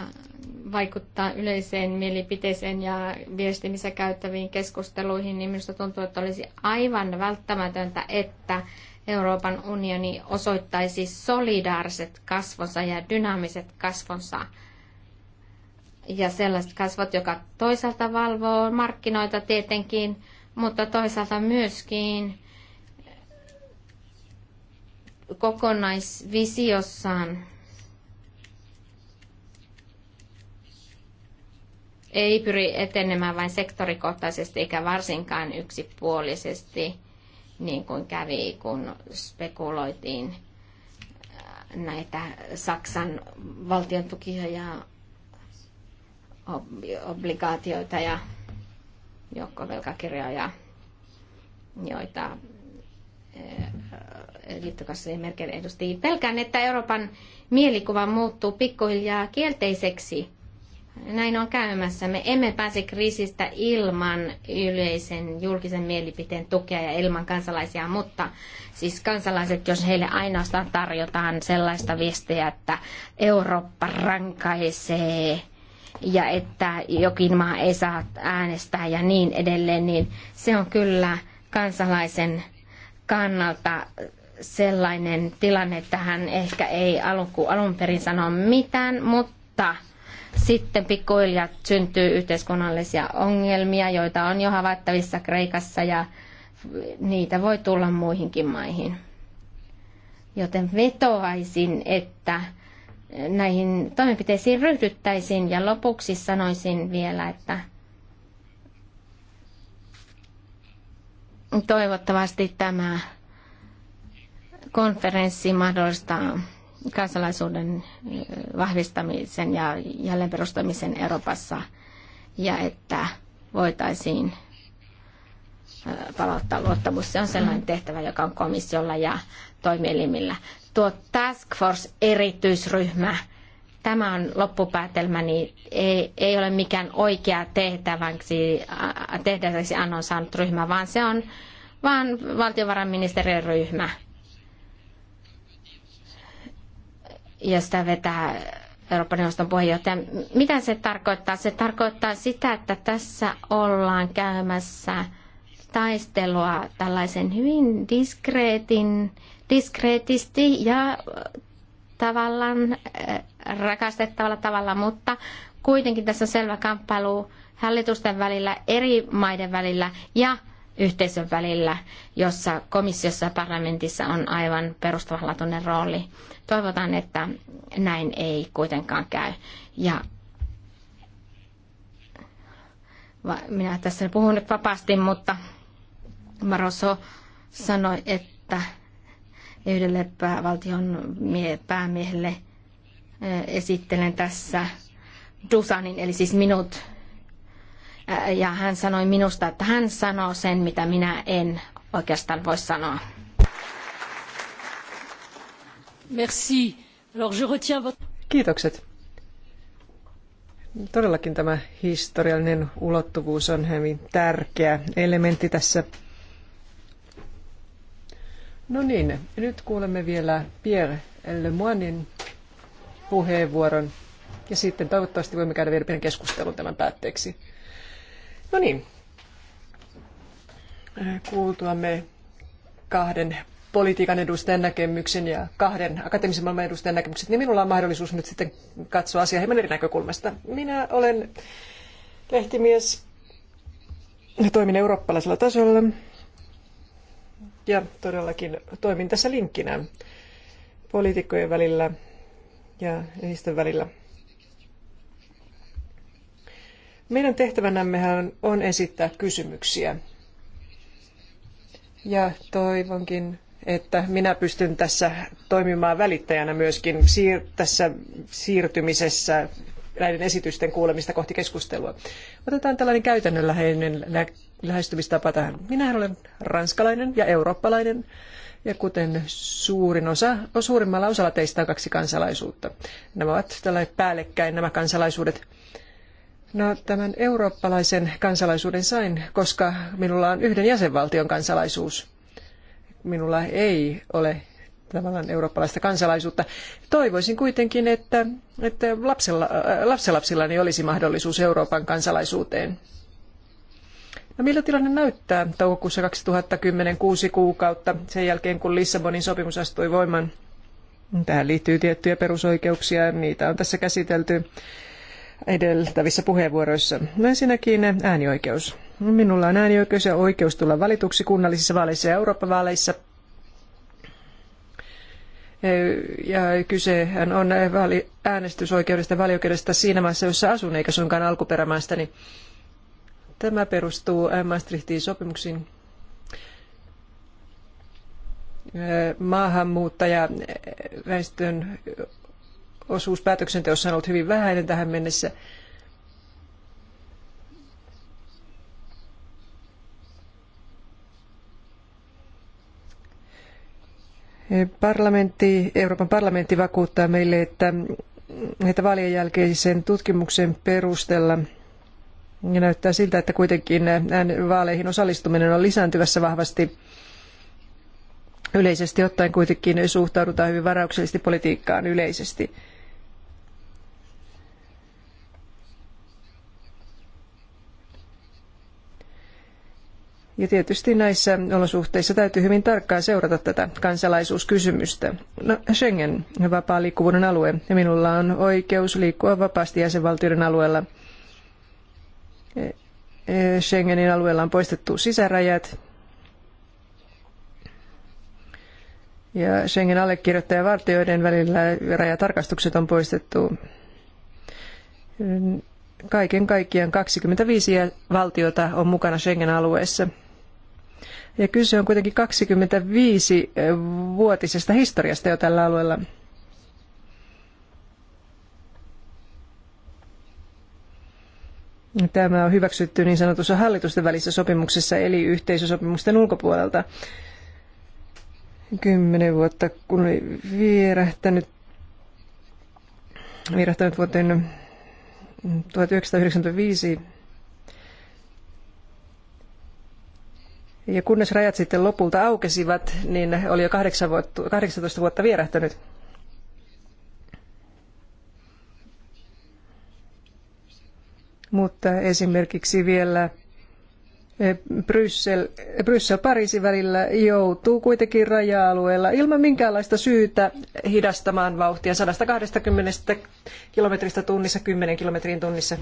Speaker 1: vaikuttaa yleiseen mielipiteeseen ja viestimissä käyttäviin keskusteluihin, niin minusta tuntuu, että olisi aivan välttämätöntä, että Euroopan unioni osoittaisi solidaariset kasvonsa ja dynaamiset kasvonsa ja sellaiset kasvot, joka toisaalta valvoo markkinoita tietenkin, mutta toisaalta myöskin kokonaisvisiossaan ei pyri etenemään vain sektorikohtaisesti eikä varsinkaan yksipuolisesti, niin kuin kävi, kun spekuloitiin äh, näitä Saksan valtion tukia ja obligaatioita ja joukkovelkakirjoja, joita eh, liittokansleri Merkel edusti. Pelkään, että Euroopan mielikuva muuttuu pikkuhiljaa kielteiseksi. Näin on käymässä. Me emme pääse kriisistä ilman yleisen julkisen mielipiteen tukea ja ilman kansalaisia, mutta siis kansalaiset, jos heille ainoastaan tarjotaan sellaista viestiä, että Eurooppa rankaisee ja että jokin maa ei saa äänestää ja niin edelleen, niin se on kyllä kansalaisen kannalta sellainen tilanne, että hän ehkä ei alun perin sano mitään, mutta sitten pikkuhiljaa syntyy yhteiskunnallisia ongelmia, joita on jo havaittavissa Kreikassa ja niitä voi tulla muihinkin maihin. Joten vetoaisin, että näihin toimenpiteisiin ryhdyttäisiin. Ja lopuksi sanoisin vielä, että toivottavasti tämä konferenssi mahdollistaa kansalaisuuden vahvistamisen ja jälleenperustamisen Euroopassa ja että voitaisiin palauttaa luottamus. Se on sellainen tehtävä, joka on komissiolla ja toimielimillä tuo Task Force-erityisryhmä, tämä on loppupäätelmä, niin ei, ei ole mikään oikea tehtäväksi, tehtäväksi annon saanut ryhmä, vaan se on vaan valtiovarainministeriön ryhmä. Josta vetää Euroopan neuvoston puheenjohtaja. Mitä se tarkoittaa? Se tarkoittaa sitä, että tässä ollaan käymässä taistelua tällaisen hyvin diskreetin diskreetisti ja äh, tavallaan äh, rakastettavalla tavalla, mutta kuitenkin tässä on selvä kamppailu hallitusten välillä, eri maiden välillä ja yhteisön välillä, jossa komissiossa ja parlamentissa on aivan perustavanlaatuinen rooli. Toivotaan, että näin ei kuitenkaan käy. Ja minä tässä puhun nyt vapaasti, mutta Maroso sanoi, että yhdelle valtion päämiehelle esittelen tässä Dusanin, eli siis minut. Ja hän sanoi minusta, että hän sanoo sen, mitä minä en oikeastaan voi sanoa.
Speaker 2: Merci. Alors je retiens votre...
Speaker 3: Kiitokset. Todellakin tämä historiallinen ulottuvuus on hyvin tärkeä elementti tässä No niin, nyt kuulemme vielä Pierre Lemoinin puheenvuoron. Ja sitten toivottavasti voimme käydä vielä pienen keskustelun tämän päätteeksi. No niin, kuultuamme kahden politiikan edustajan näkemyksen ja kahden akateemisen maailman edustajan näkemykset, niin minulla on mahdollisuus nyt sitten katsoa asiaa hieman eri näkökulmasta. Minä olen lehtimies, toimin eurooppalaisella tasolla ja todellakin toimin tässä linkkinä poliitikkojen välillä ja ihmisten välillä. Meidän tehtävänämmehän on esittää kysymyksiä. Ja toivonkin, että minä pystyn tässä toimimaan välittäjänä myöskin siir- tässä siirtymisessä näiden esitysten kuulemista kohti keskustelua. Otetaan tällainen käytännönläheinen lähestymistapa tähän. Minä olen ranskalainen ja eurooppalainen ja kuten suurin osa, suurimmalla osalla teistä on kaksi kansalaisuutta. Nämä ovat tällaiset päällekkäin nämä kansalaisuudet. No, tämän eurooppalaisen kansalaisuuden sain, koska minulla on yhden jäsenvaltion kansalaisuus. Minulla ei ole tavallaan eurooppalaista kansalaisuutta. Toivoisin kuitenkin, että, että lapsella, äh, lapselapsillani olisi mahdollisuus Euroopan kansalaisuuteen. No millä tilanne näyttää toukokuussa 2010 kuusi kuukautta sen jälkeen, kun Lissabonin sopimus astui voimaan? Tähän liittyy tiettyjä perusoikeuksia, niitä on tässä käsitelty edeltävissä puheenvuoroissa. No ensinnäkin äänioikeus. Minulla on äänioikeus ja oikeus tulla valituksi kunnallisissa vaaleissa ja Eurooppa-vaaleissa. Ja kysehän on äänestysoikeudesta ja valioikeudesta siinä maassa, jossa asun, eikä suinkaan alkuperämaastani. Niin Tämä perustuu äh, Maastrichtin sopimuksiin äh, maahanmuuttajaväestön äh, osuus päätöksenteossa on ollut hyvin vähäinen tähän mennessä. Parlamentti, Euroopan parlamentti vakuuttaa meille, että, että vaalien jälkeisen tutkimuksen perusteella – näyttää siltä, että kuitenkin vaaleihin osallistuminen on lisääntyvässä vahvasti. Yleisesti ottaen kuitenkin suhtaudutaan hyvin varauksellisesti politiikkaan yleisesti. Ja tietysti näissä olosuhteissa täytyy hyvin tarkkaan seurata tätä kansalaisuuskysymystä. No, Schengen, vapaa liikkuvuuden alue, ja minulla on oikeus liikkua vapaasti jäsenvaltioiden alueella – Schengenin alueella on poistettu sisärajat. Ja Schengen allekirjoittajan vartijoiden välillä rajatarkastukset on poistettu. Kaiken kaikkiaan 25 valtiota on mukana Schengen-alueessa. Ja kyse on kuitenkin 25-vuotisesta historiasta jo tällä alueella. Tämä on hyväksytty niin sanotussa hallitusten välissä sopimuksessa, eli yhteisösopimusten ulkopuolelta. Kymmenen vuotta, kun oli vierähtänyt, vierähtänyt vuoteen 1995, ja kunnes rajat sitten lopulta aukesivat, niin oli jo 18 vuotta vierähtänyt. mutta esimerkiksi vielä eh, Bryssel, eh, Bryssel-Pariisin välillä joutuu kuitenkin raja-alueella ilman minkäänlaista syytä hidastamaan vauhtia 120 kilometristä tunnissa 10 kilometriin tunnissa.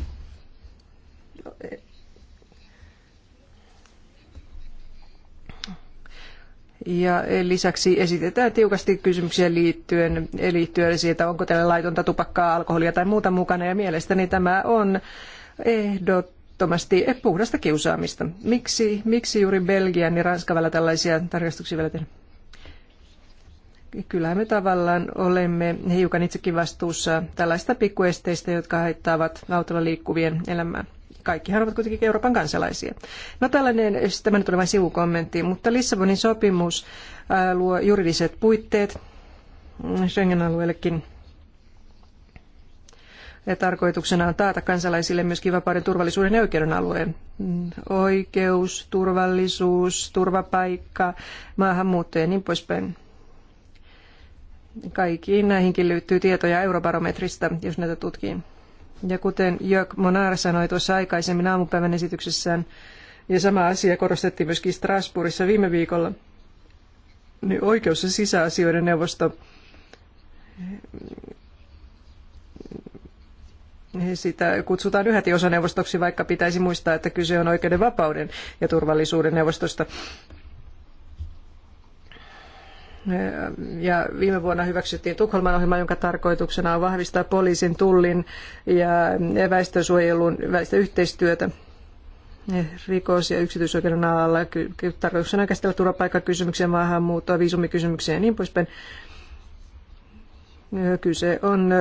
Speaker 3: Ja lisäksi esitetään tiukasti kysymyksiä liittyen, liittyen siitä, onko tällä laitonta tupakkaa, alkoholia tai muuta mukana. Ja mielestäni tämä on ehdottomasti puhdasta kiusaamista. Miksi, miksi juuri Belgian ja Ranskan välillä tällaisia tarkastuksia vielä tehdään? Kyllähän me tavallaan olemme hiukan itsekin vastuussa tällaista pikkuesteistä, jotka haittaavat autolla liikkuvien elämää kaikkihan ovat kuitenkin Euroopan kansalaisia. No tällainen, tämä nyt oli vain sivukommentti, mutta Lissabonin sopimus äh, luo juridiset puitteet Schengen-alueellekin ja tarkoituksena on taata kansalaisille myöskin vapauden, turvallisuuden ja oikeuden alueen. Oikeus, turvallisuus, turvapaikka, maahanmuutto ja niin poispäin. Kaikkiin näihinkin liittyy tietoja eurobarometrista, jos näitä tutkii. Ja kuten Jörg Monar sanoi tuossa aikaisemmin aamupäivän esityksessään, ja sama asia korostettiin myöskin Strasbourgissa viime viikolla, niin oikeus- ja sisäasioiden neuvosto sitä kutsutaan yhäti osaneuvostoksi, vaikka pitäisi muistaa, että kyse on oikeuden vapauden ja turvallisuuden neuvostosta. Ja viime vuonna hyväksyttiin Tukholman ohjelma, jonka tarkoituksena on vahvistaa poliisin, tullin ja väestönsuojelun välistä yhteistyötä rikos- ja yksityisoikeuden alalla. Tarkoituksena on käsitellä turvapaikkakysymyksiä, maahanmuuttoa, viisumikysymyksiä ja niin poispäin. Kyse on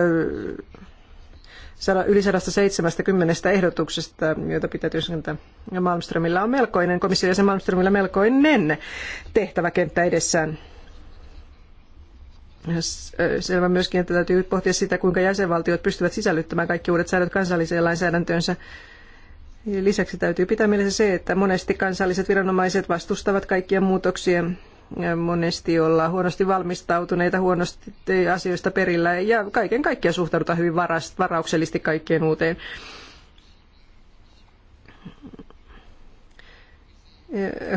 Speaker 3: yli 170 ehdotuksesta, joita pitää työskentää. Malmströmillä on melkoinen, komission jäsen Malmströmillä melkoinen tehtäväkenttä edessään. Selvä myöskin, että täytyy pohtia sitä, kuinka jäsenvaltiot pystyvät sisällyttämään kaikki uudet säädöt kansalliseen lainsäädäntöönsä. Lisäksi täytyy pitää mielessä se, että monesti kansalliset viranomaiset vastustavat kaikkia muutoksia monesti ollaan huonosti valmistautuneita, huonosti asioista perillä ja kaiken kaikkiaan suhtaudutaan hyvin varauksellisesti kaikkeen uuteen.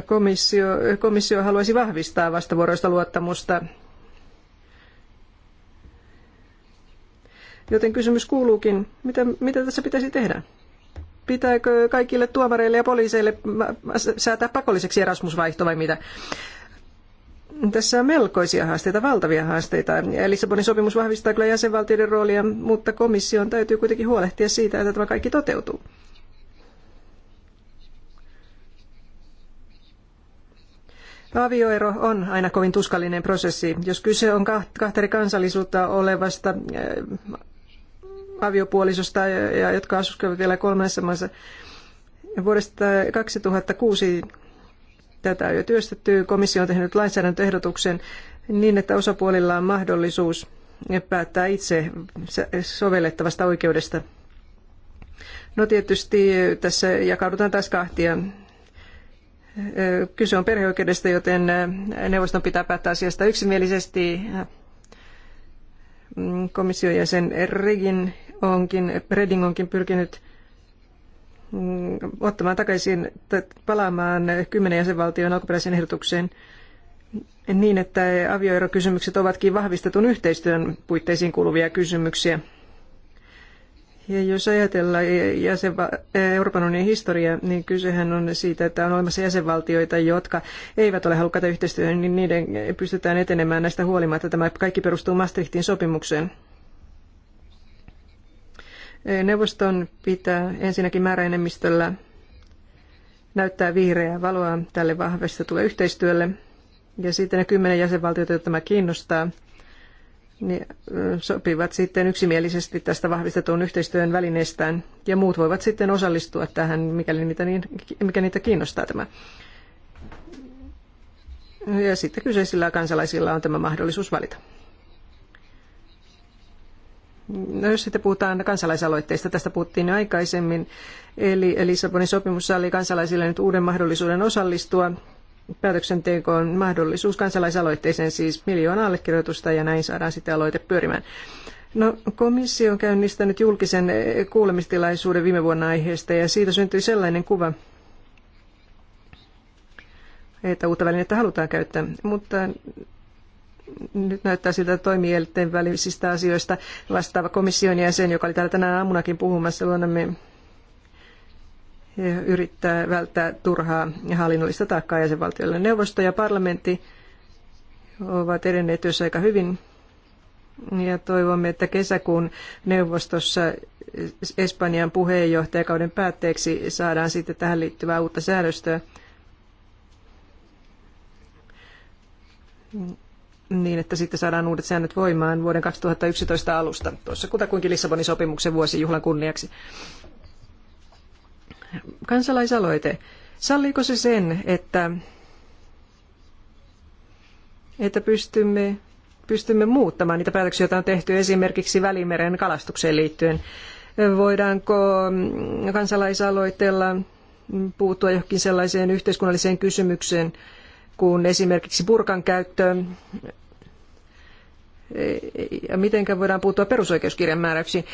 Speaker 3: Komissio, komissio haluaisi vahvistaa vastavuoroista luottamusta. Joten kysymys kuuluukin, mitä, mitä tässä pitäisi tehdä? Pitääkö kaikille tuomareille ja poliiseille säätää pakolliseksi erasmusvaihto vai mitä? Tässä on melkoisia haasteita, valtavia haasteita. Lissabonin sopimus vahvistaa kyllä jäsenvaltioiden roolia, mutta komission täytyy kuitenkin huolehtia siitä, että tämä kaikki toteutuu. Avioero on aina kovin tuskallinen prosessi. Jos kyse on kahta eri kansallisuutta olevasta äh, aviopuolisosta, ja, jotka asuskelevat vielä kolmessa maassa, vuodesta 2006 Tätä jo työstetty. Komissio on tehnyt lainsäädäntöehdotuksen niin, että osapuolilla on mahdollisuus päättää itse sovellettavasta oikeudesta. No tietysti tässä jakaudutaan taas kahtia. Kyse on perheoikeudesta, joten neuvoston pitää päättää asiasta yksimielisesti. Komission jäsen Regin onkin, Reding onkin pyrkinyt Mm, ottamaan takaisin, palaamaan kymmenen jäsenvaltion alkuperäisen ehdotukseen niin, että avioerokysymykset ovatkin vahvistetun yhteistyön puitteisiin kuuluvia kysymyksiä. Ja jos ajatellaan jäsenva- Euroopan unionin historiaa, niin kysehän on siitä, että on olemassa jäsenvaltioita, jotka eivät ole halukkaita yhteistyöhön, niin niiden pystytään etenemään näistä huolimatta. Tämä kaikki perustuu Maastrichtin sopimukseen. Neuvoston pitää ensinnäkin määräenemmistöllä näyttää vihreää valoa tälle vahvistetulle yhteistyölle. Ja sitten ne kymmenen jäsenvaltiota, joita tämä kiinnostaa, niin sopivat sitten yksimielisesti tästä vahvistetun yhteistyön välineestään. Ja muut voivat sitten osallistua tähän, mikäli niitä, niin, mikä niitä kiinnostaa tämä. Ja sitten kyseisillä kansalaisilla on tämä mahdollisuus valita. No jos sitten puhutaan kansalaisaloitteista, tästä puhuttiin jo aikaisemmin, eli Lissabonin sopimus sallii kansalaisille nyt uuden mahdollisuuden osallistua päätöksentekoon mahdollisuus kansalaisaloitteeseen, siis miljoona allekirjoitusta ja näin saadaan sitten aloite pyörimään. No, komissio on käynnistänyt julkisen kuulemistilaisuuden viime vuonna aiheesta ja siitä syntyi sellainen kuva, että uutta välinettä halutaan käyttää, mutta nyt näyttää siltä toimielten välisistä asioista vastaava komission jäsen, joka oli täällä tänä aamunakin puhumassa luonnamme yrittää välttää turhaa hallinnollista taakkaa jäsenvaltioille. Neuvosto ja parlamentti ovat edenneet työssä aika hyvin ja toivomme, että kesäkuun neuvostossa Espanjan puheenjohtajakauden päätteeksi saadaan sitten tähän liittyvää uutta säädöstöä niin, että sitten saadaan uudet säännöt voimaan vuoden 2011 alusta, tuossa kutakuinkin Lissabonin sopimuksen vuosijuhlan kunniaksi. Kansalaisaloite. Salliiko se sen, että, että pystymme, pystymme muuttamaan niitä päätöksiä, joita on tehty esimerkiksi Välimeren kalastukseen liittyen? Voidaanko kansalaisaloitteella puuttua johonkin sellaiseen yhteiskunnalliseen kysymykseen, kuin esimerkiksi burkan käyttöön ja miten voidaan puuttua perusoikeuskirjan määräyksiin.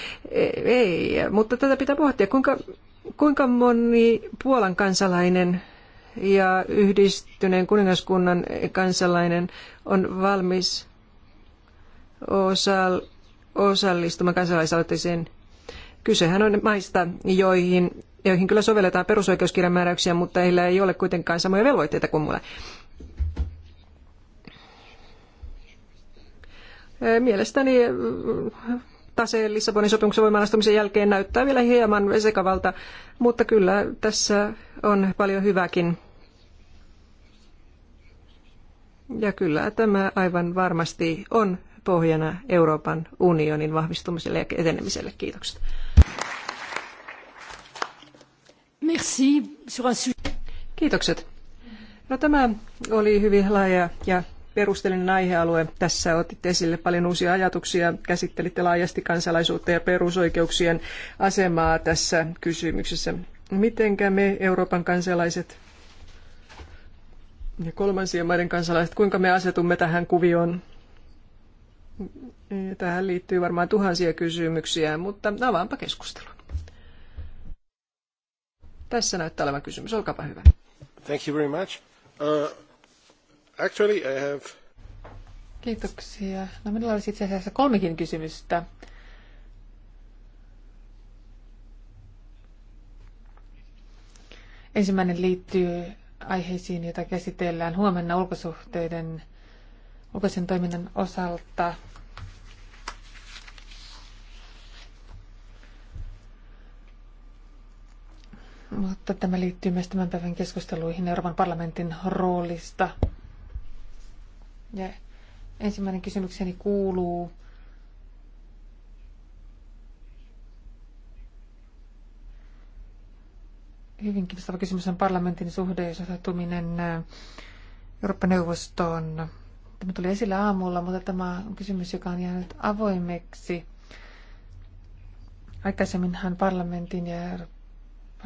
Speaker 3: Ei, mutta tätä pitää pohtia. Kuinka, kuinka moni Puolan kansalainen ja yhdistyneen kuningaskunnan kansalainen on valmis osal, osallistumaan kansalaisaloitteeseen? Kysehän on maista, joihin, joihin kyllä sovelletaan perusoikeuskirjan määräyksiä, mutta heillä ei ole kuitenkaan samoja velvoitteita kuin mulle. Mielestäni mm, taseen Lissabonin sopimuksen voimaanastumisen jälkeen näyttää vielä hieman sekavalta, mutta kyllä tässä on paljon hyvääkin. Ja kyllä tämä aivan varmasti on pohjana Euroopan unionin vahvistumiselle ja etenemiselle. Kiitokset. Merci. Kiitokset. No, tämä oli hyvin laaja ja perusteellinen aihealue. Tässä otitte esille paljon uusia ajatuksia, käsittelitte laajasti kansalaisuutta ja perusoikeuksien asemaa tässä kysymyksessä. Mitenkä me Euroopan kansalaiset ja kolmansien maiden kansalaiset, kuinka me asetumme tähän kuvioon? Tähän liittyy varmaan tuhansia kysymyksiä, mutta avaanpa keskustelun. Tässä näyttää olevan kysymys.
Speaker 4: Olkaapa hyvä.
Speaker 2: Thank you very much. Uh... Actually, I have...
Speaker 4: Kiitoksia. No minulla olisi itse asiassa kolmekin kysymystä. Ensimmäinen liittyy aiheisiin, joita käsitellään huomenna ulkosuhteiden ulkoisen toiminnan osalta. Mutta tämä liittyy myös tämän päivän keskusteluihin Euroopan parlamentin roolista – ja ensimmäinen kysymykseni kuuluu, hyvin kiinnostava kysymys on parlamentin suhde ja sotautuminen äh, Euroopan neuvostoon Tämä tuli esille aamulla, mutta tämä on kysymys, joka on jäänyt avoimeksi. Aikaisemminhan parlamentin ja Euroopan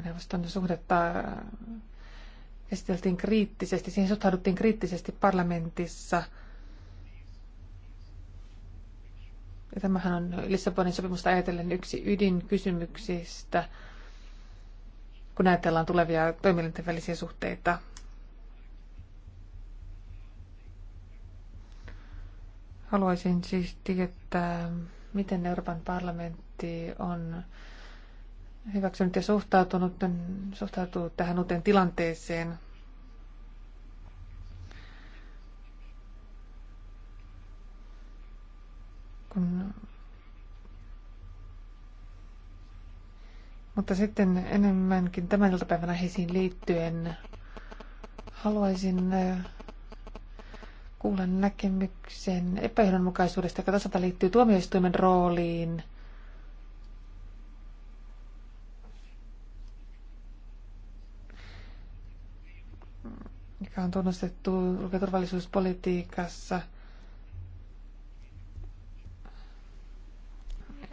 Speaker 4: neuvoston suhdetta äh, esiteltiin kriittisesti, siihen suhtauduttiin kriittisesti parlamentissa. Ja tämähän on Lissabonin sopimusta ajatellen yksi ydinkysymyksistä, kun ajatellaan tulevia toimielinten välisiä suhteita. Haluaisin siis tietää, miten Euroopan parlamentti on hyväksynyt ja suhtautunut, suhtautunut tähän uuteen tilanteeseen. Kun... Mutta sitten enemmänkin tämän iltapäivän aiheisiin liittyen haluaisin äh, kuulla näkemyksen epäjohdonmukaisuudesta, joka tasalta liittyy tuomioistuimen rooliin – mikä on tunnustettu ulkoturvallisuuspolitiikassa.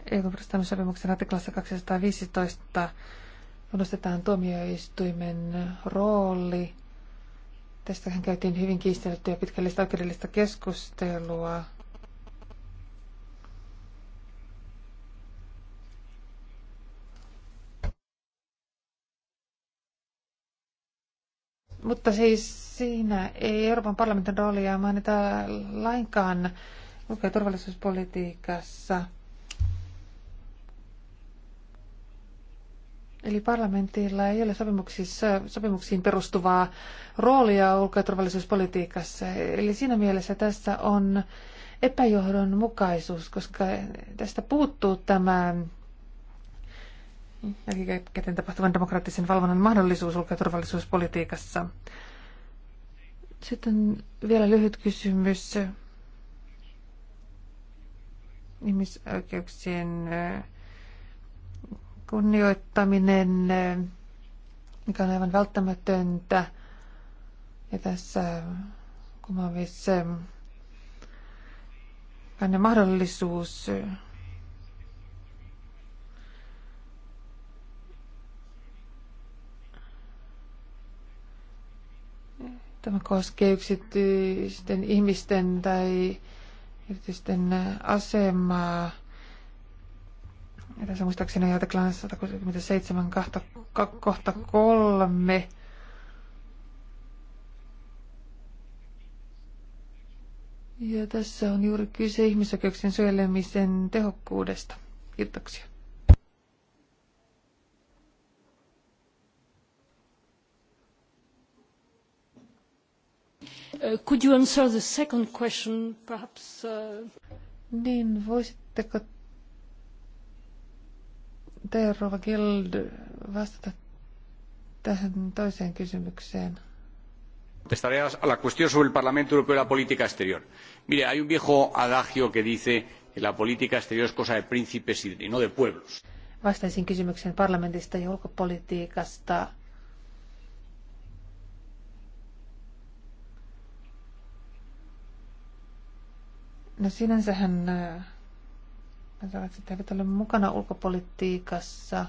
Speaker 4: turvallisuuspolitiikassa. EU-sopimuksen artiklassa 215 tunnustetaan tuomioistuimen rooli. Tästähän käytiin hyvin kiisteltyä pitkällistä oikeudellista keskustelua Mutta siis siinä ei Euroopan parlamentin roolia mainita lainkaan ulko- ja turvallisuuspolitiikassa. Eli parlamentilla ei ole sopimuksiin perustuvaa roolia ulko- ja turvallisuuspolitiikassa. Eli siinä mielessä tässä on epäjohdonmukaisuus, koska tästä puuttuu tämä jälkikäteen tapahtuvan demokraattisen valvonnan mahdollisuus ulko- ja turvallisuuspolitiikassa. Sitten vielä lyhyt kysymys ihmisoikeuksien äh, kunnioittaminen, äh, mikä on aivan välttämätöntä. Ja tässä kumavissa äh, mahdollisuus Tämä koskee yksityisten ihmisten tai yritysten äh, asemaa. Ja tässä muistaakseni ajatellaan 167 kahta, kohta kolme. Ja tässä on juuri kyse ihmisoikeuksien suojelemisen tehokkuudesta. Kiitoksia. Uh, could you answer the second question, perhaps? Uh... Niin, voisitteko te, Rova Gild, vastata tähän toiseen kysymykseen?
Speaker 2: Contestaré a la cuestión sobre el Parlamento Europeo y la política exterior. Mire, hay un viejo adagio que dice que la política exterior es cosa de príncipes y no de pueblos.
Speaker 4: Vastaisin kysymykseen parlamentista ja ulkopolitiikasta No sinänsähän äh, että eivät ole mukana ulkopolitiikassa.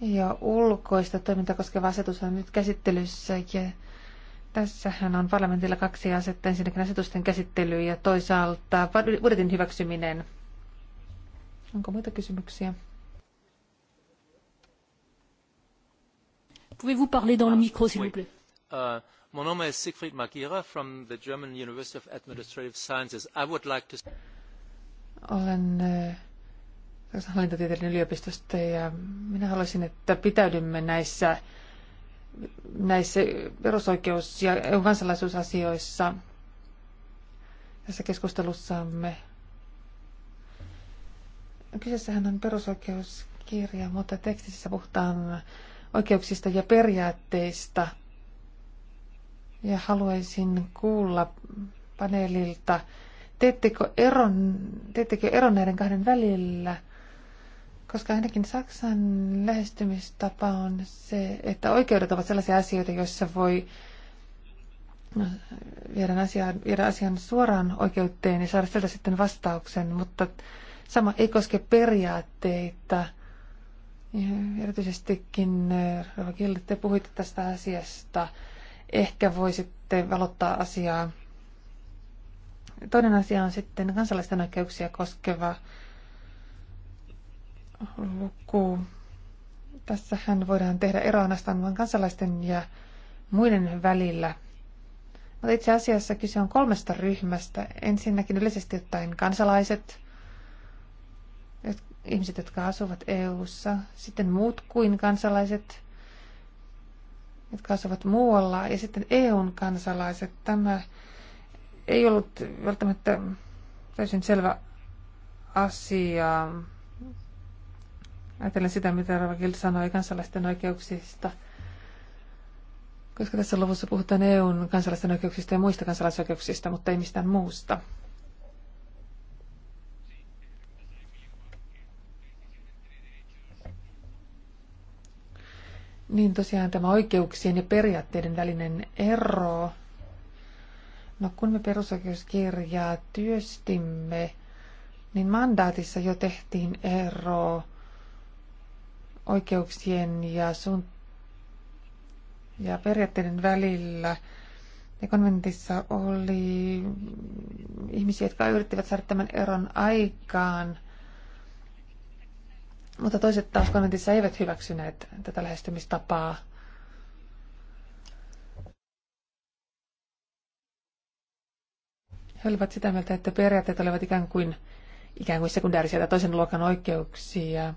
Speaker 4: Ja ulkoista toimintaa koskeva asetus on nyt käsittelyssä. Ja tässähän on parlamentilla kaksi asetta. Ensinnäkin asetusten käsittely ja toisaalta budjetin hyväksyminen. Onko muita kysymyksiä? Pouvez-vous parler dans le micro, s'il vous plaît?
Speaker 2: Ah, euh, My name is Siegfried Magira from the German University of Administrative Sciences. I would like to...
Speaker 4: Olen äh, hallintotieteiden yliopistosta ja minä haluaisin, että pitäydymme näissä, näissä perusoikeus- ja kansalaisuusasioissa tässä keskustelussamme. Kyseessähän on perusoikeuskirja, mutta tekstissä puhutaan oikeuksista ja periaatteista – ja haluaisin kuulla paneelilta, teettekö eron, teettekö eron näiden kahden välillä, koska ainakin Saksan lähestymistapa on se, että oikeudet ovat sellaisia asioita, joissa voi no, viedä, asiaan, viedä asian suoraan oikeuteen ja saada sieltä sitten vastauksen, mutta sama ei koske periaatteita. Ja erityisestikin, Rova Kilde, te puhuitte tästä asiasta Ehkä voisitte valottaa asiaa. Toinen asia on sitten kansalaisten oikeuksia koskeva luku. Tässähän voidaan tehdä eroa ainoastaan vain kansalaisten ja muiden välillä. Mutta itse asiassa kyse on kolmesta ryhmästä. Ensinnäkin yleisesti ottaen kansalaiset, ihmiset, jotka asuvat EU-ssa, sitten muut kuin kansalaiset, jotka asuvat muualla, ja sitten EUn kansalaiset. Tämä ei ollut välttämättä täysin selvä asia. Ajattelen sitä, mitä Ravakil sanoi kansalaisten oikeuksista. Koska tässä luvussa puhutaan EUn kansalaisten oikeuksista ja muista kansalaisoikeuksista, mutta ei mistään muusta. Niin tosiaan tämä oikeuksien ja periaatteiden välinen ero. No kun me perusoikeuskirjaa työstimme, niin mandaatissa jo tehtiin ero oikeuksien ja sun ja periaatteiden välillä. Ja konventissa oli ihmisiä, jotka yrittivät saada tämän eron aikaan – mutta toiset taas kommentissa eivät hyväksyneet tätä lähestymistapaa. He olivat sitä mieltä, että periaatteet olivat ikään kuin, ikään kuin sekundäärisiä tai toisen luokan oikeuksia.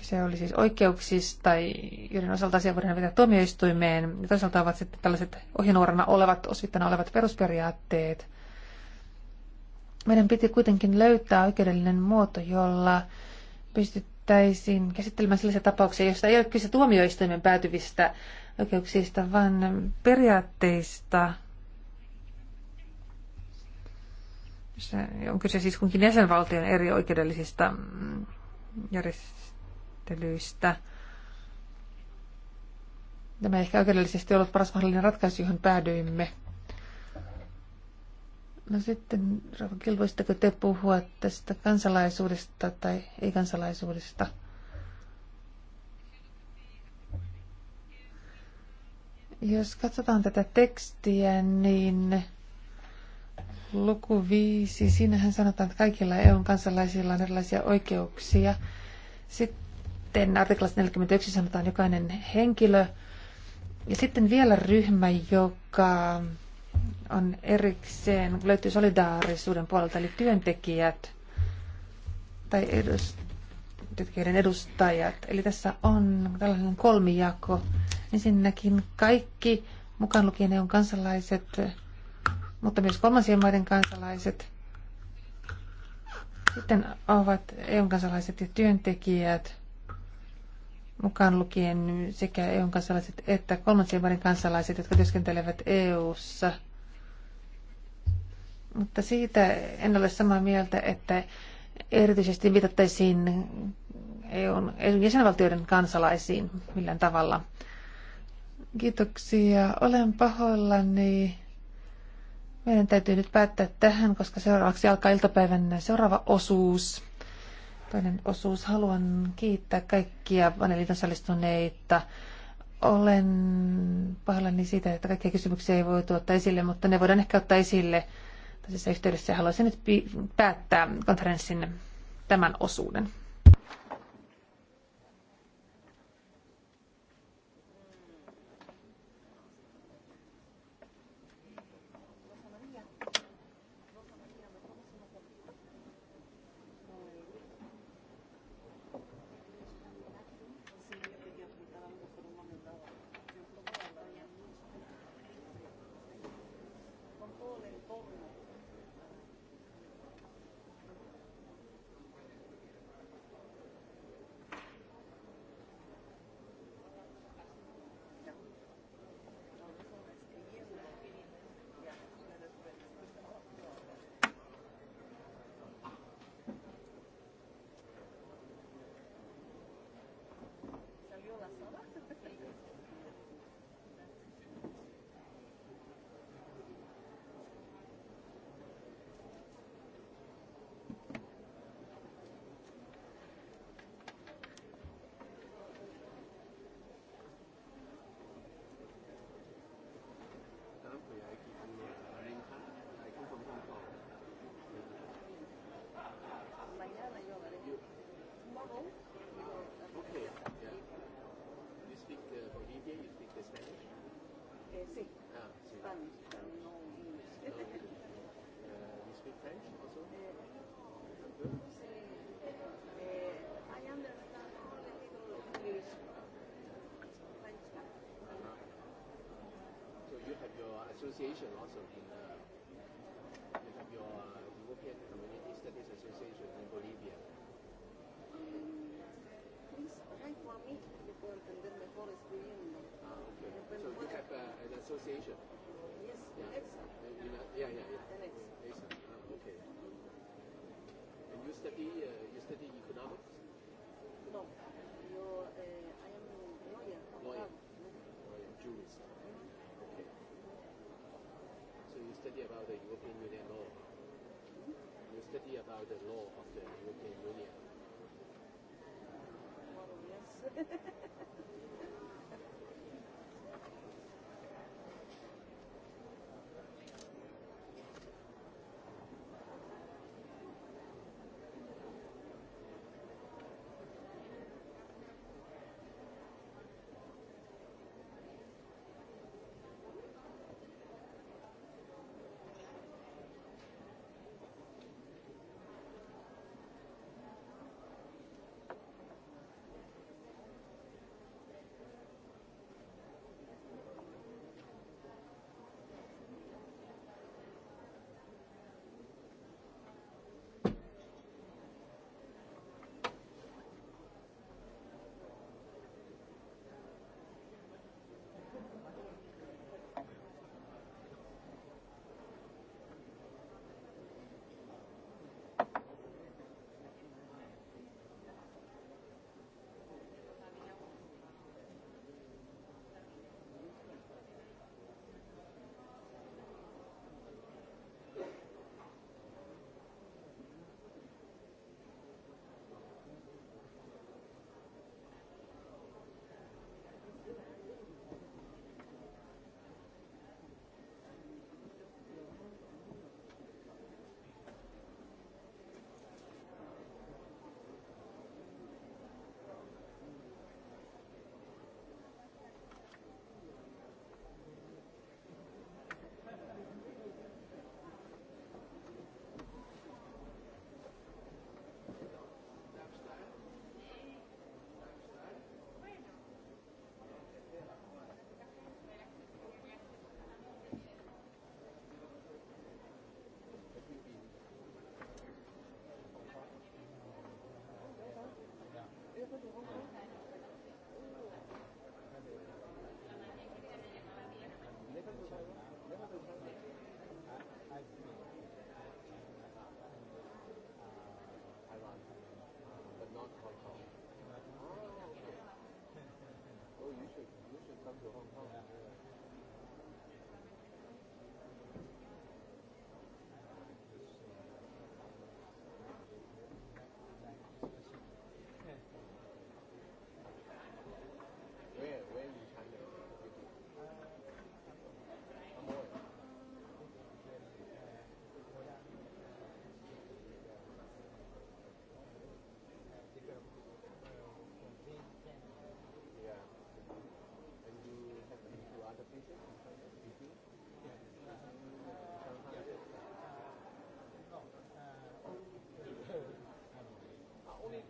Speaker 4: Se oli siis oikeuksista, joiden osalta asia voidaan vetää tuomioistuimeen. Ja toisaalta ovat sitten tällaiset ohjenuorana olevat, osittain olevat perusperiaatteet – meidän piti kuitenkin löytää oikeudellinen muoto, jolla pystyttäisiin käsittelemään sellaisia tapauksia, joista ei ole kyse tuomioistuimen päätyvistä oikeuksista, vaan periaatteista. Se on kyse siis kunkin jäsenvaltion eri oikeudellisista järjestelyistä. Tämä ei ehkä oikeudellisesti ollut paras mahdollinen ratkaisu, johon päädyimme. No sitten, Rauha Kil, voisitteko te puhua tästä kansalaisuudesta tai ei-kansalaisuudesta? Jos katsotaan tätä tekstiä, niin luku viisi, siinähän sanotaan, että kaikilla EUn kansalaisilla on erilaisia oikeuksia. Sitten artiklassa 41 sanotaan jokainen henkilö. Ja sitten vielä ryhmä, joka on erikseen, löytyy solidaarisuuden puolelta, eli työntekijät tai työntekijöiden edustajat. Eli tässä on tällainen kolmijako. Ensinnäkin kaikki, mukaan lukien on kansalaiset, mutta myös kolmansien maiden kansalaiset. Sitten ovat EU-kansalaiset ja työntekijät, mukaan lukien sekä EU-kansalaiset että kolmansien maiden kansalaiset, jotka työskentelevät EU-ssa – mutta siitä en ole samaa mieltä, että erityisesti viitattaisiin EUn jäsenvaltioiden kansalaisiin millään tavalla. Kiitoksia. Olen pahoillani. Meidän täytyy nyt päättää tähän, koska seuraavaksi alkaa iltapäivän seuraava osuus. Toinen osuus. Haluan kiittää kaikkia paneelin osallistuneita. Olen pahoillani siitä, että kaikkia kysymyksiä ei voi tuottaa esille, mutta ne voidaan ehkä ottaa esille tässä yhteydessä haluaisin nyt päättää konferenssin tämän osuuden.
Speaker 2: association also in uh, your uh, European Community Studies Association in Bolivia.
Speaker 3: Please pray for me because and then my call is being.
Speaker 2: Ah, okay. So you have uh, an association. Yes, yeah. EXA. Uh, yeah, yeah, yeah. An EXA. Ah, okay. And you study uh, you study economics? No, you uh, I am a lawyer. Lawyer. Now. about the European Union law. You study about the law of the European Union. Well, yes. (laughs)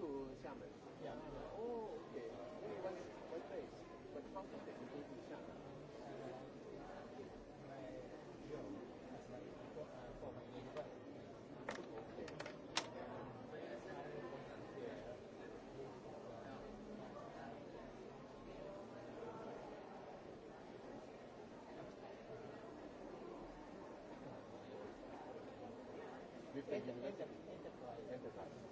Speaker 2: to Xiamen? Yeah. Oh, place. But how come they go to Xiamen? Enterprise. Enterprise.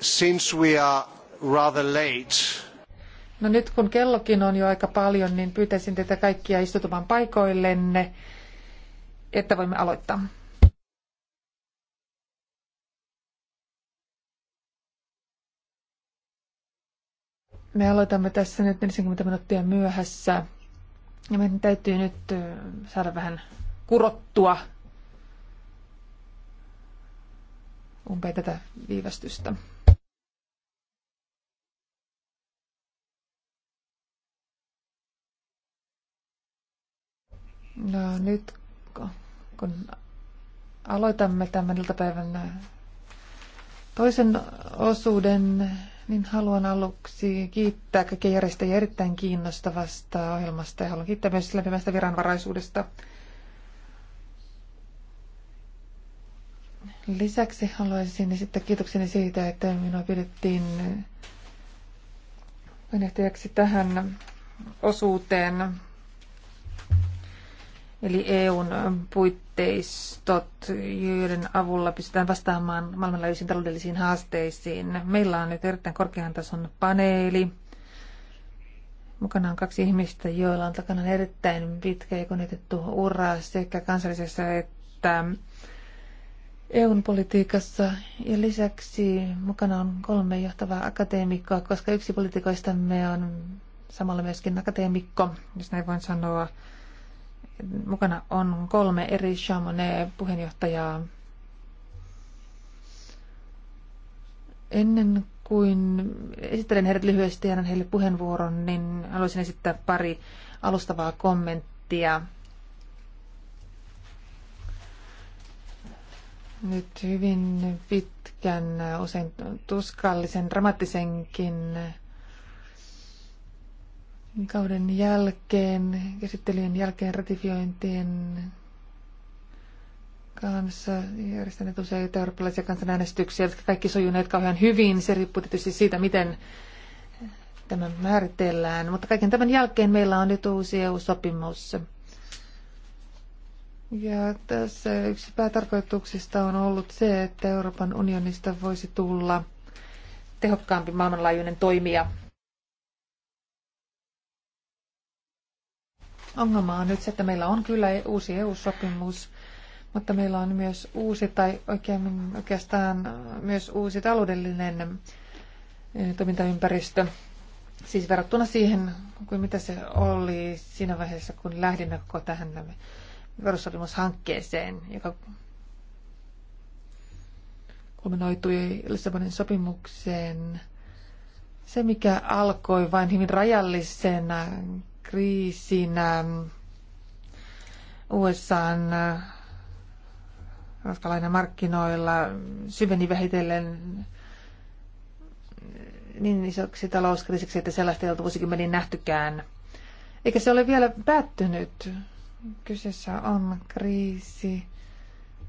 Speaker 2: since we are rather late,
Speaker 4: No nyt kun kellokin on jo aika paljon, niin pyytäisin teitä kaikkia istutumaan paikoillenne, että voimme aloittaa. Me aloitamme tässä nyt 40 minuuttia myöhässä. Ja meidän täytyy nyt saada vähän kurottua umpeen tätä viivästystä. No nyt kun aloitamme tämän iltapäivän toisen osuuden, niin haluan aluksi kiittää kaikkia järjestäjiä erittäin kiinnostavasta ohjelmasta ja haluan kiittää myös lämpimästä viranvaraisuudesta. Lisäksi haluaisin esittää kiitokseni siitä, että minua pidettiin puheenjohtajaksi tähän osuuteen eli EUn puitteistot, joiden avulla pystytään vastaamaan maailmanlaajuisiin taloudellisiin haasteisiin. Meillä on nyt erittäin korkean tason paneeli. Mukana on kaksi ihmistä, joilla on takana erittäin pitkä ja konetettu ura sekä kansallisessa että EUn politiikassa. Ja lisäksi mukana on kolme johtavaa akateemikkoa, koska yksi politikoistamme on samalla myöskin akateemikko, jos näin voin sanoa Mukana on kolme eri Chamonet-puheenjohtajaa. Ennen kuin esittelen heidät lyhyesti ja annan heille puheenvuoron, niin haluaisin esittää pari alustavaa kommenttia. Nyt hyvin pitkän, usein tuskallisen, dramaattisenkin kauden jälkeen, käsittelyjen jälkeen ratifiointien kanssa järjestäneet useita eurooppalaisia kansanäänestyksiä, jotka kaikki sojuneet kauhean hyvin. Se riippuu tietysti siitä, miten tämä määritellään. Mutta kaiken tämän jälkeen meillä on nyt uusi EU-sopimus. Ja tässä yksi päätarkoituksista on ollut se, että Euroopan unionista voisi tulla tehokkaampi maailmanlaajuinen toimija Ongelma on nyt se, että meillä on kyllä uusi EU-sopimus, mutta meillä on myös uusi tai oikein, oikeastaan myös uusi taloudellinen eh, toimintaympäristö. Siis verrattuna siihen, kuin mitä se oli siinä vaiheessa, kun lähdimme koko tähän verosopimushankkeeseen, joka kulminoitui Lissabonin sopimukseen. Se, mikä alkoi vain hyvin rajallisena kriisin USAn äh, markkinoilla syveni vähitellen äh, niin isoksi talouskriisiksi, että sellaista ei ollut vuosikymmeniin nähtykään. Eikä se ole vielä päättynyt. Kyseessä on kriisi,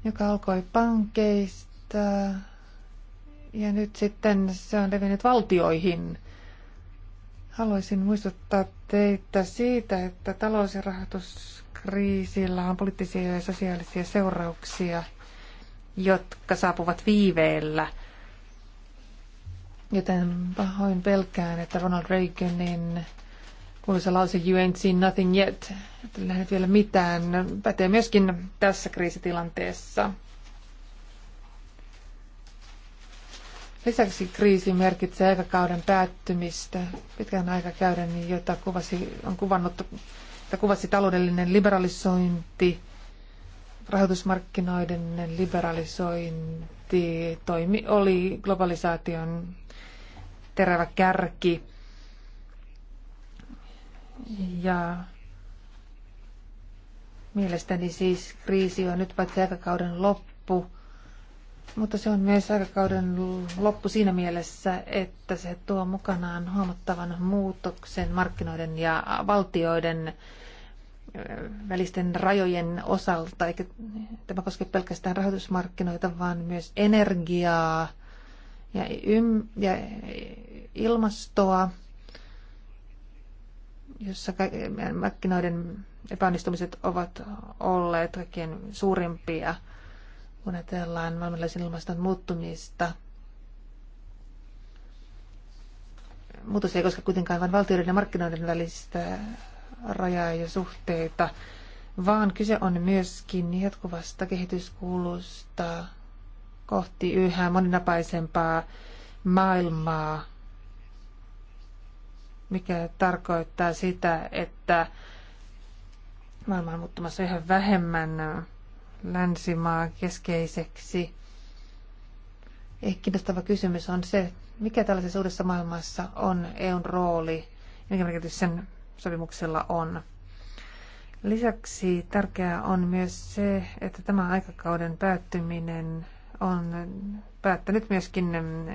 Speaker 4: joka alkoi pankeista ja nyt sitten se on levinnyt valtioihin – Haluaisin muistuttaa teitä siitä, että talous- ja rahoituskriisillä on poliittisia ja sosiaalisia seurauksia, jotka saapuvat viiveellä. Joten pahoin pelkään, että Ronald Reaganin kuuluisa lause You ain't seen nothing yet, että nähnyt vielä mitään, pätee myöskin tässä kriisitilanteessa. Lisäksi kriisi merkitsee aikakauden päättymistä, pitkän aikakauden, niin jota kuvasi, on kuvannut, että kuvasi taloudellinen liberalisointi, rahoitusmarkkinoiden liberalisointi, toimi oli globalisaation terävä kärki. Ja mielestäni siis kriisi on nyt paitsi aikakauden loppu, mutta se on myös aikakauden loppu siinä mielessä, että se tuo mukanaan huomattavan muutoksen markkinoiden ja valtioiden välisten rajojen osalta, eikä tämä koske pelkästään rahoitusmarkkinoita, vaan myös energiaa ja, ym- ja ilmastoa, jossa markkinoiden epäonnistumiset ovat olleet kaikkein suurimpia – kun ajatellaan maailmanlaisen ilmaston muuttumista. Muutos ei koske kuitenkaan vain valtioiden ja markkinoiden välistä rajaa ja suhteita, vaan kyse on myöskin jatkuvasta kehityskulusta kohti yhä moninapaisempaa maailmaa, mikä tarkoittaa sitä, että maailma on muuttumassa yhä vähemmän länsimaa keskeiseksi. Ehkä kiinnostava kysymys on se, mikä tällaisessa uudessa maailmassa on EUn rooli ja mikä merkitys sen sopimuksella on. Lisäksi tärkeää on myös se, että tämä aikakauden päättyminen on päättänyt myöskin mm,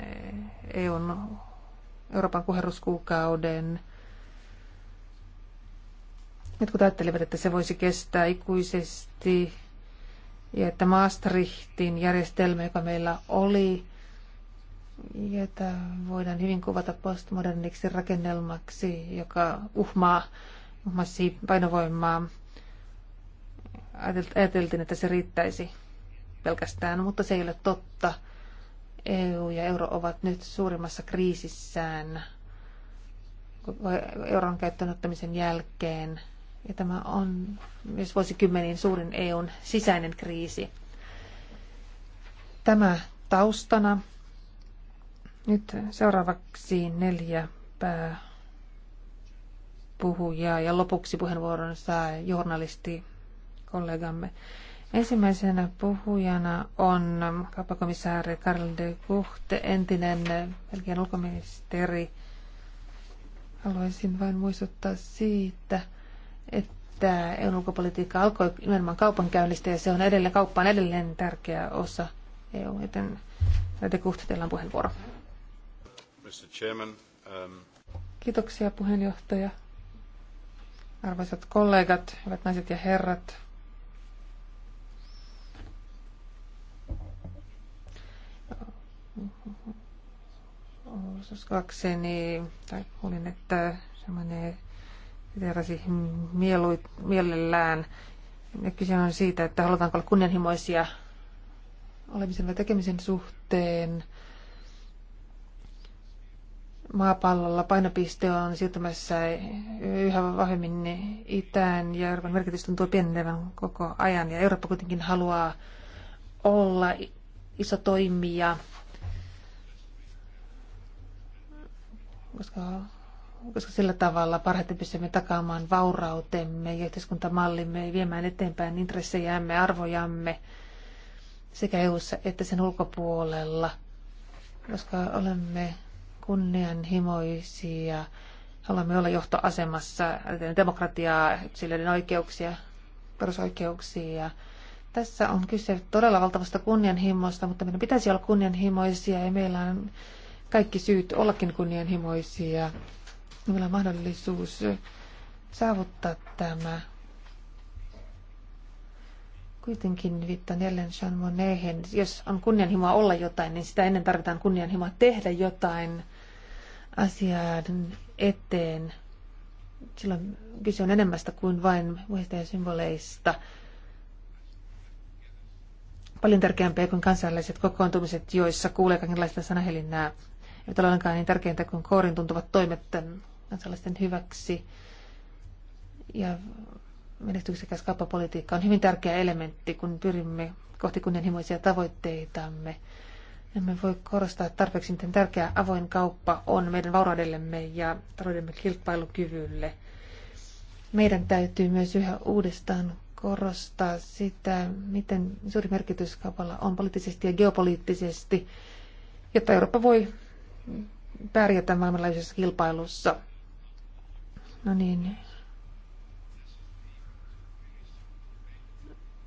Speaker 4: EUn Euroopan kuherruskuukauden. Jotkut ajattelivat, että se voisi kestää ikuisesti ja että Maastrichtin järjestelmä, joka meillä oli, jota voidaan hyvin kuvata postmoderniksi rakennelmaksi, joka uhmaa, uhmasi painovoimaa. Ajateltiin, että se riittäisi pelkästään, mutta se ei ole totta. EU ja euro ovat nyt suurimmassa kriisissään euron käyttöönottamisen jälkeen. Ja tämä on myös vuosikymmenin suurin EUn sisäinen kriisi. Tämä taustana. Nyt seuraavaksi neljä pää puhujaa ja lopuksi puheenvuoron saa journalisti kollegamme. Ensimmäisenä puhujana on kauppakomissaari Karl de Gucht, entinen Belgian ulkoministeri. Haluaisin vain muistuttaa siitä, että EUn ulkopolitiikka alkoi nimenomaan kaupankäynnistä ja se on edelleen, kauppa on edelleen tärkeä osa EU, joten te kuhtitellaan puheenvuoro.
Speaker 3: Mr. Chairman, um...
Speaker 4: Kiitoksia puheenjohtaja. Arvoisat kollegat, hyvät naiset ja herrat. Osaskakseni, tai kuulin, että se menee siterasi mielellään. Ja kyse on siitä, että halutaanko olla kunnianhimoisia olemisen ja tekemisen suhteen. Maapallolla painopiste on siirtymässä yhä vahvemmin itään ja Euroopan merkitys tuntuu pienenevän koko ajan. Ja Eurooppa kuitenkin haluaa olla iso toimija, koska koska sillä tavalla parhaiten pystymme takaamaan vaurautemme ja yhteiskuntamallimme viemään eteenpäin intressejämme, arvojamme sekä eu että sen ulkopuolella, koska olemme kunnianhimoisia, haluamme olla johtoasemassa, demokratiaa, yksilöiden oikeuksia, perusoikeuksia. Tässä on kyse todella valtavasta kunnianhimosta, mutta meidän pitäisi olla kunnianhimoisia ja meillä on kaikki syyt ollakin kunnianhimoisia Meillä on mahdollisuus saavuttaa tämä. Kuitenkin viittaan jälleen Jean Monnethen. Jos on kunnianhimoa olla jotain, niin sitä ennen tarvitaan kunnianhimoa tehdä jotain asian eteen. Silloin kyse on enemmästä kuin vain muista ja symboleista paljon tärkeämpiä kuin kansainväliset kokoontumiset, joissa kuulee kaikenlaista sanahelinnää. Ei ole ollenkaan niin tärkeintä kuin koorin tuntuvat toimet kansalaisten hyväksi ja menestyksekäs kauppapolitiikka on hyvin tärkeä elementti, kun pyrimme kohti kunnianhimoisia tavoitteitamme. Emme voi korostaa tarpeeksi, miten tärkeä avoin kauppa on meidän vauraudellemme ja taloudemme kilpailukyvylle. Meidän täytyy myös yhä uudestaan korostaa sitä, miten suuri merkitys kaupalla on poliittisesti ja geopoliittisesti, jotta Eurooppa voi pärjätä maailmanlaajuisessa kilpailussa – No niin.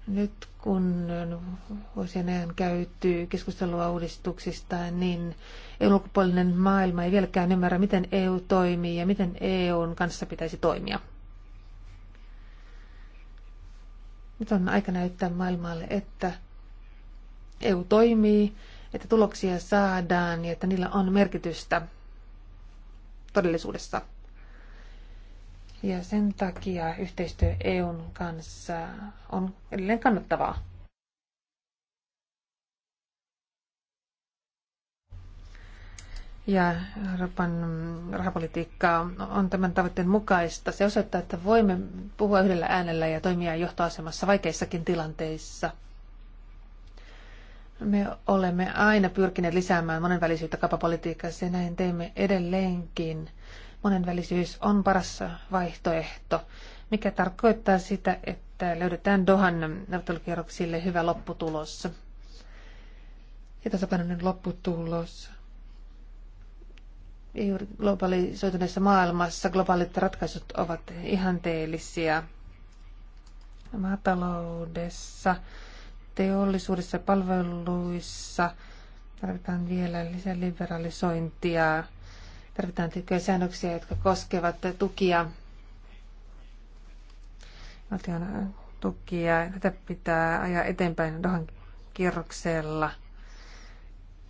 Speaker 4: Nyt kun vuosien ajan käyty keskustelua uudistuksista, niin ulkopuolinen maailma ei vieläkään ymmärrä, miten EU toimii ja miten EUn kanssa pitäisi toimia. Nyt on aika näyttää maailmalle, että EU toimii, että tuloksia saadaan ja että niillä on merkitystä todellisuudessa. Ja sen takia yhteistyö EUn kanssa on edelleen kannattavaa. ja Euroopan rahapolitiikka on tämän tavoitteen mukaista. Se osoittaa, että voimme puhua yhdellä äänellä ja toimia johtoasemassa vaikeissakin tilanteissa. Me olemme aina pyrkineet lisäämään monenvälisyyttä kapapolitiikassa ja näin teemme edelleenkin. Monenvälisyys on paras vaihtoehto, mikä tarkoittaa sitä, että löydetään Dohan neuvottelukierroksille hyvä lopputulos. Ja tasapainoinen lopputulos juuri globalisoituneessa maailmassa globaalit ratkaisut ovat ihanteellisia. Maataloudessa, teollisuudessa ja palveluissa tarvitaan vielä lisää liberalisointia Tarvitaan tiettyjä säännöksiä, jotka koskevat tukia, valtion tukia. Tätä pitää ajaa eteenpäin Dohan kierroksella.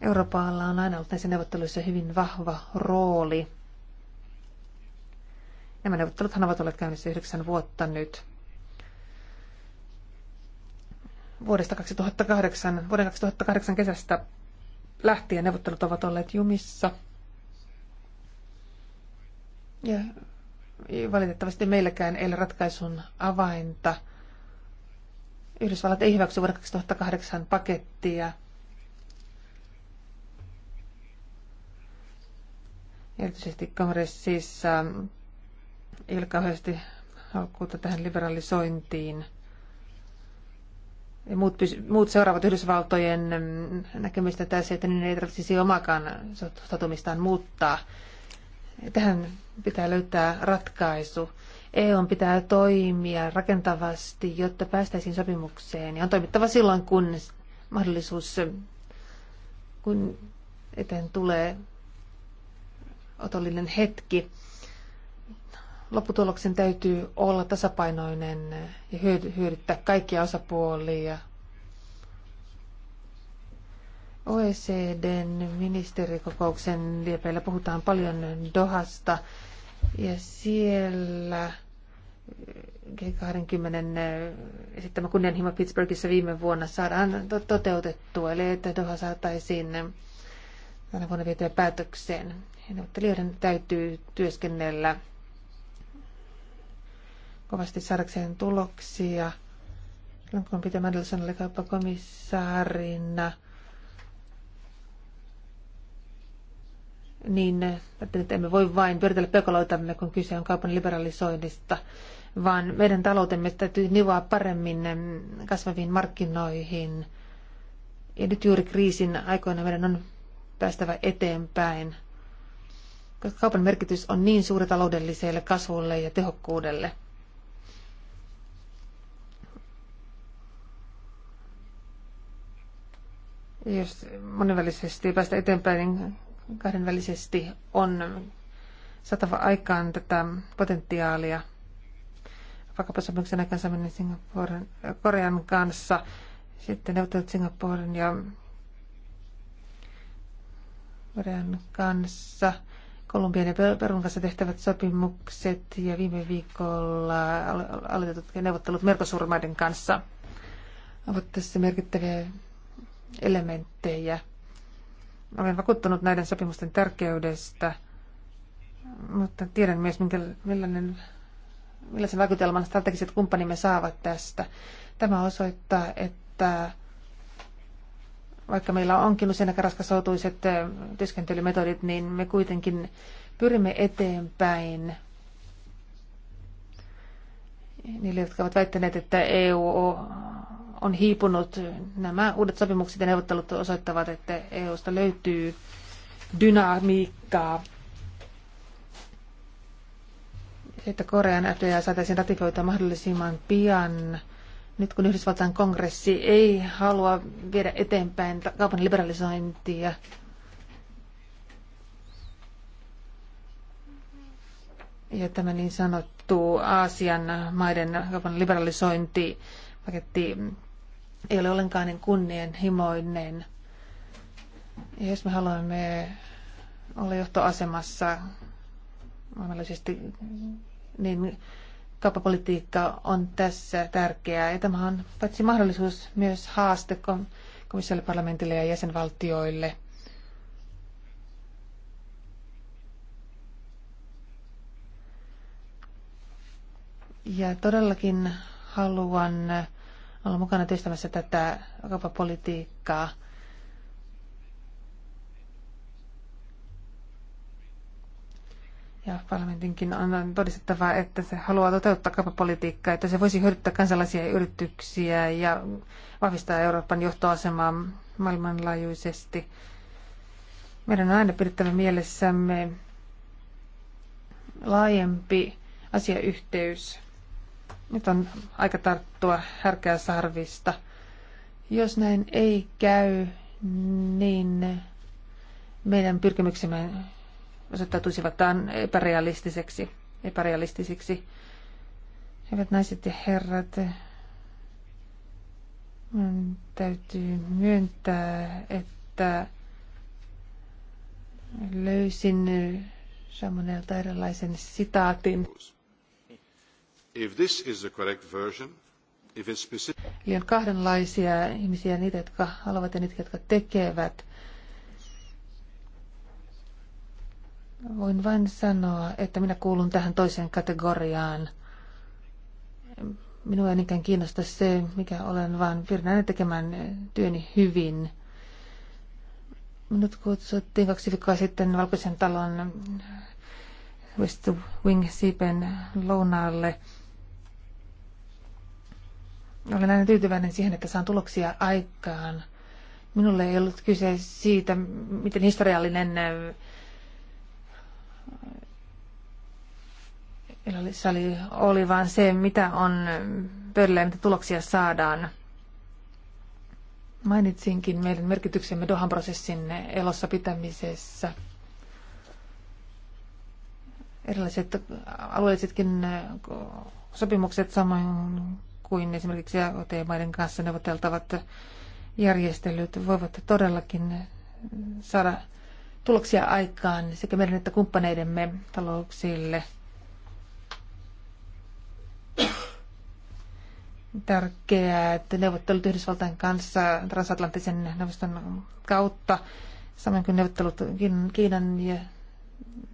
Speaker 4: Euroopalla on aina ollut näissä neuvotteluissa hyvin vahva rooli. Nämä neuvotteluthan ovat olleet käynnissä yhdeksän vuotta nyt. Vuodesta 2008, vuoden 2008 kesästä lähtien neuvottelut ovat olleet jumissa – ja valitettavasti meilläkään ei ole ratkaisun avainta. Yhdysvallat ei hyväksy vuoden 2008 pakettia. Erityisesti kongressissa ei ole kauheasti halukkuutta tähän liberalisointiin. Ja muut, muut seuraavat Yhdysvaltojen näkemystä tässä, että niin ei tarvitsisi omakaan sotumistaan muuttaa. Tähän pitää löytää ratkaisu. E on pitää toimia rakentavasti, jotta päästäisiin sopimukseen. Ja on toimittava silloin, kun mahdollisuus, kun eteen tulee otollinen hetki. Lopputuloksen täytyy olla tasapainoinen ja hyödyttää kaikkia osapuolia OECDn ministerikokouksen liepeillä puhutaan paljon Dohasta ja siellä G20 esittämä kunnianhimo Pittsburghissa viime vuonna saadaan to- toteutettua, eli että Doha saataisiin tänä vuonna vietyä päätökseen. Neuvottelijoiden täytyy työskennellä kovasti saadakseen tuloksia. Silloin kun Peter Mandelson oli kauppakomissaarina – niin että emme voi vain pyöritellä pekaloitamme, kun kyse on kaupan liberalisoinnista, vaan meidän taloutemme täytyy nivoa paremmin kasvaviin markkinoihin. Ja nyt juuri kriisin aikoina meidän on päästävä eteenpäin, koska kaupan merkitys on niin suuri taloudelliselle kasvulle ja tehokkuudelle. Jos monivälisesti päästä eteenpäin, niin kahdenvälisesti on satava aikaan tätä potentiaalia vakapasopimuksen saaminen Singaporen, Korean kanssa, sitten neuvottelut Singaporen ja Korean kanssa, Kolumbian ja Perun kanssa tehtävät sopimukset ja viime viikolla aloitetut neuvottelut merkosurmaiden kanssa ovat tässä merkittäviä elementtejä – olen vakuuttunut näiden sopimusten tärkeydestä, mutta tiedän myös, millainen, millaisen vaikutelman strategiset kumppanimme saavat tästä. Tämä osoittaa, että vaikka meillä onkin usein aika raskasoutuiset eh, työskentelymetodit, niin me kuitenkin pyrimme eteenpäin niille, jotka ovat väittäneet, että EU on hiipunut. Nämä uudet sopimukset ja neuvottelut osoittavat, että EUsta löytyy dynamiikkaa. Että Korean FDA saataisiin ratifioitua mahdollisimman pian. Nyt kun Yhdysvaltain kongressi ei halua viedä eteenpäin kaupan liberalisointia, ja tämä niin sanottu Aasian maiden kaupan liberalisointi ei ole ollenkaan niin kunnianhimoinen. Ja jos me haluamme olla johtoasemassa maailmallisesti, niin kauppapolitiikka on tässä tärkeää. Ja tämä on paitsi mahdollisuus myös haaste komissiolle, parlamentille ja jäsenvaltioille. Ja todellakin haluan olla mukana työstämässä tätä kauppapolitiikkaa. Ja parlamentinkin on todistettava, että se haluaa toteuttaa kauppapolitiikkaa, että se voisi hyödyttää kansalaisia ja yrityksiä ja vahvistaa Euroopan johtoasemaa maailmanlaajuisesti. Meidän on aina pidettävä mielessämme laajempi asiayhteys nyt on aika tarttua härkää sarvista. Jos näin ei käy, niin meidän pyrkimyksemme osoittautuisivat epärealistiseksi. epärealistisiksi. Hyvät naiset ja herrat, minun täytyy myöntää, että löysin Samonelta erilaisen sitaatin.
Speaker 2: If this is the correct version, if it's specific... Eli
Speaker 4: on kahdenlaisia ihmisiä, niitä, jotka haluavat ja niitä, jotka tekevät. Voin vain sanoa, että minä kuulun tähän toiseen kategoriaan. Minua ei niinkään kiinnosta se, mikä olen, vaan pyrin tekemään työni hyvin. Minut kutsuttiin kaksi viikkoa sitten Valkoisen talon West Wing Siipen lounaalle – olen aina tyytyväinen siihen, että saan tuloksia aikaan. Minulle ei ollut kyse siitä, miten historiallinen äh, se oli, oli vaan se, mitä on pöydällä ja mitä tuloksia saadaan. Mainitsinkin meidän merkityksemme Dohan prosessin elossa pitämisessä. Erilaiset alueellisetkin äh, sopimukset, samoin kuin esimerkiksi ot maiden kanssa neuvoteltavat järjestelyt voivat todellakin saada tuloksia aikaan sekä meidän että kumppaneidemme talouksille. Tärkeää, että neuvottelut Yhdysvaltain kanssa transatlanttisen neuvoston kautta, samoin kuin neuvottelut Kiinan ja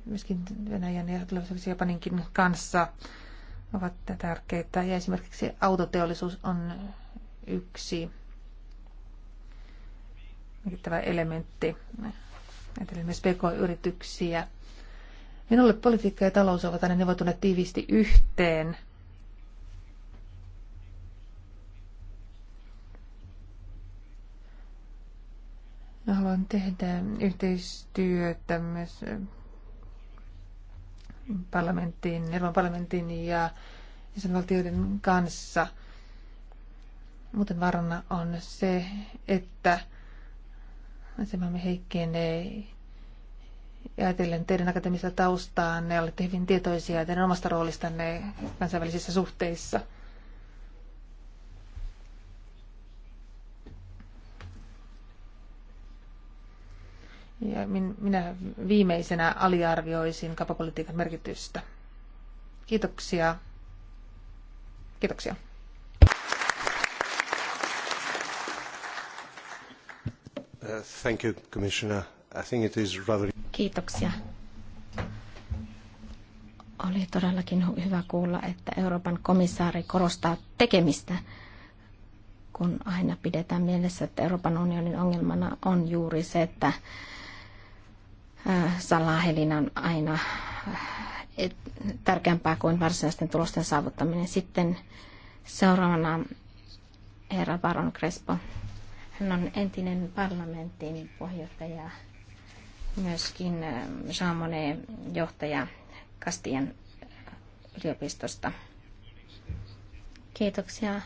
Speaker 4: myöskin Venäjän ja tulevaisuudessa Japaninkin kanssa ovat tärkeitä. Ja esimerkiksi autoteollisuus on yksi merkittävä elementti. Ajattelin myös PK-yrityksiä. Minulle politiikka ja talous ovat aina neuvotuneet tiiviisti yhteen. haluan tehdä yhteistyötä myös parlamenttiin, Euroopan parlamenttiin ja jäsenvaltioiden kanssa. Muuten varana on se, että asemamme heikkenee ajatellen teidän akateemista taustaa, ne olette hyvin tietoisia teidän omasta roolistanne kansainvälisissä suhteissa – Ja minä viimeisenä aliarvioisin kapapolitiikan merkitystä. Kiitoksia. Kiitoksia.
Speaker 2: Uh, thank you, Commissioner. I think it is rather...
Speaker 1: Kiitoksia. Oli todellakin hyvä kuulla, että Euroopan komissaari korostaa tekemistä, kun aina pidetään mielessä, että Euroopan unionin ongelmana on juuri se, että Äh, salahelinan aina äh, tärkeämpää kuin varsinaisten tulosten saavuttaminen. Sitten seuraavana herra Baron Crespo. Hän on entinen parlamentin puheenjohtaja, myöskin äh, Jean Monnet johtaja Kastien yliopistosta. Kiitoksia,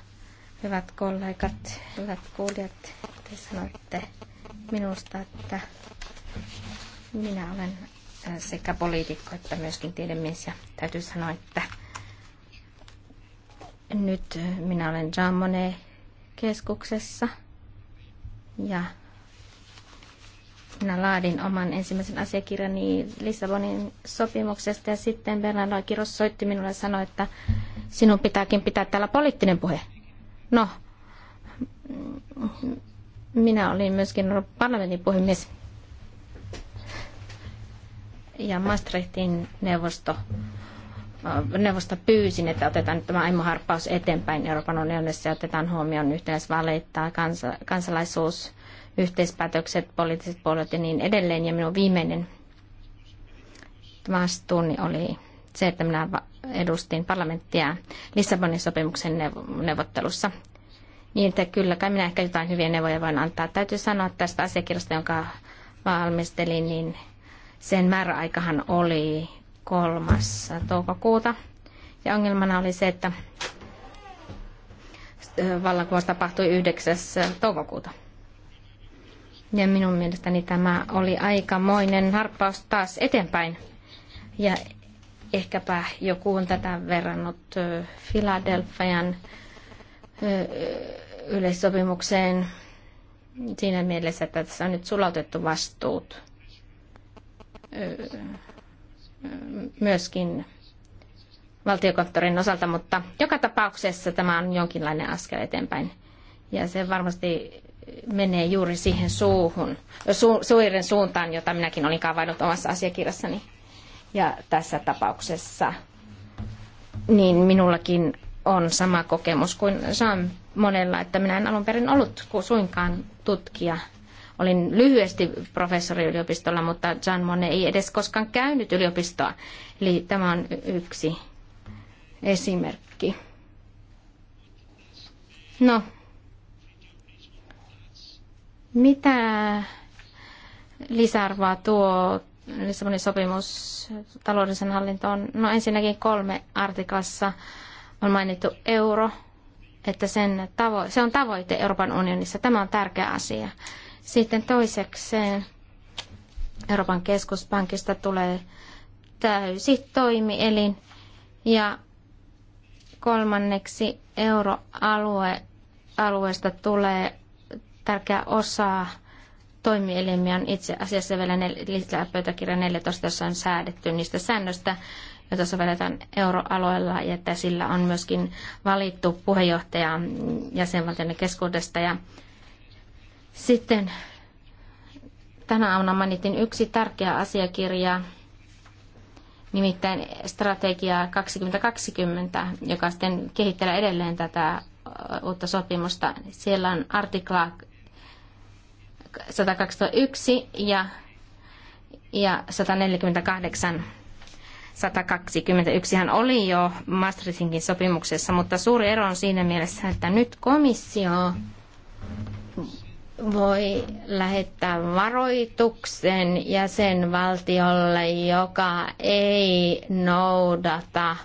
Speaker 1: hyvät kollegat, hyvät kuulijat. Te sanoitte minusta, että minä olen äh, sekä poliitikko että myöskin tiedemies ja täytyy sanoa, että nyt äh, minä olen Jean Monnet keskuksessa ja minä laadin oman ensimmäisen asiakirjani Lissabonin sopimuksesta ja sitten Bernardo Kiros soitti minulle ja sanoi, että sinun pitääkin pitää täällä poliittinen puhe. No, minä olin myöskin parlamentin puhemies ja Maastrichtin neuvosto, äh, neuvosto pyysin, että otetaan nyt tämä aimoharppaus eteenpäin Euroopan unionissa ja otetaan huomioon yhtenäisvaleittaa, kansa, kansalaisuus, yhteispäätökset, poliittiset puolet ja niin edelleen. Ja minun viimeinen vastuuni oli se, että minä edustin parlamenttia Lissabonin sopimuksen neuvottelussa. Niin, että kyllä kai minä ehkä jotain hyviä neuvoja voin antaa. Täytyy sanoa että tästä asiakirjasta, jonka valmistelin, niin sen määräaikahan oli kolmas toukokuuta. Ja ongelmana oli se, että vallankumous tapahtui 9. toukokuuta. Ja minun mielestäni tämä oli aikamoinen harppaus taas eteenpäin. Ja ehkäpä joku on tätä verrannut Filadelfian yleissopimukseen siinä mielessä, että tässä on nyt sulautettu vastuut myöskin valtiokonttorin osalta, mutta joka tapauksessa tämä on jonkinlainen askel eteenpäin. Ja se varmasti menee juuri siihen suuhun, su, suuren suuntaan, jota minäkin olin kaavaillut omassa asiakirjassani. Ja tässä tapauksessa niin minullakin on sama kokemus kuin on monella, että minä en alun perin ollut suinkaan tutkija Olin lyhyesti professori yliopistolla, mutta Jean Monnet ei edes koskaan käynyt yliopistoa. Eli tämä on yksi esimerkki. No, mitä lisäarvoa tuo Lissabonin sopimus taloudellisen hallintoon? No ensinnäkin kolme artiklassa on mainittu euro, että sen tavo- se on tavoite Euroopan unionissa. Tämä on tärkeä asia. Sitten toisekseen Euroopan keskuspankista tulee täysi toimielin ja kolmanneksi euroalue alueesta tulee tärkeä osa toimielimiä on itse asiassa vielä lisää pöytäkirja 14, jossa on säädetty niistä säännöistä, joita sovelletaan euroalueella ja että sillä on myöskin valittu puheenjohtaja jäsenvaltioiden keskuudesta ja sitten tänä aamuna mainitin yksi tärkeä asiakirja, nimittäin strategia 2020, joka sitten kehittelee edelleen tätä uutta sopimusta. Siellä on artikla 121 ja, ja 148. 121 hän oli jo Maastrichtinkin sopimuksessa, mutta suuri ero on siinä mielessä, että nyt komissio voi lähettää varoituksen jäsenvaltiolle, joka ei noudata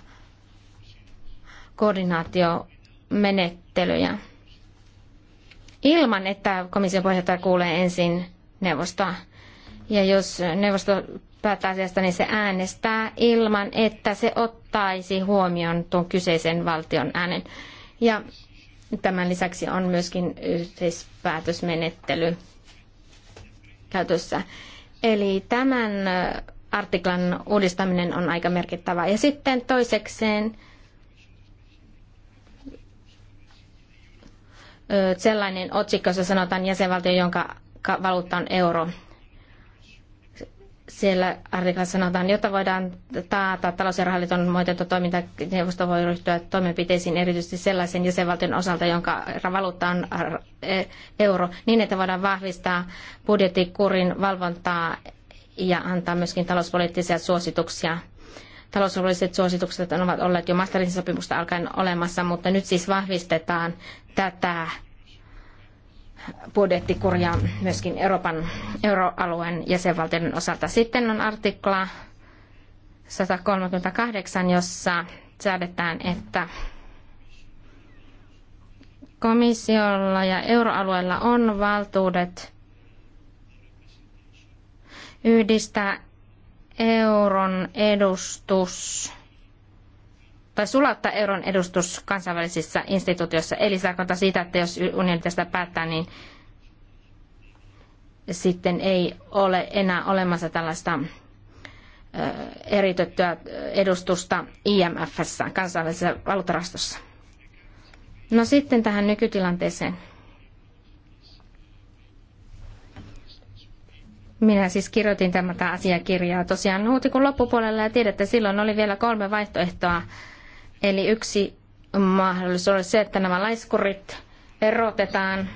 Speaker 1: koordinaatiomenettelyjä ilman, että komission puheenjohtaja kuulee ensin neuvostoa. Ja jos neuvosto päättää asiasta, niin se äänestää ilman, että se ottaisi huomioon tuon kyseisen valtion äänen. Ja Tämän lisäksi on myöskin yhteispäätösmenettely käytössä. Eli tämän äh, artiklan uudistaminen on aika merkittävä. Ja sitten toisekseen äh, sellainen otsikko, jossa sanotaan jäsenvaltio, jonka valuutta on euro siellä artiklassa sanotaan, jotta voidaan taata talous- ja rahaliiton muotoiltu toiminta, neuvosto voi ryhtyä toimenpiteisiin erityisesti sellaisen jäsenvaltion osalta, jonka valuutta on e- euro, niin että voidaan vahvistaa budjettikurin valvontaa ja antaa myöskin talouspoliittisia suosituksia. Talouspoliittiset suositukset ovat olleet jo Maastrichtin sopimusta alkaen olemassa, mutta nyt siis vahvistetaan tätä budjettikuria myöskin Euroopan euroalueen jäsenvaltioiden osalta. Sitten on artikla 138, jossa säädetään, että komissiolla ja euroalueella on valtuudet yhdistää euron edustus tai sulattaa euron edustus kansainvälisissä instituutioissa. Eli se tarkoittaa sitä, että jos unioni tästä päättää, niin sitten ei ole enää olemassa tällaista eritettyä edustusta IMFssä, kansainvälisessä valuutarastossa. No sitten tähän nykytilanteeseen. Minä siis kirjoitin tämä asiakirjaa tosiaan huhtikuun loppupuolella ja tiedätte, silloin oli vielä kolme vaihtoehtoa Eli yksi mahdollisuus on se, että nämä laiskurit erotetaan.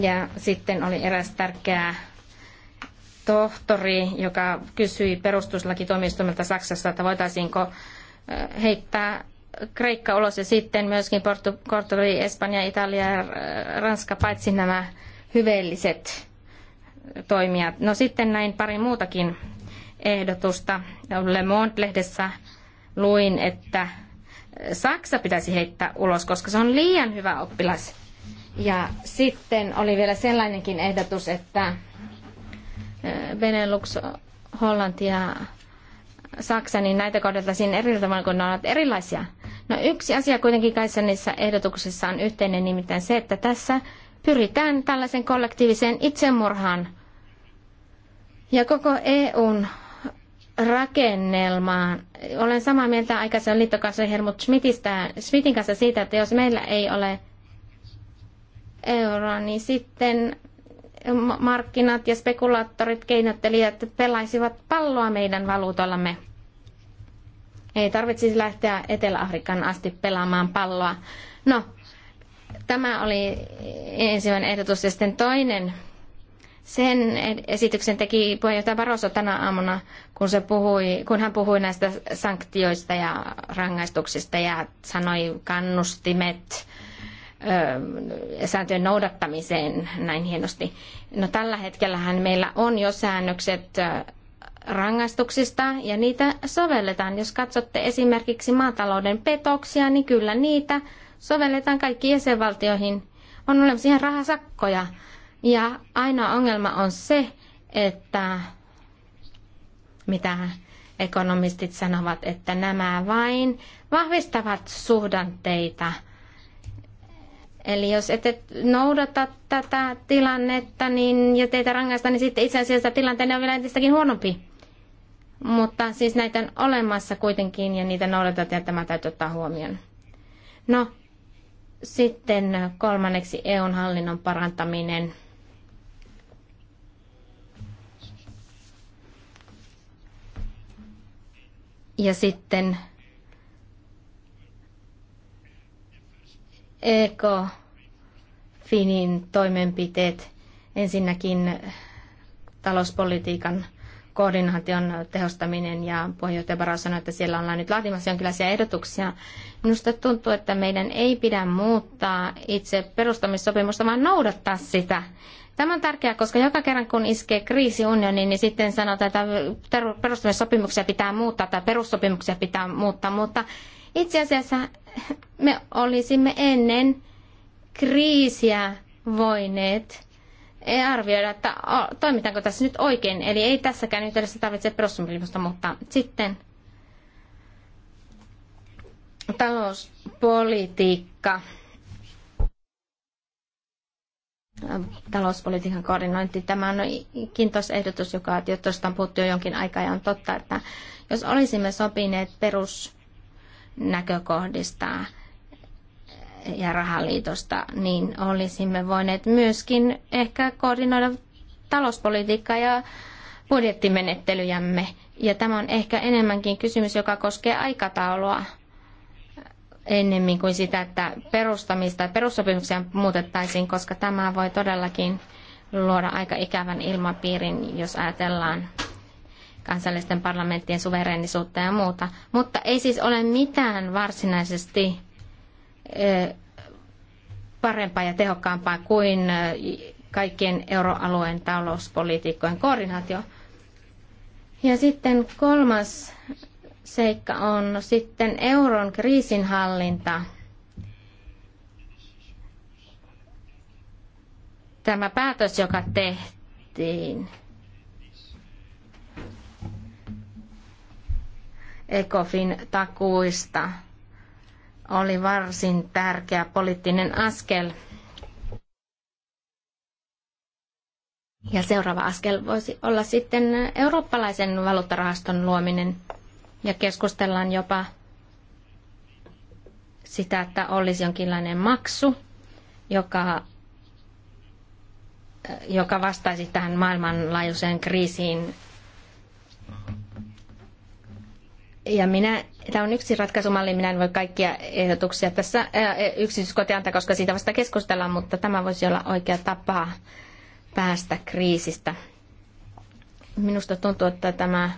Speaker 1: Ja sitten oli eräs tärkeä tohtori, joka kysyi perustuslakituomioistuimelta Saksassa, että voitaisiinko äh, heittää Kreikka ulos ja sitten myöskin Portugali, Espanja, Italia ja Ranska, paitsi nämä hyveelliset toimijat. No sitten näin pari muutakin ehdotusta. Le Monde-lehdessä luin, että Saksa pitäisi heittää ulos, koska se on liian hyvä oppilas. Ja sitten oli vielä sellainenkin ehdotus, että Benelux, Hollanti ja Saksa, niin näitä kohdeltaisiin eri tavalla, kun ne ovat erilaisia. No yksi asia kuitenkin kaikissa niissä ehdotuksissa on yhteinen, nimittäin se, että tässä pyritään tällaisen kollektiiviseen itsemurhaan. Ja koko EUn rakennelmaan. Olen samaa mieltä aikaisemmin liittokansleri Helmut Schmidtistä, Schmidtin kanssa siitä, että jos meillä ei ole euroa, niin sitten markkinat ja spekulaattorit, keinottelijat pelaisivat palloa meidän valuutallamme. Ei tarvitsisi lähteä Etelä-Afrikan asti pelaamaan palloa. No, tämä oli ensimmäinen ehdotus ja sitten toinen sen esityksen teki puheenjohtaja Barroso tänä aamuna, kun, se puhui, kun hän puhui näistä sanktioista ja rangaistuksista ja sanoi kannustimet sääntöjen noudattamiseen näin hienosti. No tällä hetkellähän meillä on jo säännökset rangaistuksista ja niitä sovelletaan. Jos katsotte esimerkiksi maatalouden petoksia, niin kyllä niitä sovelletaan kaikkiin jäsenvaltioihin. On olemassa ihan rahasakkoja ja ainoa ongelma on se, että mitä ekonomistit sanovat, että nämä vain vahvistavat suhdanteita. Eli jos ette noudata tätä tilannetta niin, ja teitä rangaista, niin sitten itse asiassa tilanteenne on vielä entistäkin huonompi. Mutta siis näitä on olemassa kuitenkin ja niitä noudatetaan ja tämä täytyy ottaa huomioon. No, sitten kolmanneksi EUn hallinnon parantaminen – Ja sitten finin toimenpiteet ensinnäkin talouspolitiikan koordinaation tehostaminen ja puheenjohtaja Barra sanoi, että siellä ollaan nyt laatimassa jonkinlaisia ehdotuksia. Minusta tuntuu, että meidän ei pidä muuttaa itse perustamissopimusta, vaan noudattaa sitä. Tämä on tärkeää, koska joka kerran kun iskee kriisi unioniin, niin sitten sanotaan, että perustamissopimuksia pitää muuttaa tai perussopimuksia pitää muuttaa, mutta itse asiassa me olisimme ennen kriisiä voineet ei arvioida, että toimitaanko tässä nyt oikein. Eli ei tässäkään yhteydessä tarvitse perussopimusta muuttaa. Sitten talouspolitiikka talouspolitiikan koordinointi. Tämä on kiintoisa ehdotus, joka, tuosta on puhuttu jo jonkin aikaa ja on totta, että jos olisimme sopineet perusnäkökohdista ja rahaliitosta, niin olisimme voineet myöskin ehkä koordinoida talouspolitiikkaa ja budjettimenettelyjämme. Ja tämä on ehkä enemmänkin kysymys, joka koskee aikataulua ennemmin kuin sitä, että perustamista perussopimuksia muutettaisiin, koska tämä voi todellakin luoda aika ikävän ilmapiirin, jos ajatellaan kansallisten parlamenttien suvereenisuutta ja muuta. Mutta ei siis ole mitään varsinaisesti parempaa ja tehokkaampaa kuin kaikkien euroalueen talouspolitiikkojen koordinaatio. Ja sitten kolmas seikka on sitten euron kriisinhallinta. Tämä päätös, joka tehtiin. ECOFIN takuista oli varsin tärkeä poliittinen askel. Ja seuraava askel voisi olla sitten eurooppalaisen valuuttarahaston luominen ja keskustellaan jopa sitä, että olisi jonkinlainen maksu, joka, joka vastaisi tähän maailmanlaajuiseen kriisiin. Ja minä, tämä on yksi ratkaisumalli, minä en voi kaikkia ehdotuksia tässä yksityiskotia antaa, koska siitä vasta keskustellaan, mutta tämä voisi olla oikea tapa päästä kriisistä. Minusta tuntuu, että tämä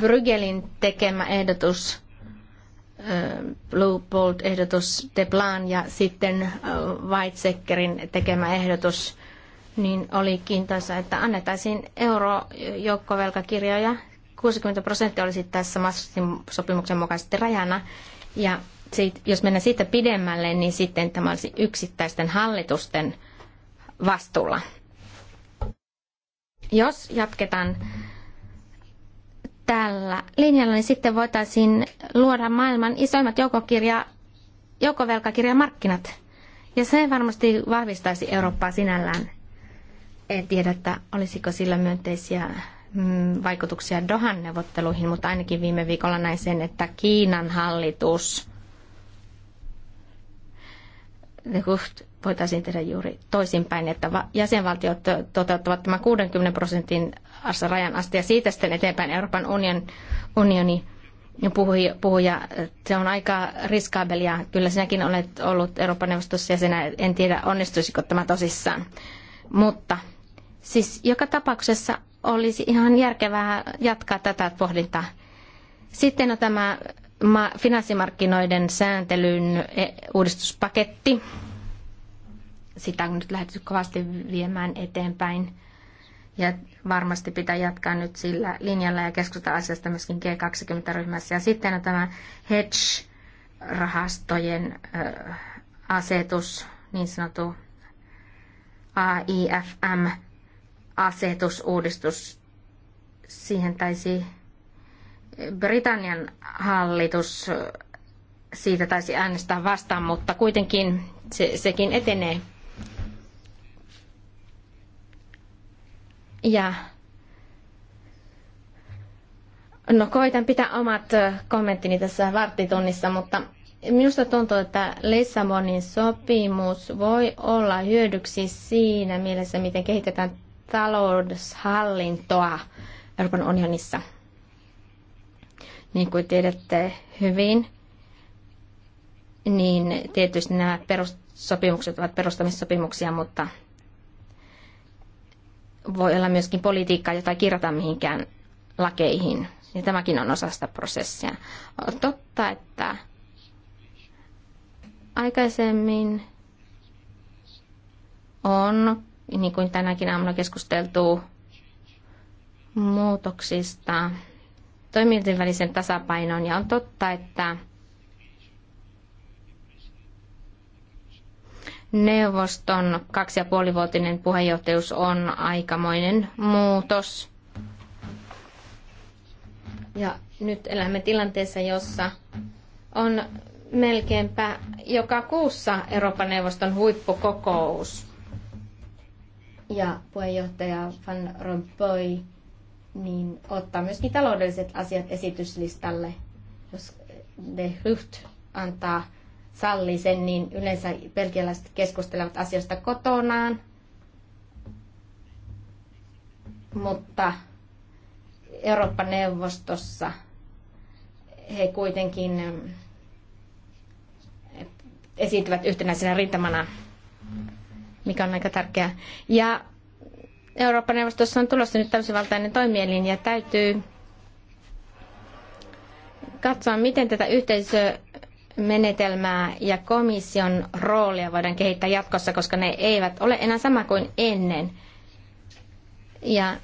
Speaker 1: Brygelin tekemä ehdotus, Bluebolt-ehdotus, Plan ja sitten Weizsäckerin tekemä ehdotus, niin oli kiintoisa, että annettaisiin eurojoukkovelkakirjoja. 60 prosenttia olisi tässä Maastrichtin sopimuksen mukaisesti rajana. Ja sit, jos mennään siitä pidemmälle, niin sitten tämä olisi yksittäisten hallitusten vastuulla. Jos jatketaan tällä linjalla, niin sitten voitaisiin luoda maailman isoimmat joukokirja, joukovelkakirjamarkkinat. Ja se varmasti vahvistaisi Eurooppaa sinällään. En tiedä, että olisiko sillä myönteisiä mm, vaikutuksia Dohan neuvotteluihin, mutta ainakin viime viikolla näin sen, että Kiinan hallitus voitaisiin tehdä juuri toisinpäin, että jäsenvaltiot toteuttavat tämän 60 prosentin rajan asti ja siitä sitten eteenpäin Euroopan union, unioni puhui, puhuja. Se on aika riskaabelia. Kyllä sinäkin olet ollut Euroopan neuvostossa ja en tiedä onnistuisiko tämä tosissaan. Mutta siis joka tapauksessa olisi ihan järkevää jatkaa tätä pohdintaa. Sitten on tämä finanssimarkkinoiden sääntelyn e- uudistuspaketti sitä on nyt lähdetty kovasti viemään eteenpäin. Ja varmasti pitää jatkaa nyt sillä linjalla ja keskustella asiasta myöskin G20-ryhmässä. Ja sitten on tämä hedge-rahastojen asetus, niin sanottu AIFM-asetusuudistus. Siihen taisi Britannian hallitus siitä taisi äänestää vastaan, mutta kuitenkin se, sekin etenee. Ja No koitan pitää omat kommenttini tässä varttitunnissa, mutta minusta tuntuu, että Lissabonin sopimus voi olla hyödyksi siinä mielessä, miten kehitetään taloushallintoa Euroopan unionissa. Niin kuin tiedätte hyvin, niin tietysti nämä perussopimukset ovat perustamissopimuksia, mutta voi olla myöskin politiikkaa, jota ei kirjata mihinkään lakeihin. Ja tämäkin on osa sitä prosessia. On totta, että aikaisemmin on, niin kuin tänäkin aamuna keskusteltu, muutoksista toimijoiden välisen tasapainon. Ja on totta, että Neuvoston kaksi ja puolivuotinen puheenjohtajuus on aikamoinen muutos. Ja nyt elämme tilanteessa, jossa on melkeinpä joka kuussa Euroopan neuvoston huippukokous. Ja puheenjohtaja Van Rompuy niin ottaa myöskin taloudelliset asiat esityslistalle, jos de Hucht antaa sallii sen, niin yleensä belgialaiset keskustelevat asioista kotonaan. Mutta Euroopan neuvostossa he kuitenkin esiintyvät yhtenäisenä rintamana, mikä on aika tärkeää. Ja Euroopan neuvostossa on tulossa nyt täysivaltainen toimielin ja täytyy katsoa, miten tätä yhteisö menetelmää ja komission roolia voidaan kehittää jatkossa, koska ne eivät ole enää sama kuin ennen. Ja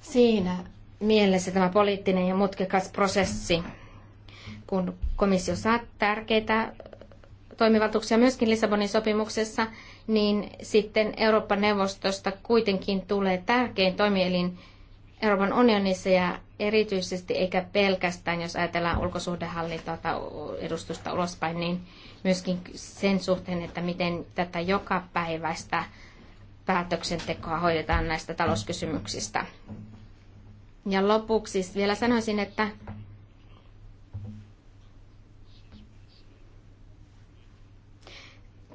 Speaker 1: siinä mielessä tämä poliittinen ja mutkikas prosessi, kun komissio saa tärkeitä toimivaltuuksia myöskin Lissabonin sopimuksessa, niin sitten Euroopan neuvostosta kuitenkin tulee tärkein toimielin Euroopan unionissa ja erityisesti eikä pelkästään, jos ajatellaan ulkosuhdehallintoa tai edustusta ulospäin, niin myöskin sen suhteen, että miten tätä joka päiväistä päätöksentekoa hoidetaan näistä talouskysymyksistä. Ja lopuksi vielä sanoisin, että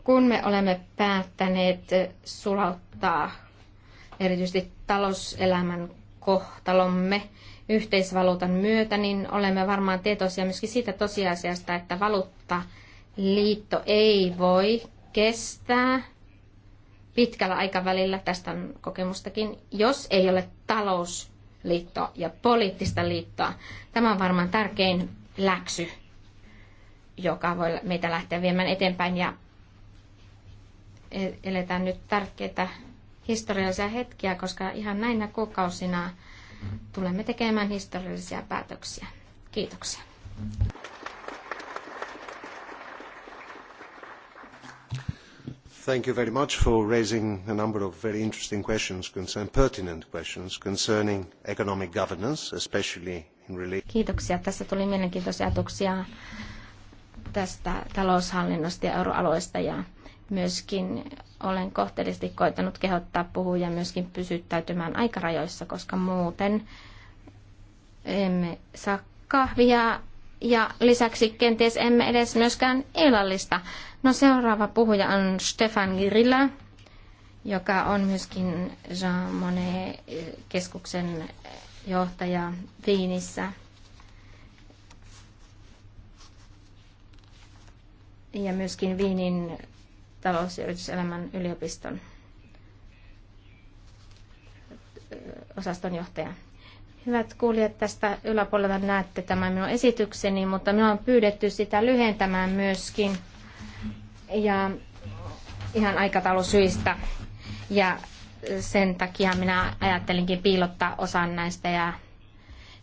Speaker 1: kun me olemme päättäneet sulauttaa erityisesti talouselämän kohtalomme, yhteisvaluutan myötä, niin olemme varmaan tietoisia myöskin siitä tosiasiasta, että valuuttaliitto ei voi kestää pitkällä aikavälillä, tästä on kokemustakin, jos ei ole talousliittoa ja poliittista liittoa. Tämä on varmaan tärkein läksy, joka voi meitä lähteä viemään eteenpäin ja e- eletään nyt tärkeitä historiallisia hetkiä, koska ihan näinä kuukausina tulemme tekemään historiallisia päätöksiä. Kiitoksia.
Speaker 2: Thank you very much for raising a number of very interesting questions, concern, pertinent questions concerning economic governance, especially in relation...
Speaker 1: Kiitoksia. Tässä tuli mielenkiintoisia ajatuksia tästä taloushallinnosta ja euroalueesta ja myöskin olen kohteellisesti koitanut kehottaa puhuja myöskin pysyttäytymään aikarajoissa, koska muuten emme saa kahvia ja lisäksi kenties emme edes myöskään illallista. No seuraava puhuja on Stefan Girilla, joka on myöskin Jean Monnet-keskuksen johtaja Viinissä. Ja myöskin Viinin talous- ja yrityselämän yliopiston osastonjohtaja. Hyvät kuulijat, tästä yläpuolella näette tämän minun esitykseni, mutta minua on pyydetty sitä lyhentämään myöskin ja ihan aikataulusyistä. Ja sen takia minä ajattelinkin piilottaa osan näistä ja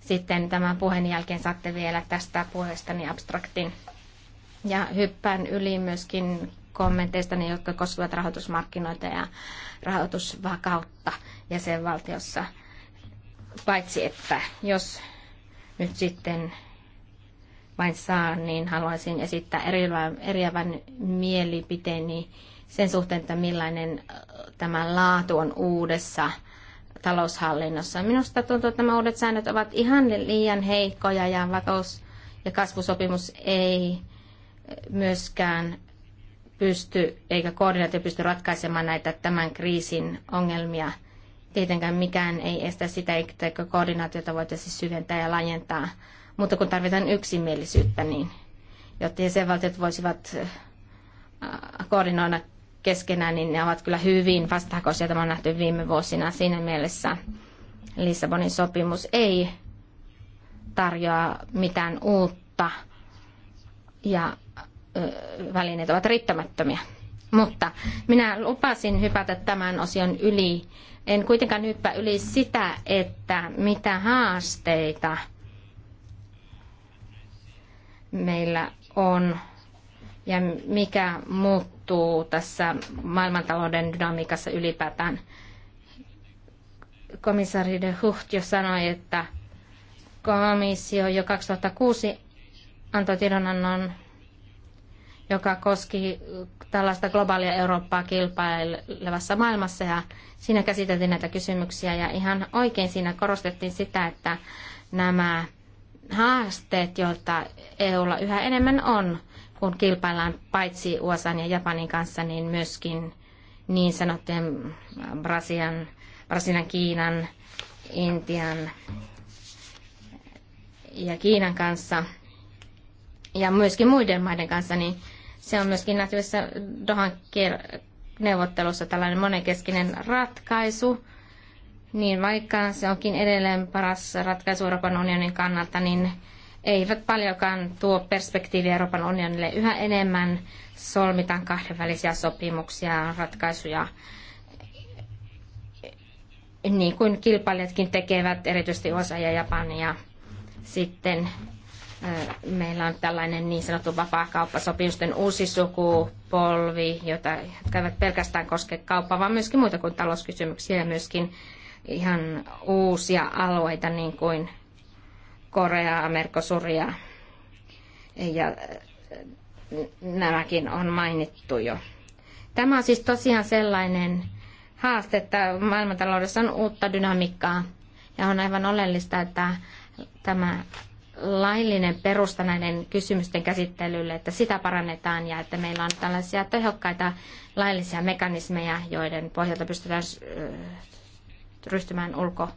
Speaker 1: sitten tämän puheen jälkeen saatte vielä tästä puheestani abstraktin. Ja hyppään yli myöskin kommenteista, jotka koskevat rahoitusmarkkinoita ja rahoitusvakautta jäsenvaltiossa. Paitsi että jos nyt sitten vain saan, niin haluaisin esittää eriävän, eriävän mielipiteeni sen suhteen, että millainen tämä laatu on uudessa taloushallinnossa. Minusta tuntuu, että nämä uudet säännöt ovat ihan liian heikkoja ja vakaus- ja kasvusopimus ei myöskään pysty, eikä koordinaatio pysty ratkaisemaan näitä tämän kriisin ongelmia. Tietenkään mikään ei estä sitä, että koordinaatiota voitaisiin syventää ja laajentaa. Mutta kun tarvitaan yksimielisyyttä, niin jotta jäsenvaltiot voisivat äh, koordinoida keskenään, niin ne ovat kyllä hyvin vastahakoisia. Tämä on nähty viime vuosina siinä mielessä. Lissabonin sopimus ei tarjoa mitään uutta ja välineet ovat riittämättömiä. Mutta minä lupasin hypätä tämän osion yli. En kuitenkaan hyppää yli sitä, että mitä haasteita meillä on ja mikä muuttuu tässä maailmantalouden dynamiikassa ylipäätään. Komissaari de Hucht jo sanoi, että komissio jo 2006 antoi tiedonannon joka koski tällaista globaalia Eurooppaa kilpailevassa maailmassa ja siinä käsiteltiin näitä kysymyksiä ja ihan oikein siinä korostettiin sitä, että nämä haasteet, joita EUlla yhä enemmän on, kun kilpaillaan paitsi USA ja Japanin kanssa, niin myöskin niin sanottujen Brasilian, Brasilian Kiinan, Intian ja Kiinan kanssa ja myöskin muiden maiden kanssa, niin se on myöskin nähtävissä Dohan neuvottelussa tällainen monenkeskinen ratkaisu. Niin vaikka se onkin edelleen paras ratkaisu Euroopan unionin kannalta, niin eivät paljonkaan tuo perspektiiviä Euroopan unionille. Yhä enemmän solmitaan kahdenvälisiä sopimuksia, ratkaisuja, niin kuin kilpailijatkin tekevät, erityisesti USA ja Japania. Sitten Meillä on tällainen niin sanottu vapaakauppasopimusten uusi sukupolvi, jota, jotka eivät pelkästään koske kauppaa, vaan myöskin muita kuin talouskysymyksiä ja myöskin ihan uusia alueita, niin kuin Korea, Amerikosuria, ja nämäkin on mainittu jo. Tämä on siis tosiaan sellainen haaste, että maailmantaloudessa on uutta dynamiikkaa ja on aivan oleellista, että tämä laillinen perusta näiden kysymysten käsittelylle, että sitä parannetaan ja että meillä on tällaisia tehokkaita laillisia mekanismeja, joiden pohjalta pystytään ryhtymään ulko,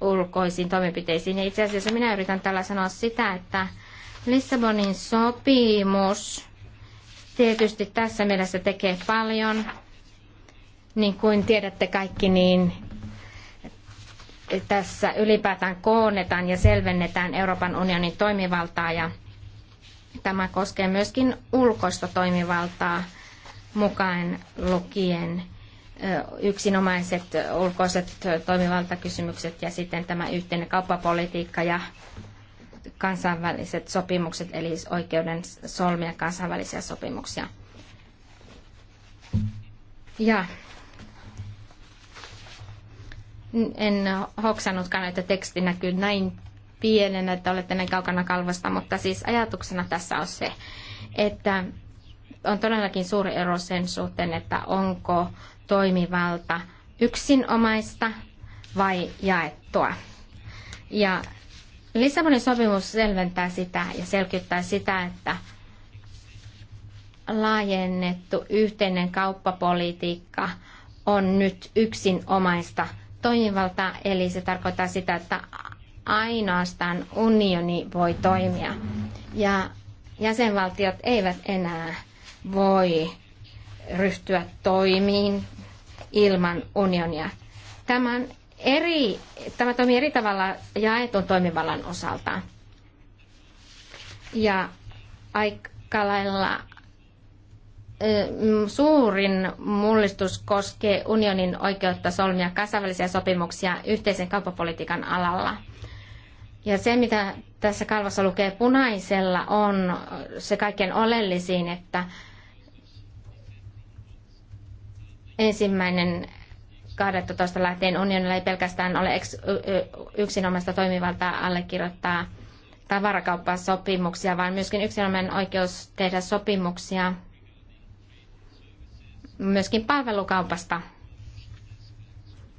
Speaker 1: ulkoisiin toimenpiteisiin. Ja itse asiassa minä yritän tällä sanoa sitä, että Lissabonin sopimus tietysti tässä mielessä tekee paljon. Niin kuin tiedätte kaikki, niin tässä ylipäätään koonnetaan ja selvennetään Euroopan unionin toimivaltaa ja tämä koskee myöskin ulkoista toimivaltaa mukaan lukien yksinomaiset ulkoiset toimivaltakysymykset ja sitten tämä yhteinen kauppapolitiikka ja kansainväliset sopimukset, eli oikeuden solmia kansainvälisiä sopimuksia. Ja en hoksannutkaan, että teksti näkyy näin pienenä, että olette näin kaukana kalvosta, mutta siis ajatuksena tässä on se, että on todellakin suuri ero sen suhteen, että onko toimivalta yksinomaista vai jaettua. Ja Lissabonin sopimus selventää sitä ja selkeyttää sitä, että laajennettu yhteinen kauppapolitiikka on nyt yksinomaista toimivalta, eli se tarkoittaa sitä, että ainoastaan unioni voi toimia. Ja jäsenvaltiot eivät enää voi ryhtyä toimiin ilman unionia. Tämän eri, tämä toimii eri tavalla jaetun toimivallan osalta. Ja aika lailla Mm, suurin mullistus koskee unionin oikeutta solmia kansainvälisiä sopimuksia yhteisen kauppapolitiikan alalla. Ja se, mitä tässä kalvossa lukee punaisella, on se kaikkein oleellisin, että ensimmäinen 12 lähtien unionilla ei pelkästään ole yksinomaista toimivaltaa allekirjoittaa tavarakauppasopimuksia, vaan myöskin yksinomainen oikeus tehdä sopimuksia myöskin palvelukaupasta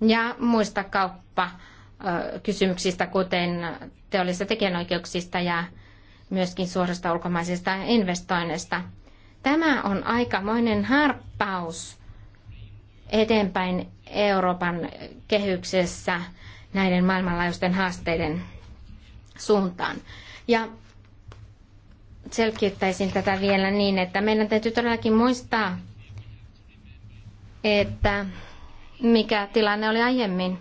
Speaker 1: ja muista kauppa kysymyksistä kuten teollisista tekijänoikeuksista ja myöskin suorasta ulkomaisista investoinneista. Tämä on aikamoinen harppaus eteenpäin Euroopan kehyksessä näiden maailmanlaajuisten haasteiden suuntaan. Ja selkiyttäisin tätä vielä niin, että meidän täytyy todellakin muistaa että mikä tilanne oli aiemmin.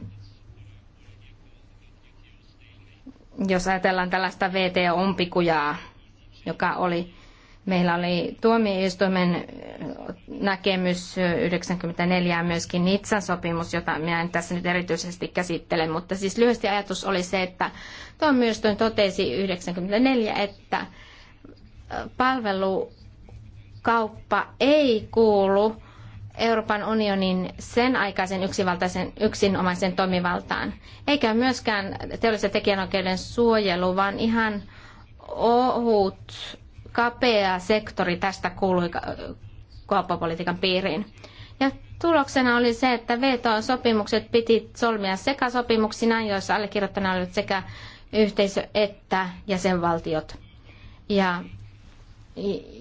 Speaker 1: Jos ajatellaan tällaista vt umpikujaa joka oli, meillä oli tuomioistuimen näkemys 94 myöskin Nitsan sopimus, jota minä en tässä nyt erityisesti käsittele, mutta siis lyhyesti ajatus oli se, että tuomioistuin totesi 94, että palvelukauppa ei kuulu Euroopan unionin sen aikaisen yksivaltaisen, yksinomaisen toimivaltaan. Eikä myöskään teollisen tekijänoikeuden suojelu, vaan ihan ohut, kapea sektori tästä kuului kauppapolitiikan piiriin. Ja tuloksena oli se, että VTO-sopimukset piti solmia sekä sopimuksina, joissa allekirjoittajana olivat sekä yhteisö että jäsenvaltiot. Ja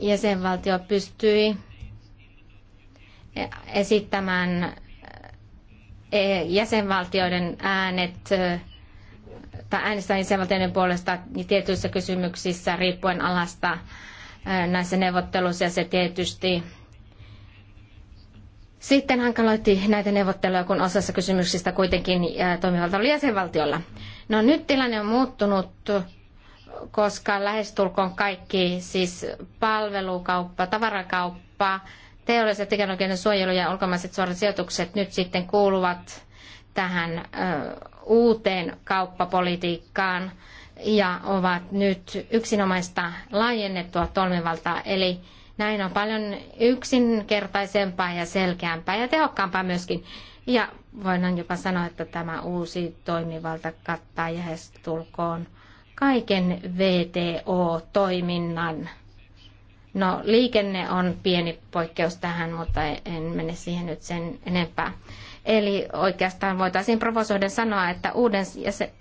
Speaker 1: jäsenvaltio pystyi esittämään eh, jäsenvaltioiden äänet eh, tai äänestää jäsenvaltioiden puolesta tietyissä kysymyksissä riippuen alasta eh, näissä neuvotteluissa ja se tietysti sitten hankaloitti näitä neuvotteluja, kun osassa kysymyksistä kuitenkin toimivalta oli jäsenvaltiolla. No nyt tilanne on muuttunut, koska lähestulkoon kaikki, siis palvelukauppa, tavarakauppa, teolliset tekijänoikeuden suojelu ja ulkomaiset suorat sijoitukset nyt sitten kuuluvat tähän uuteen kauppapolitiikkaan ja ovat nyt yksinomaista laajennettua toimivaltaa. Eli näin on paljon yksinkertaisempaa ja selkeämpää ja tehokkaampaa myöskin. Ja voidaan jopa sanoa, että tämä uusi toimivalta kattaa lähestulkoon kaiken VTO-toiminnan. No liikenne on pieni poikkeus tähän, mutta en mene siihen nyt sen enempää. Eli oikeastaan voitaisiin provosoiden sanoa, että uuden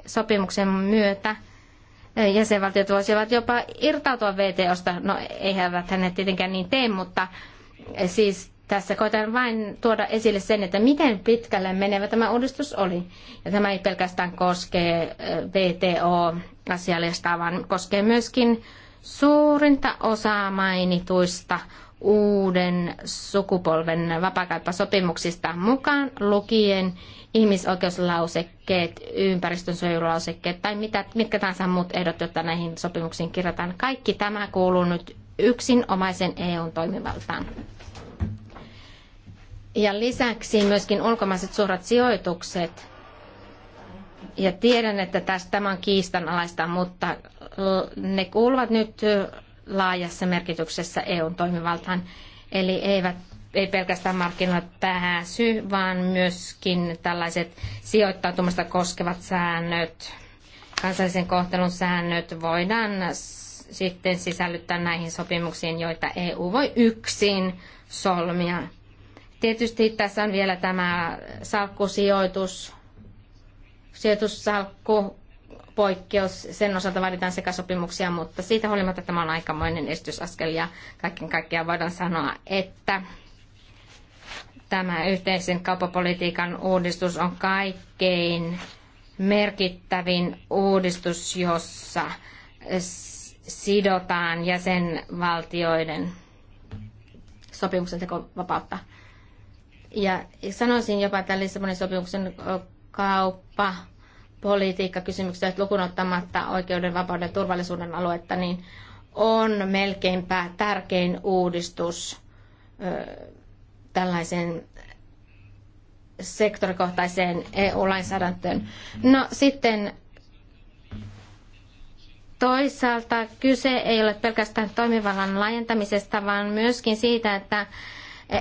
Speaker 1: sopimuksen myötä eh, jäsenvaltiot voisivat jopa irtautua VTOsta. No eihän hänet tietenkään niin tee, mutta eh, siis tässä koitan vain tuoda esille sen, että miten pitkälle menevä tämä uudistus oli. Ja tämä ei pelkästään koske eh, VTO-asiallista, vaan koskee myöskin Suurinta osaa mainituista uuden sukupolven vapakauppasopimuksista mukaan lukien ihmisoikeuslausekkeet, ympäristönsuojelulausekkeet tai mitä, mitkä tahansa muut ehdot, joita näihin sopimuksiin kirjataan. Kaikki tämä kuuluu nyt yksinomaisen EUn toimivaltaan. Ja lisäksi myöskin ulkomaiset suorat sijoitukset. Ja tiedän, että tästä tämä on kiistanalaista, mutta ne kuuluvat nyt laajassa merkityksessä EUn toimivaltaan, eli eivät ei pelkästään markkinoille pääsy, vaan myöskin tällaiset sijoittautumista koskevat säännöt, kansallisen kohtelun säännöt voidaan sitten sisällyttää näihin sopimuksiin, joita EU voi yksin solmia. Tietysti tässä on vielä tämä salkkusijoitus, sijoitussalkku, poikkeus. Sen osalta vaaditaan sekä sopimuksia, mutta siitä huolimatta tämä on aikamoinen edistysaskel ja kaiken kaikkiaan voidaan sanoa, että tämä yhteisen kauppapolitiikan uudistus on kaikkein merkittävin uudistus, jossa sidotaan jäsenvaltioiden sopimuksen tekovapautta. Ja sanoisin jopa, että Lissabonin sopimuksen kauppa politiikkakysymykset lukuun ottamatta oikeuden, vapauden ja turvallisuuden aluetta, niin on melkeinpä tärkein uudistus ö, tällaisen sektorikohtaiseen EU-lainsäädäntöön. No sitten toisaalta kyse ei ole pelkästään toimivallan laajentamisesta, vaan myöskin siitä, että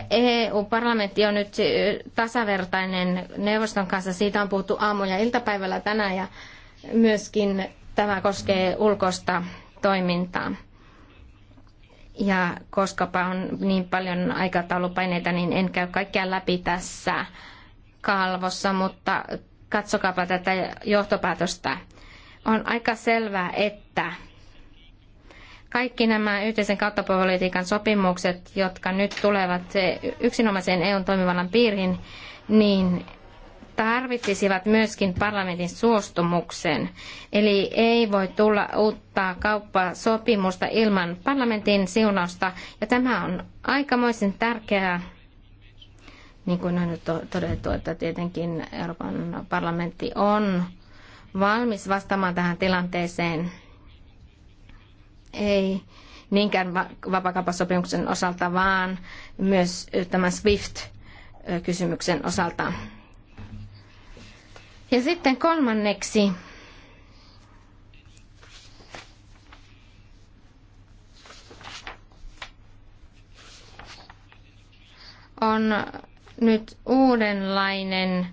Speaker 1: EU-parlamentti e on nyt tasavertainen neuvoston kanssa. Siitä on puhuttu aamu- ja iltapäivällä tänään ja myöskin tämä koskee ulkoista toimintaa. Ja koskapa on niin paljon aikataulupaineita, niin en käy kaikkea läpi tässä kalvossa, mutta katsokaapa tätä johtopäätöstä. On aika selvää, että kaikki nämä yhteisen kauppapolitiikan sopimukset, jotka nyt tulevat yksinomaisen EUn toimivallan piiriin, niin tarvitsisivat myöskin parlamentin suostumuksen. Eli ei voi tulla uutta kauppasopimusta ilman parlamentin siunausta. Ja tämä on aikamoisen tärkeää, niin kuin on nyt todettu, että tietenkin Euroopan parlamentti on valmis vastaamaan tähän tilanteeseen – ei niinkään vapakauppasopimuksen osalta, vaan myös tämän SWIFT-kysymyksen osalta. Ja sitten kolmanneksi on nyt uudenlainen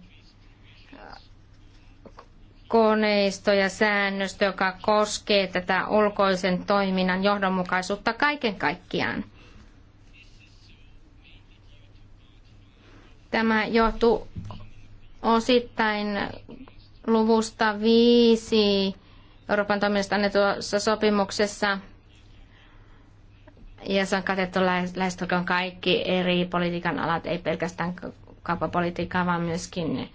Speaker 1: koneisto ja säännöstö, joka koskee tätä ulkoisen toiminnan johdonmukaisuutta kaiken kaikkiaan. Tämä johtuu osittain luvusta viisi Euroopan toiminnasta annetussa sopimuksessa, ja se on katettu lähestulkoon kaikki eri politiikan alat, ei pelkästään kauppapolitiikkaa, vaan myöskin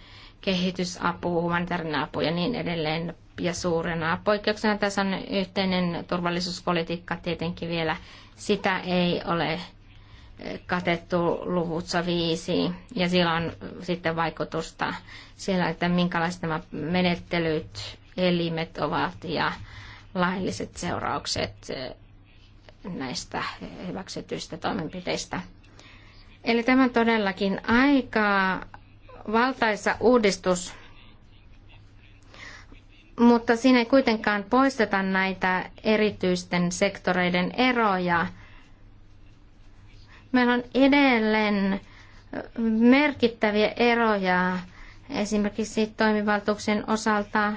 Speaker 1: kehitysapu, humanitaarinen apu ja niin edelleen. Ja suurena poikkeuksena tässä on yhteinen turvallisuuspolitiikka tietenkin vielä. Sitä ei ole katettu luvussa viisi ja sillä on sitten vaikutusta siellä, että minkälaiset nämä menettelyt, elimet ovat ja lailliset seuraukset näistä hyväksytyistä toimenpiteistä. Eli tämä on todellakin aika valtaisa uudistus, mutta siinä ei kuitenkaan poisteta näitä erityisten sektoreiden eroja. Meillä on edelleen merkittäviä eroja esimerkiksi toimivaltuuksien osalta,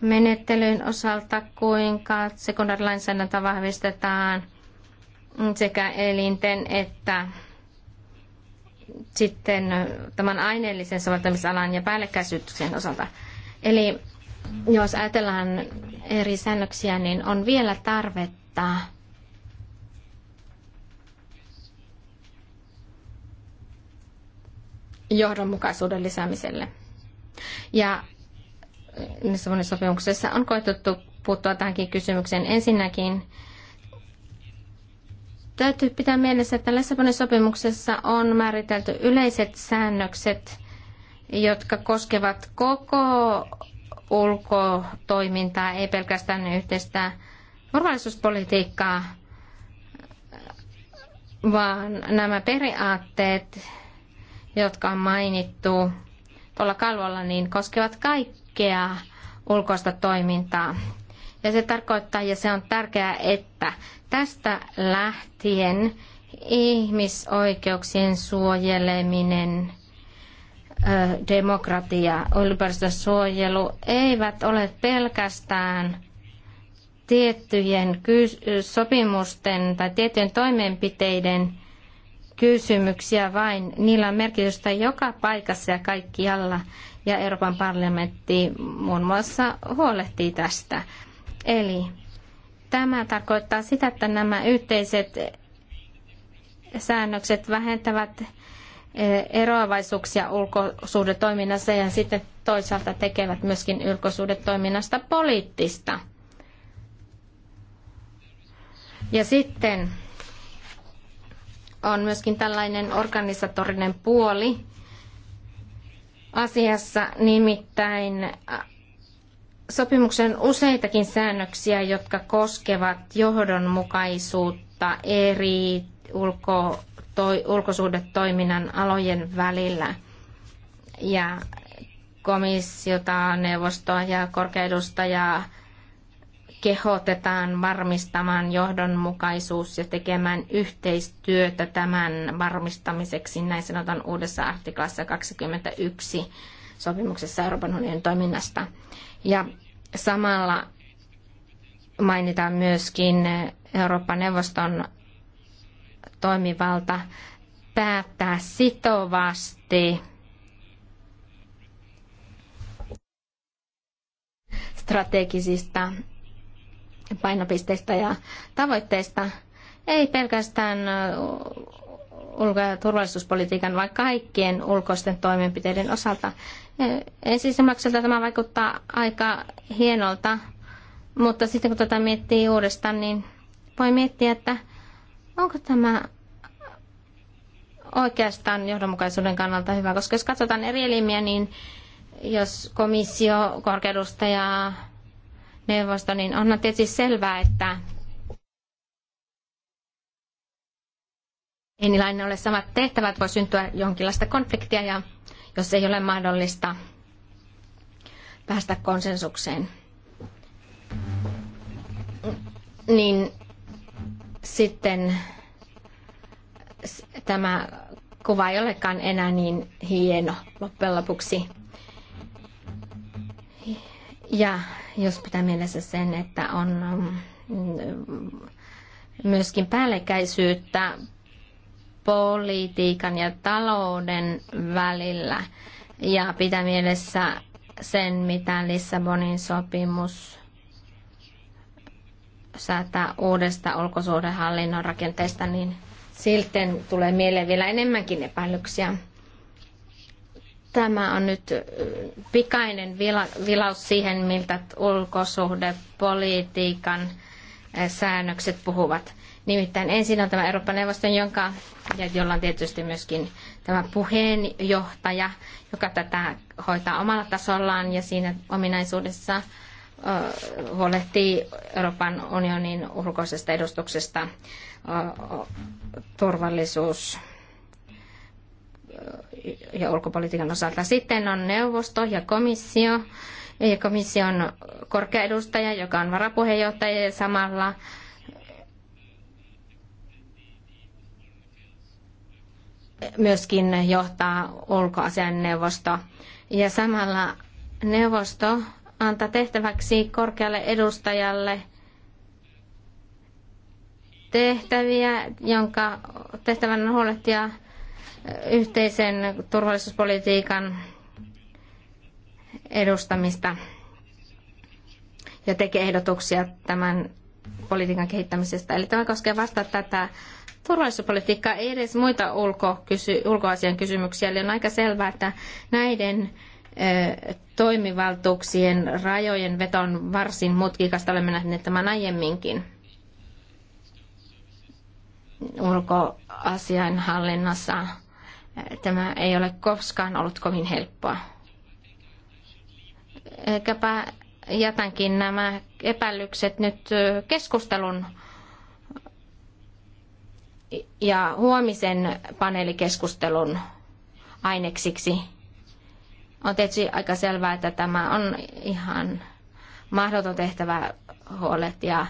Speaker 1: menettelyn osalta, kuinka sekundarilainsäädäntö vahvistetaan sekä elinten että sitten tämän aineellisen soveltamisalan ja päällekkäisyyden osalta. Eli jos ajatellaan eri säännöksiä, niin on vielä tarvetta johdonmukaisuuden lisäämiselle. Ja Lissabonin sopimuksessa on koetettu puuttua tähänkin kysymykseen. Ensinnäkin Täytyy pitää mielessä, että Lissabonin sopimuksessa on määritelty yleiset säännökset, jotka koskevat koko ulkotoimintaa, ei pelkästään yhteistä turvallisuuspolitiikkaa, vaan nämä periaatteet, jotka on mainittu tuolla kalvolla, niin koskevat kaikkea ulkoista toimintaa. Ja se tarkoittaa, ja se on tärkeää, että tästä lähtien ihmisoikeuksien suojeleminen, demokratia, suojelu eivät ole pelkästään tiettyjen sopimusten tai tiettyjen toimenpiteiden kysymyksiä vain. Niillä on merkitystä joka paikassa ja kaikkialla ja Euroopan parlamentti muun muassa huolehtii tästä. Eli tämä tarkoittaa sitä, että nämä yhteiset säännökset vähentävät eh, eroavaisuuksia ulkosuhdetoiminnassa ja sitten toisaalta tekevät myöskin ulkosuhdetoiminnasta poliittista. Ja sitten on myöskin tällainen organisatorinen puoli asiassa, nimittäin sopimuksen useitakin säännöksiä, jotka koskevat johdonmukaisuutta eri ulko, toi, ulkosuhdetoiminnan alojen välillä. Ja komissiota, neuvostoa ja korkeudustajaa kehotetaan varmistamaan johdonmukaisuus ja tekemään yhteistyötä tämän varmistamiseksi, näin sanotaan uudessa artiklassa 21 sopimuksessa Euroopan unionin toiminnasta. Ja samalla mainitaan myöskin Euroopan neuvoston toimivalta päättää sitovasti strategisista painopisteistä ja tavoitteista, ei pelkästään ulko- ja turvallisuuspolitiikan, vaan kaikkien ulkoisten toimenpiteiden osalta. Ensisimmäkseltä tämä vaikuttaa aika hienolta, mutta sitten kun tätä miettii uudestaan, niin voi miettiä, että onko tämä oikeastaan johdonmukaisuuden kannalta hyvä, koska jos katsotaan eri elimiä, niin jos komissio, korkeudusta ja neuvosto, niin onhan tietysti selvää, että ei niillä ole samat tehtävät, voi syntyä jonkinlaista konfliktia ja jos ei ole mahdollista päästä konsensukseen, niin sitten tämä kuva ei olekaan enää niin hieno loppujen lopuksi. Ja jos pitää mielessä sen, että on mm, myöskin päällekkäisyyttä politiikan ja talouden välillä ja pitää mielessä sen, mitä Lissabonin sopimus säätää uudesta ulkosuhdehallinnon rakenteesta, niin silten tulee mieleen vielä enemmänkin epäilyksiä. Tämä on nyt pikainen vilaus siihen, miltä ulkosuhdepolitiikan säännökset puhuvat. Nimittäin ensin on tämä Euroopan neuvoston, jonka, ja jolla on tietysti myöskin tämä puheenjohtaja, joka tätä hoitaa omalla tasollaan ja siinä ominaisuudessa huolehtii Euroopan unionin ulkoisesta edustuksesta turvallisuus ja ulkopolitiikan osalta. Sitten on neuvosto ja komissio, ja komission korkea edustaja, joka on varapuheenjohtaja ja samalla myöskin johtaa ulkoasianneuvosto. Ja samalla neuvosto antaa tehtäväksi korkealle edustajalle tehtäviä, jonka tehtävänä on huolehtia yhteisen turvallisuuspolitiikan edustamista ja tekee ehdotuksia tämän politiikan kehittämisestä. Eli tämä koskee vasta tätä turvallisuuspolitiikka ei edes muita ulkokysy- ulkoasian kysymyksiä, eli on aika selvää, että näiden toimivaltuuksien rajojen on varsin mutkikasta. Olemme nähneet tämän aiemminkin ulkoasiainhallinnassa. Tämä ei ole koskaan ollut kovin helppoa. Ehkäpä jätänkin nämä epäilykset nyt keskustelun ja huomisen paneelikeskustelun aineksiksi. On tietysti aika selvää, että tämä on ihan mahdoton tehtävä huolehtia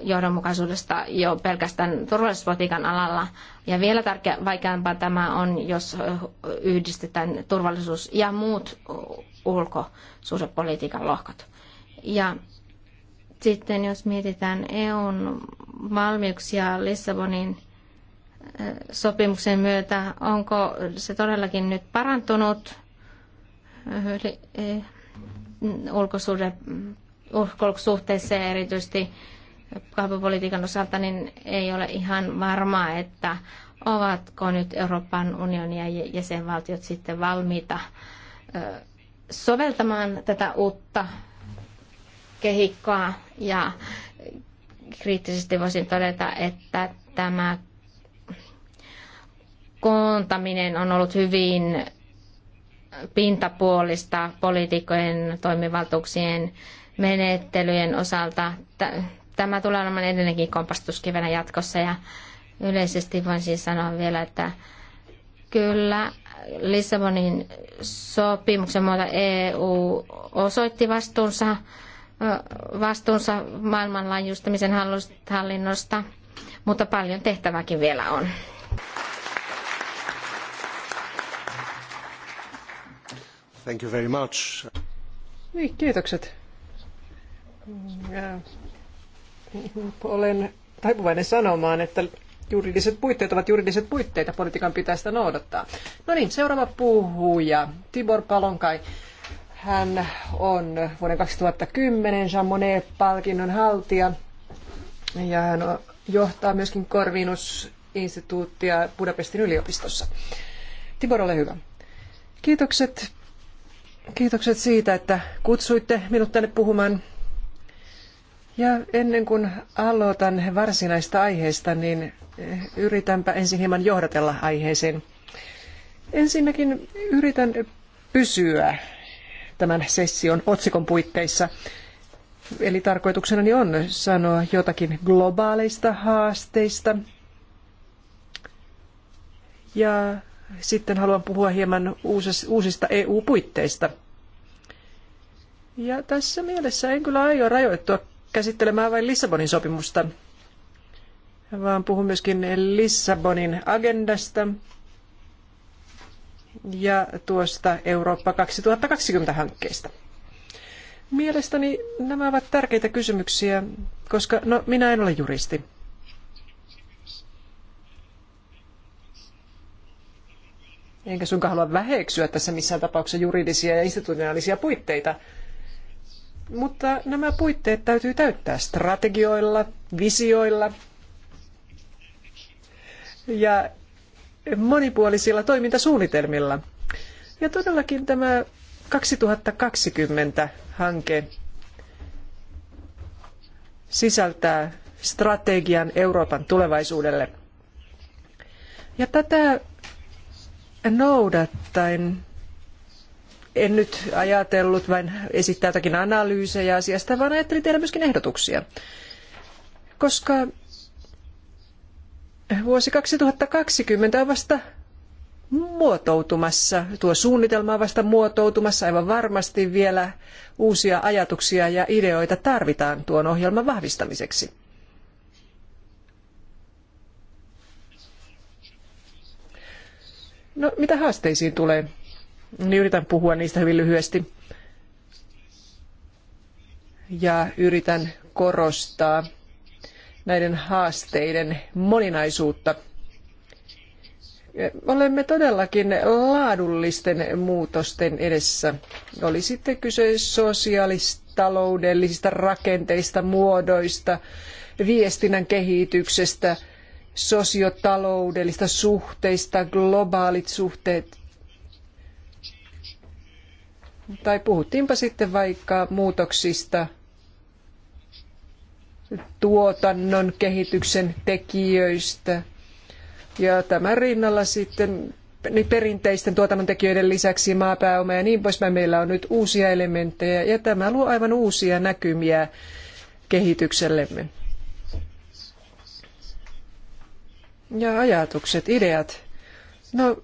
Speaker 1: johdonmukaisuudesta jo pelkästään turvallisuuspolitiikan alalla. Ja vielä tärkeä, vaikeampaa tämä on, jos yhdistetään turvallisuus ja muut ulkosuhdepolitiikan lohkot. Ja sitten jos mietitään EUn valmiuksia Lissabonin sopimuksen myötä, onko se todellakin nyt parantunut eh, ulkosuhteissa ja erityisesti kaupapolitiikan osalta, niin ei ole ihan varmaa, että ovatko nyt Euroopan unionin ja jäsenvaltiot sitten valmiita soveltamaan tätä uutta kehikkoa ja kriittisesti voisin todeta, että tämä kuuntaminen on ollut hyvin pintapuolista poliitikkojen toimivaltuuksien menettelyjen osalta. Tämä tulee olemaan edelleenkin kompastuskivenä jatkossa ja yleisesti voin siis sanoa vielä, että kyllä Lissabonin sopimuksen muuta EU osoitti vastuunsa, vastuunsa maailmanlaajuistamisen hallinnosta, mutta paljon tehtävääkin vielä on.
Speaker 2: Thank you very much.
Speaker 1: Niin,
Speaker 3: kiitokset. Olen taipuvainen sanomaan, että juridiset puitteet ovat juridiset puitteita, politiikan pitää sitä noudattaa. No niin, seuraava puhuja, Tibor Palonkai. Hän on vuoden 2010 Jean Monnet-palkinnon haltija ja hän johtaa myöskin Korvinus-instituuttia Budapestin yliopistossa. Tibor, ole hyvä. Kiitokset Kiitokset siitä, että kutsuitte minut tänne puhumaan. Ja ennen kuin aloitan varsinaista aiheesta, niin yritänpä ensin hieman johdatella aiheeseen. Ensinnäkin yritän pysyä tämän session otsikon puitteissa. Eli tarkoituksenani on sanoa jotakin globaaleista haasteista ja sitten haluan puhua hieman uusista EU-puitteista. Ja tässä mielessä en kyllä aio rajoittua käsittelemään vain Lissabonin sopimusta, vaan puhun myöskin Lissabonin agendasta ja tuosta Eurooppa 2020-hankkeesta. Mielestäni nämä ovat tärkeitä kysymyksiä, koska no, minä en ole juristi. Enkä sunkaan halua väheksyä tässä missään tapauksessa juridisia ja institutionaalisia puitteita. Mutta nämä puitteet täytyy täyttää strategioilla, visioilla ja monipuolisilla toimintasuunnitelmilla. Ja todellakin tämä 2020-hanke sisältää strategian Euroopan tulevaisuudelle. Ja tätä noudattaen. En nyt ajatellut vain esittää jotakin analyysejä asiasta, vaan ajattelin tehdä myöskin ehdotuksia. Koska vuosi 2020 on vasta muotoutumassa, tuo suunnitelma on vasta muotoutumassa, aivan varmasti vielä uusia ajatuksia ja ideoita tarvitaan tuon ohjelman vahvistamiseksi. No, mitä haasteisiin tulee? Niin yritän puhua niistä hyvin lyhyesti. Ja yritän korostaa näiden haasteiden moninaisuutta. Olemme todellakin laadullisten muutosten edessä. Oli sitten kyse sosiaalistaloudellisista rakenteista, muodoista, viestinnän kehityksestä – sosiotaloudellista suhteista, globaalit suhteet. Tai puhuttiinpa sitten vaikka muutoksista tuotannon kehityksen tekijöistä. Ja tämän rinnalla sitten niin perinteisten tuotannontekijöiden lisäksi maapääoma ja niin poispäin meillä on nyt uusia elementtejä ja tämä luo aivan uusia näkymiä kehityksellemme. ajatukset, ideat. No,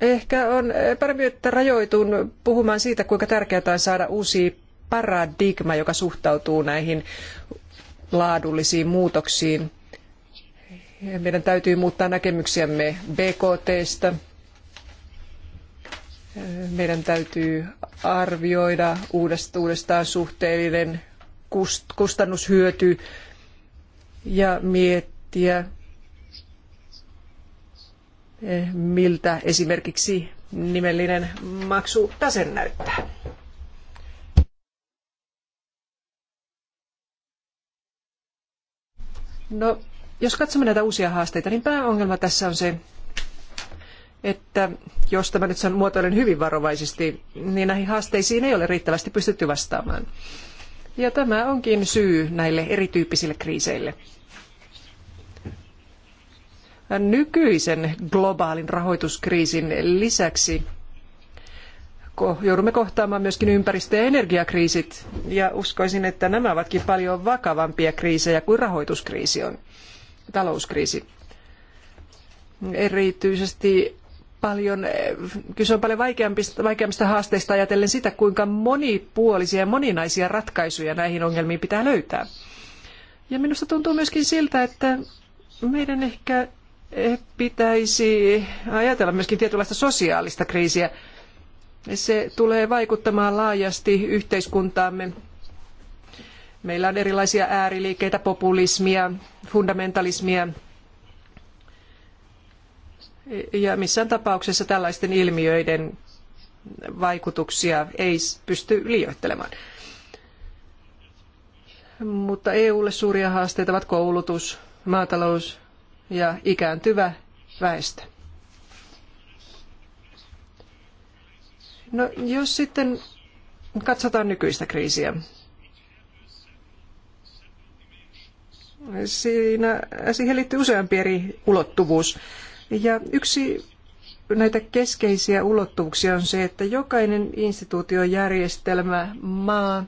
Speaker 3: ehkä on parempi, että rajoitun puhumaan siitä, kuinka tärkeää on saada uusi paradigma, joka suhtautuu näihin laadullisiin muutoksiin. Meidän täytyy muuttaa näkemyksiämme BKTstä. Meidän täytyy arvioida uudestaan suhteellinen kustannushyöty ja miettiä, Eh, miltä esimerkiksi nimellinen maksu tase näyttää. No, jos katsomme näitä uusia haasteita, niin pääongelma tässä on se, että jos tämä nyt muotoilen hyvin varovaisesti, niin näihin haasteisiin ei ole riittävästi pystytty vastaamaan. Ja tämä onkin syy näille erityyppisille kriiseille nykyisen globaalin rahoituskriisin lisäksi joudumme kohtaamaan myöskin ympäristö- ja energiakriisit, ja uskoisin, että nämä ovatkin paljon vakavampia kriisejä kuin rahoituskriisi on, talouskriisi. Erityisesti paljon, kyse on paljon vaikeammista, vaikeammista haasteista ajatellen sitä, kuinka monipuolisia ja moninaisia ratkaisuja näihin ongelmiin pitää löytää. Ja minusta tuntuu myöskin siltä, että meidän ehkä pitäisi ajatella myöskin tietynlaista sosiaalista kriisiä. Se tulee vaikuttamaan laajasti yhteiskuntaamme. Meillä on erilaisia ääriliikkeitä, populismia, fundamentalismia. Ja missään tapauksessa tällaisten ilmiöiden vaikutuksia ei pysty liioittelemaan. Mutta EUlle suuria haasteita ovat koulutus, maatalous, ja ikääntyvä väestö. No, jos sitten katsotaan nykyistä kriisiä. Siinä, siihen liittyy useampi eri ulottuvuus. Ja yksi näitä keskeisiä ulottuvuuksia on se, että jokainen instituutiojärjestelmä, maa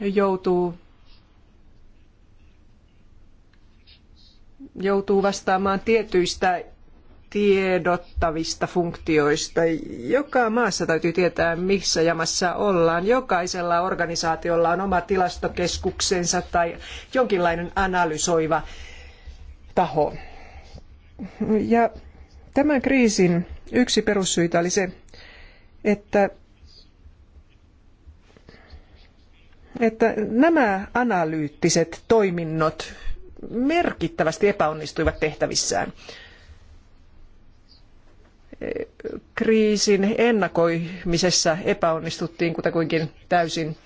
Speaker 3: joutuu joutuu vastaamaan tietyistä tiedottavista funktioista. Joka maassa täytyy tietää, missä jamassa ollaan. Jokaisella organisaatiolla on oma tilastokeskuksensa tai jonkinlainen analysoiva taho. Ja tämän kriisin yksi perussyitä oli se, että, että nämä analyyttiset toiminnot merkittävästi epäonnistuivat tehtävissään. Kriisin ennakoimisessa epäonnistuttiin kutakuinkin täysin.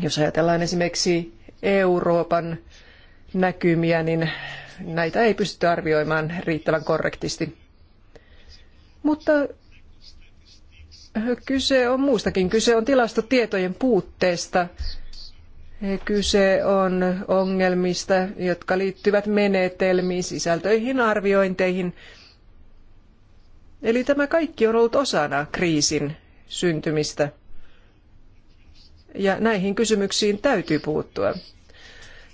Speaker 3: Jos ajatellaan esimerkiksi Euroopan näkymiä, niin näitä ei pystytty arvioimaan riittävän korrektisti. Mutta kyse on muustakin. Kyse on tilastotietojen puutteesta Kyse on ongelmista, jotka liittyvät menetelmiin, sisältöihin, arviointeihin. Eli tämä kaikki on ollut osana kriisin syntymistä. Ja näihin kysymyksiin täytyy puuttua.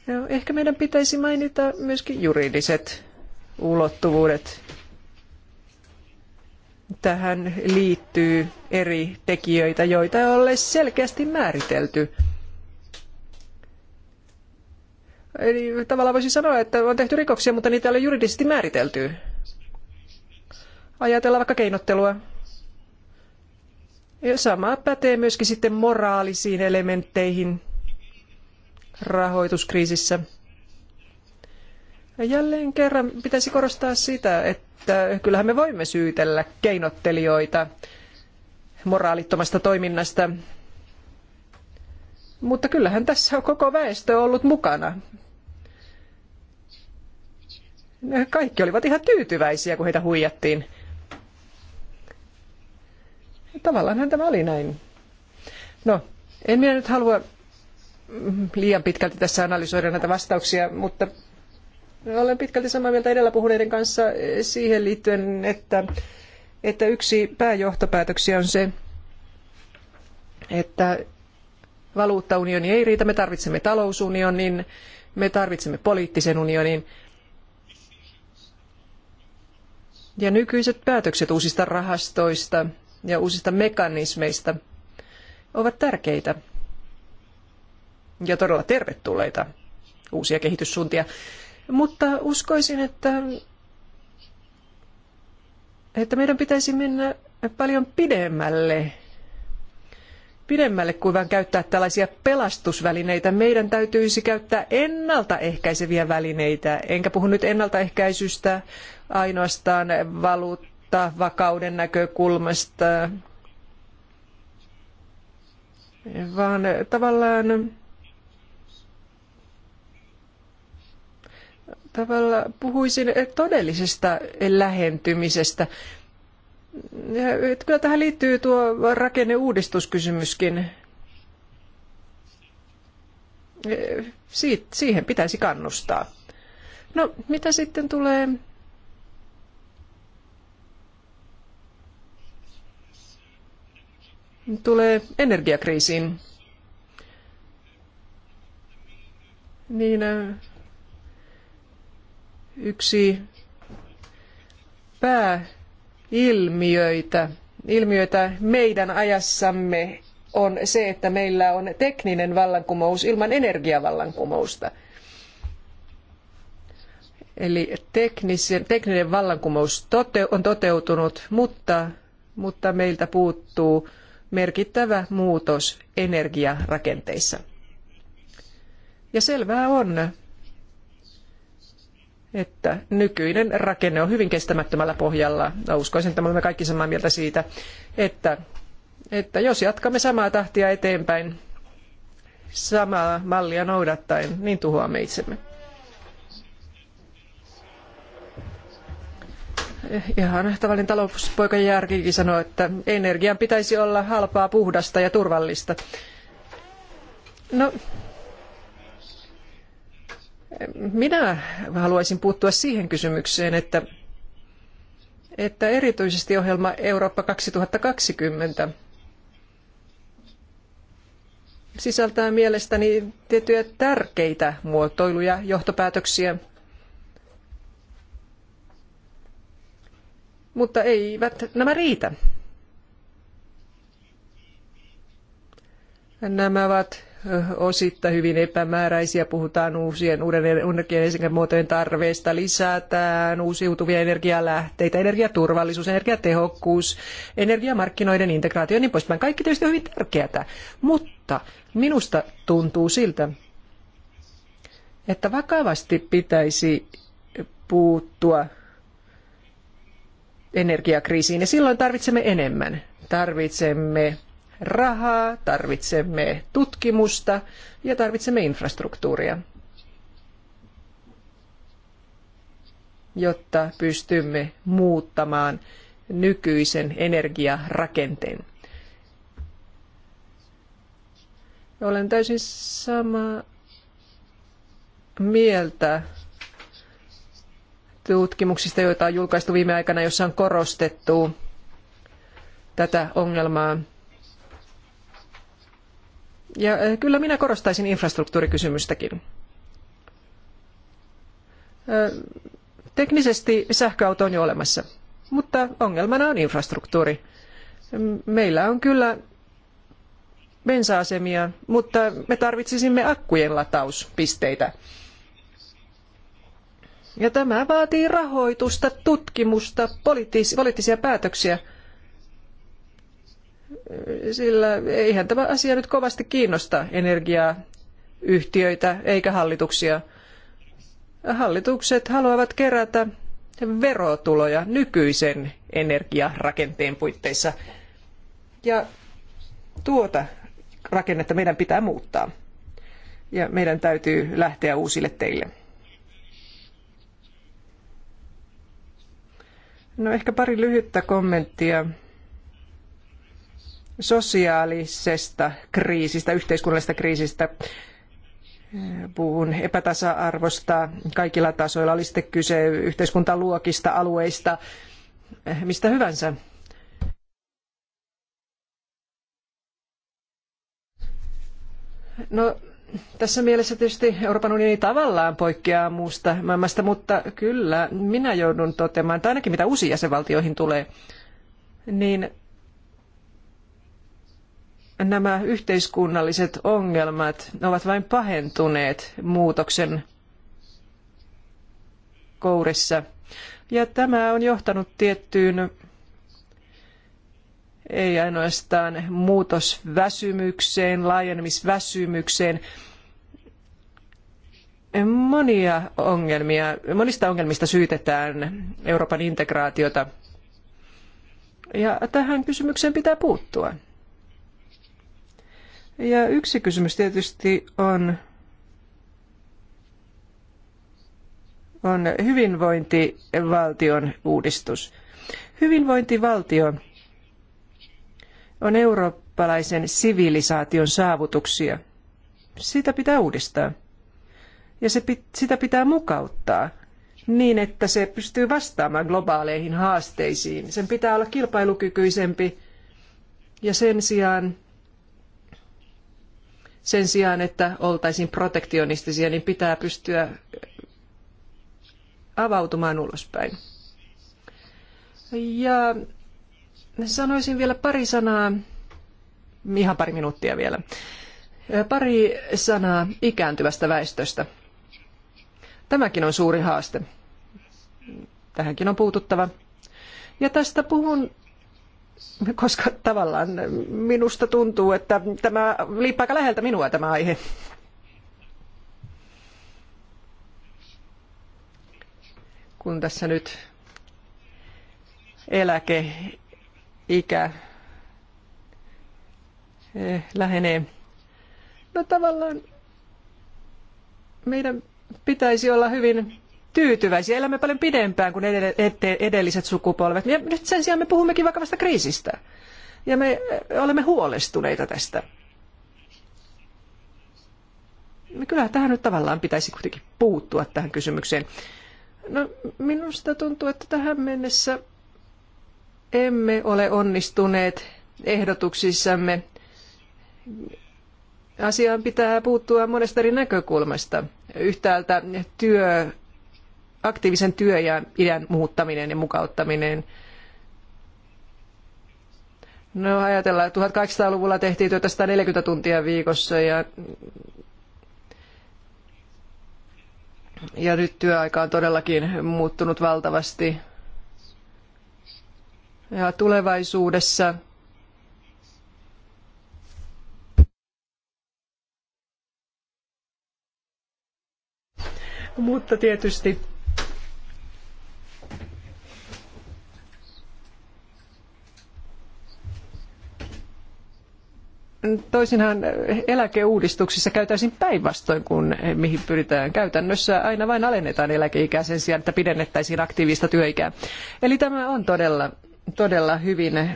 Speaker 3: Ja ehkä meidän pitäisi mainita myöskin juridiset ulottuvuudet. Tähän liittyy eri tekijöitä, joita ei ole selkeästi määritelty. Eli tavallaan voisi sanoa, että on tehty rikoksia, mutta niitä ei ole juridisesti määritelty. Ajatellaan vaikka keinottelua. Ja sama pätee myöskin sitten moraalisiin elementteihin rahoituskriisissä. Jälleen kerran pitäisi korostaa sitä, että kyllähän me voimme syytellä keinottelijoita moraalittomasta toiminnasta, mutta kyllähän tässä on koko väestö ollut mukana. Kaikki olivat ihan tyytyväisiä, kun heitä huijattiin. Tavallaanhan tämä oli näin. No, en minä nyt halua liian pitkälti tässä analysoida näitä vastauksia, mutta olen pitkälti samaa mieltä edellä puhuneiden kanssa siihen liittyen, että, että yksi pääjohtopäätöksiä on se, että valuuttaunioni ei riitä, me tarvitsemme talousunionin, me tarvitsemme poliittisen unionin, Ja nykyiset päätökset uusista rahastoista ja uusista mekanismeista ovat tärkeitä ja todella tervetulleita uusia kehityssuuntia. Mutta uskoisin, että, että meidän pitäisi mennä paljon pidemmälle pidemmälle kuin vain käyttää tällaisia pelastusvälineitä. Meidän täytyisi käyttää ennaltaehkäiseviä välineitä. Enkä puhu nyt ennaltaehkäisystä ainoastaan valuutta vakauden näkökulmasta, vaan tavallaan tavalla puhuisin todellisesta lähentymisestä. Kyllä tähän liittyy tuo rakenneuudistuskysymyskin. E, siit, siihen pitäisi kannustaa. No, mitä sitten tulee tulee energiakriisiin, niin yksi pää ilmiöitä, ilmiöitä meidän ajassamme on se, että meillä on tekninen vallankumous ilman energiavallankumousta. Eli teknisen, tekninen vallankumous tote, on toteutunut, mutta, mutta meiltä puuttuu merkittävä muutos energiarakenteissa. Ja selvää on, että nykyinen rakenne on hyvin kestämättömällä pohjalla. Uskoisin, että me olemme kaikki samaa mieltä siitä, että, että jos jatkamme samaa tahtia eteenpäin, samaa mallia noudattaen, niin tuhoamme itsemme. Ihan tavallinen talouspoika järkikin sanoo, että energian pitäisi olla halpaa, puhdasta ja turvallista. No, minä haluaisin puuttua siihen kysymykseen, että, että erityisesti ohjelma Eurooppa 2020 sisältää mielestäni tiettyjä tärkeitä muotoiluja, johtopäätöksiä, mutta eivät nämä riitä. Nämä ovat osittain hyvin epämääräisiä. Puhutaan uusien uuden energiamuotojen tarveesta, lisätään uusiutuvia energialähteitä, energiaturvallisuus, energiatehokkuus, energiamarkkinoiden integraatio ja niin poispäin. Kaikki tietysti on hyvin tärkeätä, mutta minusta tuntuu siltä, että vakavasti pitäisi puuttua energiakriisiin ja silloin tarvitsemme enemmän. Tarvitsemme rahaa, tarvitsemme tutkimusta ja tarvitsemme infrastruktuuria, jotta pystymme muuttamaan nykyisen energiarakenteen. Olen täysin samaa mieltä tutkimuksista, joita on julkaistu viime aikana, jossa on korostettu tätä ongelmaa ja kyllä minä korostaisin infrastruktuurikysymystäkin. Teknisesti sähköauto on jo olemassa, mutta ongelmana on infrastruktuuri. Meillä on kyllä bensa-asemia, mutta me tarvitsisimme akkujen latauspisteitä. Ja tämä vaatii rahoitusta, tutkimusta, poliittisia päätöksiä – sillä eihän tämä asia nyt kovasti kiinnosta energiaa, yhtiöitä eikä hallituksia. Hallitukset haluavat kerätä verotuloja nykyisen energiarakenteen puitteissa. Ja tuota rakennetta meidän pitää muuttaa. Ja meidän täytyy lähteä uusille teille. No ehkä pari lyhyttä kommenttia sosiaalisesta kriisistä, yhteiskunnallisesta kriisistä. Puhun epätasa-arvosta kaikilla tasoilla, oli sitten kyse yhteiskuntaluokista, alueista, mistä hyvänsä. No, tässä mielessä tietysti Euroopan unioni tavallaan poikkeaa muusta maailmasta, mutta kyllä minä joudun toteamaan, että ainakin mitä uusiin jäsenvaltioihin tulee, niin nämä yhteiskunnalliset ongelmat ovat vain pahentuneet muutoksen kourissa. Ja tämä on johtanut tiettyyn ei ainoastaan muutosväsymykseen, laajenemisväsymykseen, monia ongelmia, monista ongelmista syytetään Euroopan integraatiota. Ja tähän kysymykseen pitää puuttua. Ja yksi kysymys tietysti on, on hyvinvointivaltion uudistus. Hyvinvointivaltio on eurooppalaisen sivilisaation saavutuksia. Sitä pitää uudistaa. Ja se, sitä pitää mukauttaa niin, että se pystyy vastaamaan globaaleihin haasteisiin. Sen pitää olla kilpailukykyisempi ja sen sijaan sen sijaan, että oltaisiin protektionistisia, niin pitää pystyä avautumaan ulospäin. Ja sanoisin vielä pari sanaa, ihan pari minuuttia vielä, pari sanaa ikääntyvästä väestöstä. Tämäkin on suuri haaste. Tähänkin on puututtava. Ja tästä puhun koska tavallaan minusta tuntuu, että tämä liippaa aika läheltä minua tämä aihe. Kun tässä nyt ikä eh, lähenee. No tavallaan meidän pitäisi olla hyvin tyytyväisiä. Elämme paljon pidempään kuin edelliset sukupolvet. Ja nyt sen sijaan me puhummekin vakavasta kriisistä. Ja me eh, olemme huolestuneita tästä. No Kyllä tähän nyt tavallaan pitäisi kuitenkin puuttua tähän kysymykseen. No, minusta tuntuu, että tähän mennessä emme ole onnistuneet ehdotuksissamme. Asiaan pitää puuttua monesta eri näkökulmasta. Yhtäältä työ aktiivisen ja idän muuttaminen ja mukauttaminen. No ajatellaan, että 1800-luvulla tehtiin työtä 140 tuntia viikossa ja, ja nyt työaika on todellakin muuttunut valtavasti. Ja tulevaisuudessa Mutta tietysti Toisinhan eläkeuudistuksissa käytäisiin päinvastoin kuin mihin pyritään käytännössä. Aina vain alennetaan eläkeikää sen sijaan, että pidennettäisiin aktiivista työikää. Eli tämä on todella, todella hyvin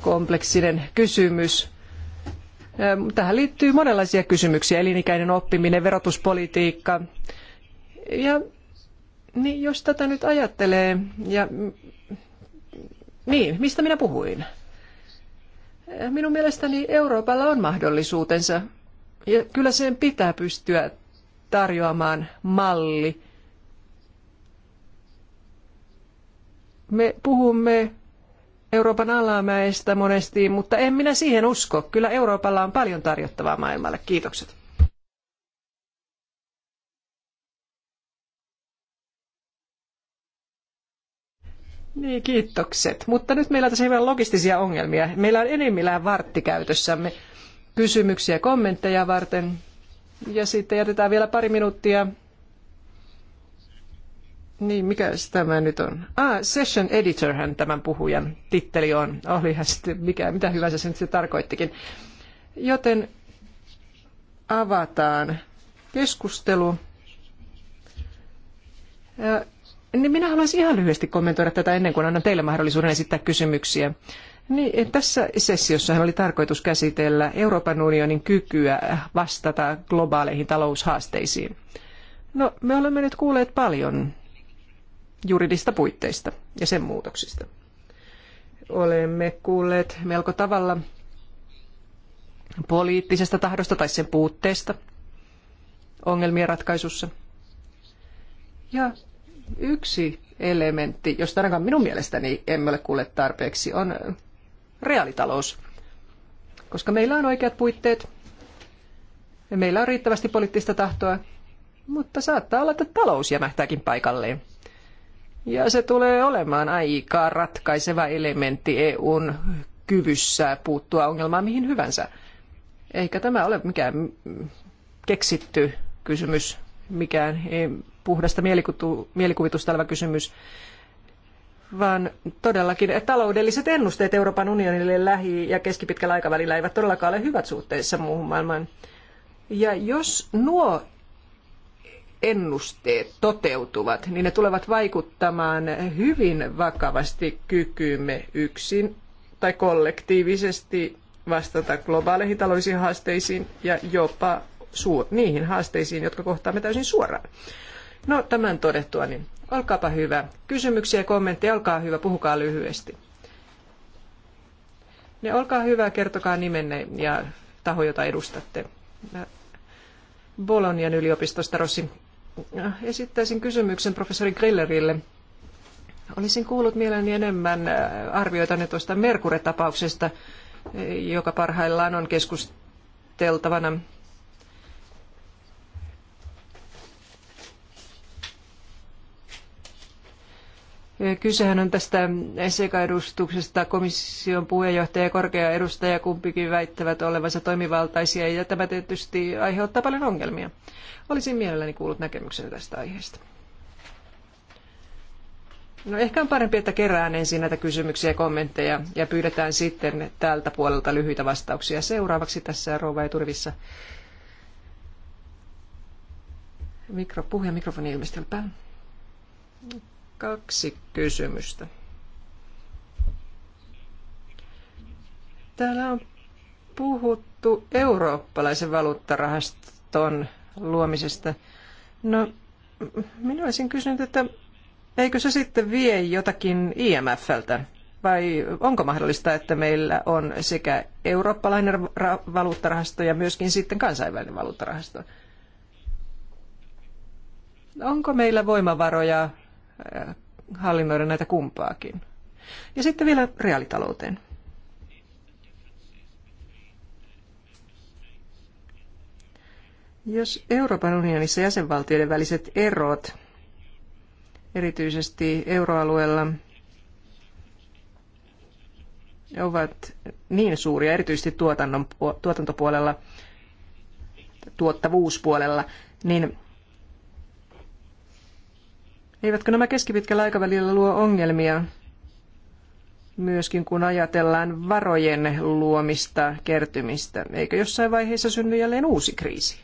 Speaker 3: kompleksinen kysymys. Tähän liittyy monenlaisia kysymyksiä, elinikäinen oppiminen, verotuspolitiikka. Ja niin jos tätä nyt ajattelee ja niin, mistä minä puhuin? Minun mielestäni Euroopalla on mahdollisuutensa ja kyllä sen pitää pystyä tarjoamaan malli. Me puhumme Euroopan alamäestä monesti, mutta en minä siihen usko. Kyllä Euroopalla on paljon tarjottavaa maailmalle. Kiitokset. Niin, kiitokset. Mutta nyt meillä on tässä hieman logistisia ongelmia. Meillä on enimmillään vartti käytössämme kysymyksiä ja kommentteja varten. Ja sitten jätetään vielä pari minuuttia. Niin, mikä tämä nyt on? Ah, session editor hän tämän puhujan titteli on. Olihan sitten mikä, mitä hyvää se nyt se tarkoittikin. Joten avataan keskustelu. Ja niin minä haluaisin ihan lyhyesti kommentoida tätä ennen kuin annan teille mahdollisuuden esittää kysymyksiä. Niin, eh, tässä sessiossahan oli tarkoitus käsitellä Euroopan unionin kykyä vastata globaaleihin taloushaasteisiin. No, me olemme nyt kuulleet paljon juridista puitteista ja sen muutoksista. Olemme kuulleet melko tavalla poliittisesta tahdosta tai sen puutteesta ongelmien ratkaisussa. Ja Yksi elementti, josta ainakaan minun mielestäni emme ole kuulleet tarpeeksi, on reaalitalous. Koska meillä on oikeat puitteet, ja meillä on riittävästi poliittista tahtoa, mutta saattaa olla, että talous jämähtääkin paikalleen. Ja se tulee olemaan aika ratkaiseva elementti EUn kyvyssä puuttua ongelmaan mihin hyvänsä. Eikä tämä ole mikään keksitty kysymys, mikään puhdasta mielikuvitusta oleva kysymys, vaan todellakin taloudelliset ennusteet Euroopan unionille lähi- ja keskipitkällä aikavälillä eivät todellakaan ole hyvät suhteessa muuhun maailmaan. Ja jos nuo ennusteet toteutuvat, niin ne tulevat vaikuttamaan hyvin vakavasti kykyymme yksin tai kollektiivisesti vastata globaaleihin taloudellisiin haasteisiin ja jopa niihin haasteisiin, jotka kohtaamme täysin suoraan. No tämän todettua, niin olkaapa hyvä. Kysymyksiä ja kommentteja, olkaa hyvä, puhukaa lyhyesti. Ne olkaa hyvä, kertokaa nimenne ja taho, jota edustatte. Bolonian yliopistosta, Rossi. Esittäisin kysymyksen professori Grillerille. Olisin kuullut mielelläni enemmän äh, arvioita ne tuosta Merkure-tapauksesta, joka parhaillaan on keskusteltavana. Kysehän on tästä sekaedustuksesta. Komission puheenjohtaja ja korkea edustaja kumpikin väittävät olevansa toimivaltaisia ja tämä tietysti aiheuttaa paljon ongelmia. Olisin mielelläni kuullut näkemyksen tästä aiheesta. No ehkä on parempi, että kerään ensin näitä kysymyksiä ja kommentteja ja pyydetään sitten tältä puolelta lyhyitä vastauksia. Seuraavaksi tässä Rouva Eturvissa. Mikro, ja mikrofoni ilmestyy päällä. Kaksi kysymystä. Täällä on puhuttu eurooppalaisen valuuttarahaston luomisesta. No, minä olisin kysynyt, että eikö se sitten vie jotakin IMFltä? Vai onko mahdollista, että meillä on sekä eurooppalainen valuuttarahasto ja myöskin sitten kansainvälinen valuuttarahasto? Onko meillä voimavaroja Äh, hallinnoida näitä kumpaakin. Ja sitten vielä reaalitalouteen. Jos Euroopan unionissa jäsenvaltioiden väliset erot, erityisesti euroalueella, ovat niin suuria, erityisesti tuotannon, tuotantopuolella, tuottavuuspuolella, niin Eivätkö nämä keskipitkällä aikavälillä luo ongelmia? Myöskin kun ajatellaan varojen luomista, kertymistä. Eikö jossain vaiheessa synny jälleen uusi kriisi?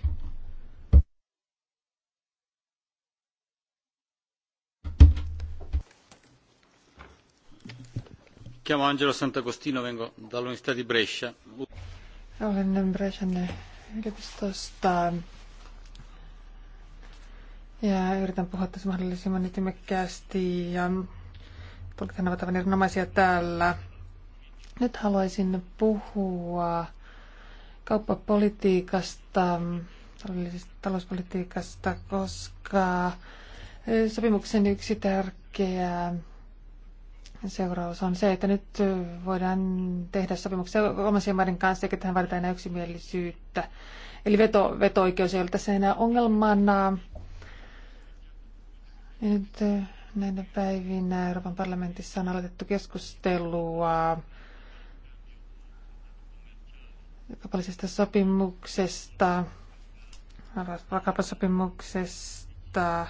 Speaker 2: Chiamo Angelo Sant'Agostino, vengo dall'Università di Brescia.
Speaker 4: Olen Brescian yliopistosta ja yritän puhua tässä mahdollisimman ytimekkäästi ja tulkitaan ovat aivan erinomaisia täällä. Nyt haluaisin puhua kauppapolitiikasta, talouspolitiikasta, koska e, sopimuksen yksi tärkeä seuraus on se, että nyt voidaan tehdä sopimuksia kolmansien maiden kanssa, eikä tähän vaadita enää yksimielisyyttä. Eli veto, veto-oikeus ei ole tässä enää ongelmana. Nyt eh, näinä päivinä Euroopan parlamentissa on aloitettu keskustelua kapallisesta sopimuksesta, vakapasopimuksesta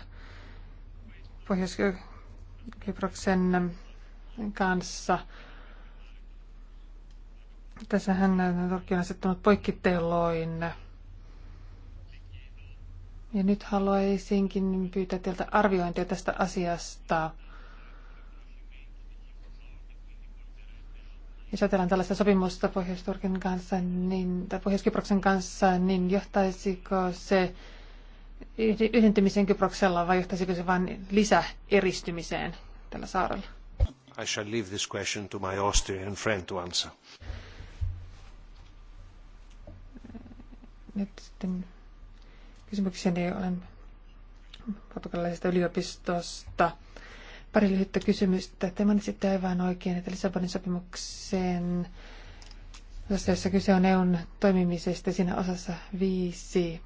Speaker 4: Pohjois-Kyproksen kanssa. Tässähän Turkki on asettunut poikkiteloin ja nyt haluaisinkin pyytää teiltä arviointia tästä asiasta. Jos ajatellaan tällaista sopimusta pohjois kanssa, niin, tai pohjois kanssa, niin johtaisiko se yhdentymisen Kyproksella vai johtaisiko se vain lisäeristymiseen tällä saarella?
Speaker 2: I shall leave this question to my Austrian friend to answer.
Speaker 4: Nyt sitten kysymykseni. Olen portugalilaisesta yliopistosta. Pari lyhyttä kysymystä. Te mainitsitte aivan oikein, että Lissabonin sopimukseen, jossa kyse on EUn toimimisesta, siinä osassa viisi,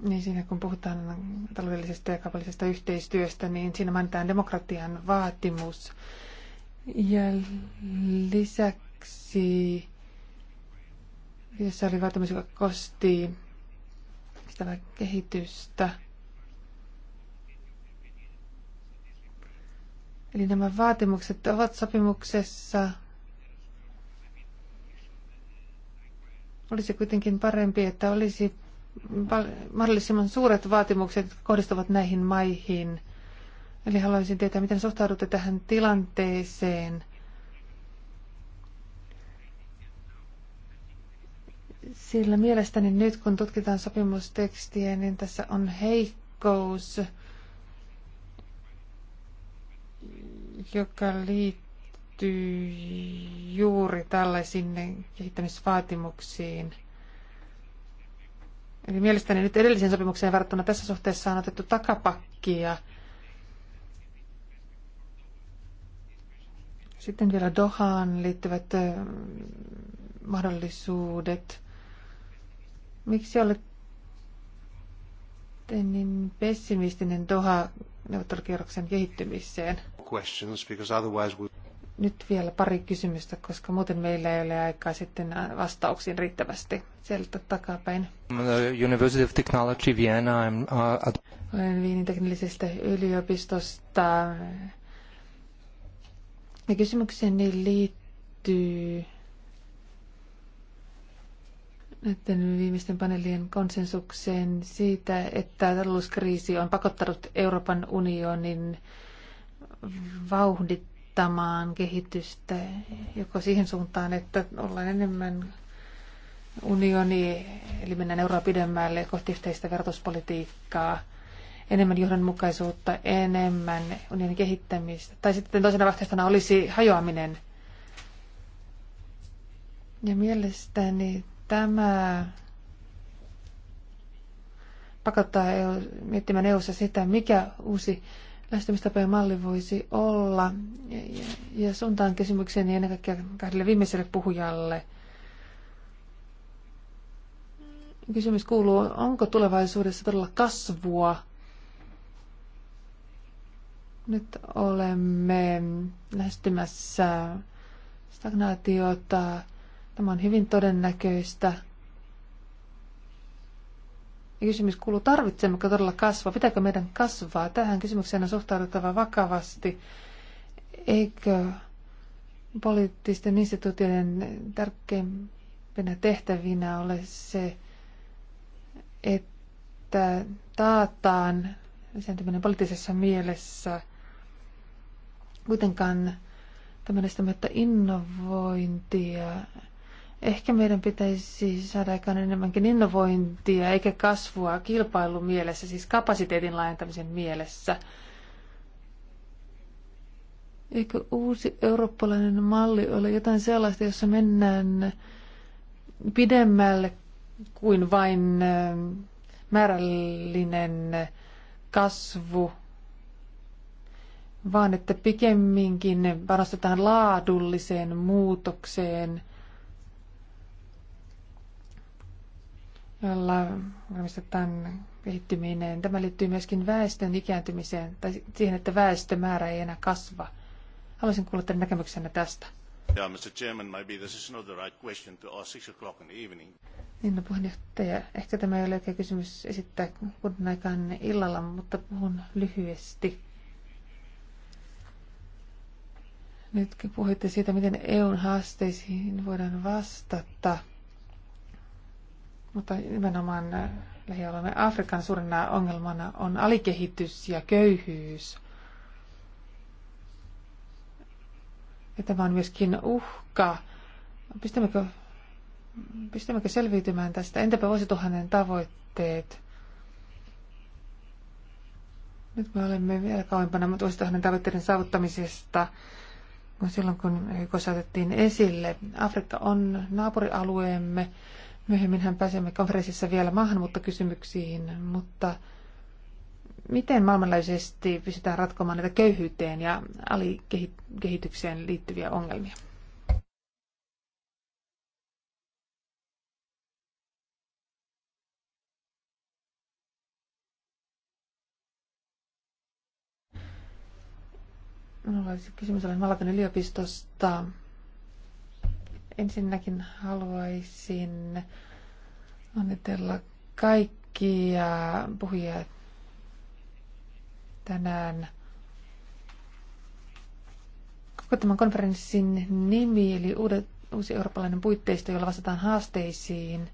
Speaker 4: niin siinä kun puhutaan taloudellisesta ja kaupallisesta yhteistyöstä, niin siinä mainitaan demokratian vaatimus. Ja lisäksi Kyseessä oli vaatimus, joka kosti kestävää kehitystä. Eli nämä vaatimukset ovat sopimuksessa. Olisi kuitenkin parempi, että olisi mahdollisimman suuret vaatimukset, jotka kohdistuvat näihin maihin. Eli haluaisin tietää, miten suhtaudutte tähän tilanteeseen – Sillä mielestäni nyt kun tutkitaan sopimustekstiä, niin tässä on heikkous, joka liittyy juuri tällaisiin kehittämisvaatimuksiin. Eli mielestäni nyt edelliseen sopimukseen verrattuna tässä suhteessa on otettu takapakkia. Sitten vielä Dohaan liittyvät mahdollisuudet. Miksi olette niin pessimistinen Doha neuvottelukierroksen kehittymiseen? Nyt vielä pari kysymystä, koska muuten meillä ei ole aikaa sitten vastauksiin riittävästi sieltä takapäin.
Speaker 2: University of Technology Vienna. I'm,
Speaker 4: uh, at... Olen Viinin teknillisestä yliopistosta. Ja kysymykseni liittyy näiden viimeisten paneelien konsensukseen siitä, että talouskriisi on pakottanut Euroopan unionin vauhdittamaan kehitystä joko siihen suuntaan, että ollaan enemmän unioni, eli mennään euroa pidemmälle kohti yhteistä verotuspolitiikkaa, enemmän johdonmukaisuutta, enemmän unionin kehittämistä. Tai sitten toisena vaihtoehtona olisi hajoaminen. Ja mielestäni Tämä pakottaa EU, miettimään EUssa sitä, mikä uusi lähestymistapojen malli voisi olla. Ja, ja, ja suuntaan niin ennen kaikkea kahdelle viimeiselle puhujalle. Kysymys kuuluu, onko tulevaisuudessa todella kasvua? Nyt olemme lähestymässä stagnaatiota Tämä on hyvin todennäköistä. Ja kysymys kuuluu, tarvitsemmeko todella kasvaa? Pitääkö meidän kasvaa? Tähän kysymykseen on suhtauduttava vakavasti. Eikö poliittisten instituutioiden tärkeimpinä tehtävinä ole se, että taataan lisääntyminen poliittisessa mielessä kuitenkaan tämmöistä innovointia Ehkä meidän pitäisi saada aikaan enemmänkin innovointia eikä kasvua kilpailun mielessä, siis kapasiteetin laajentamisen mielessä. Eikö uusi eurooppalainen malli ole jotain sellaista, jossa mennään pidemmälle kuin vain äh, määrällinen kasvu, vaan että pikemminkin panostetaan laadulliseen muutokseen – jolla varmistetaan kehittyminen. Tämä liittyy myöskin väestön ikääntymiseen tai siihen, että väestömäärä ei enää kasva. Haluaisin kuulla teidän näkemyksenne tästä.
Speaker 2: Yeah, Mr. Chairman, maybe this is not the right question to ask six o'clock in the evening.
Speaker 4: Niin, no puheenjohtaja, ehkä tämä ei ole oikea kysymys esittää kunnan aikaan illalla, mutta puhun lyhyesti. Nytkin puhuitte siitä, miten EUn haasteisiin voidaan vastata – mutta nimenomaan äh, lähialueemme Afrikan suurena ongelmana on alikehitys ja köyhyys. Ja tämä on myöskin uhka. Pystymmekö, pystymmekö selviytymään tästä? Entäpä vuosituhannen tavoitteet? Nyt me olemme vielä kauempana vuosituhannen tavoitteiden saavuttamisesta kun silloin, kun YK saatettiin esille. Afrikka on naapurialueemme Myöhemminhän pääsemme konferenssissa vielä maahanmuuttokysymyksiin, mutta miten maailmanlaajuisesti pystytään ratkomaan näitä köyhyyteen ja alikehitykseen liittyviä ongelmia? Minulla olisi kysymys, olen Malatan yliopistosta Ensinnäkin haluaisin onnitella kaikkia puhujia tänään. Koko tämän konferenssin nimi, eli uudet, uusi eurooppalainen puitteisto, jolla vastataan haasteisiin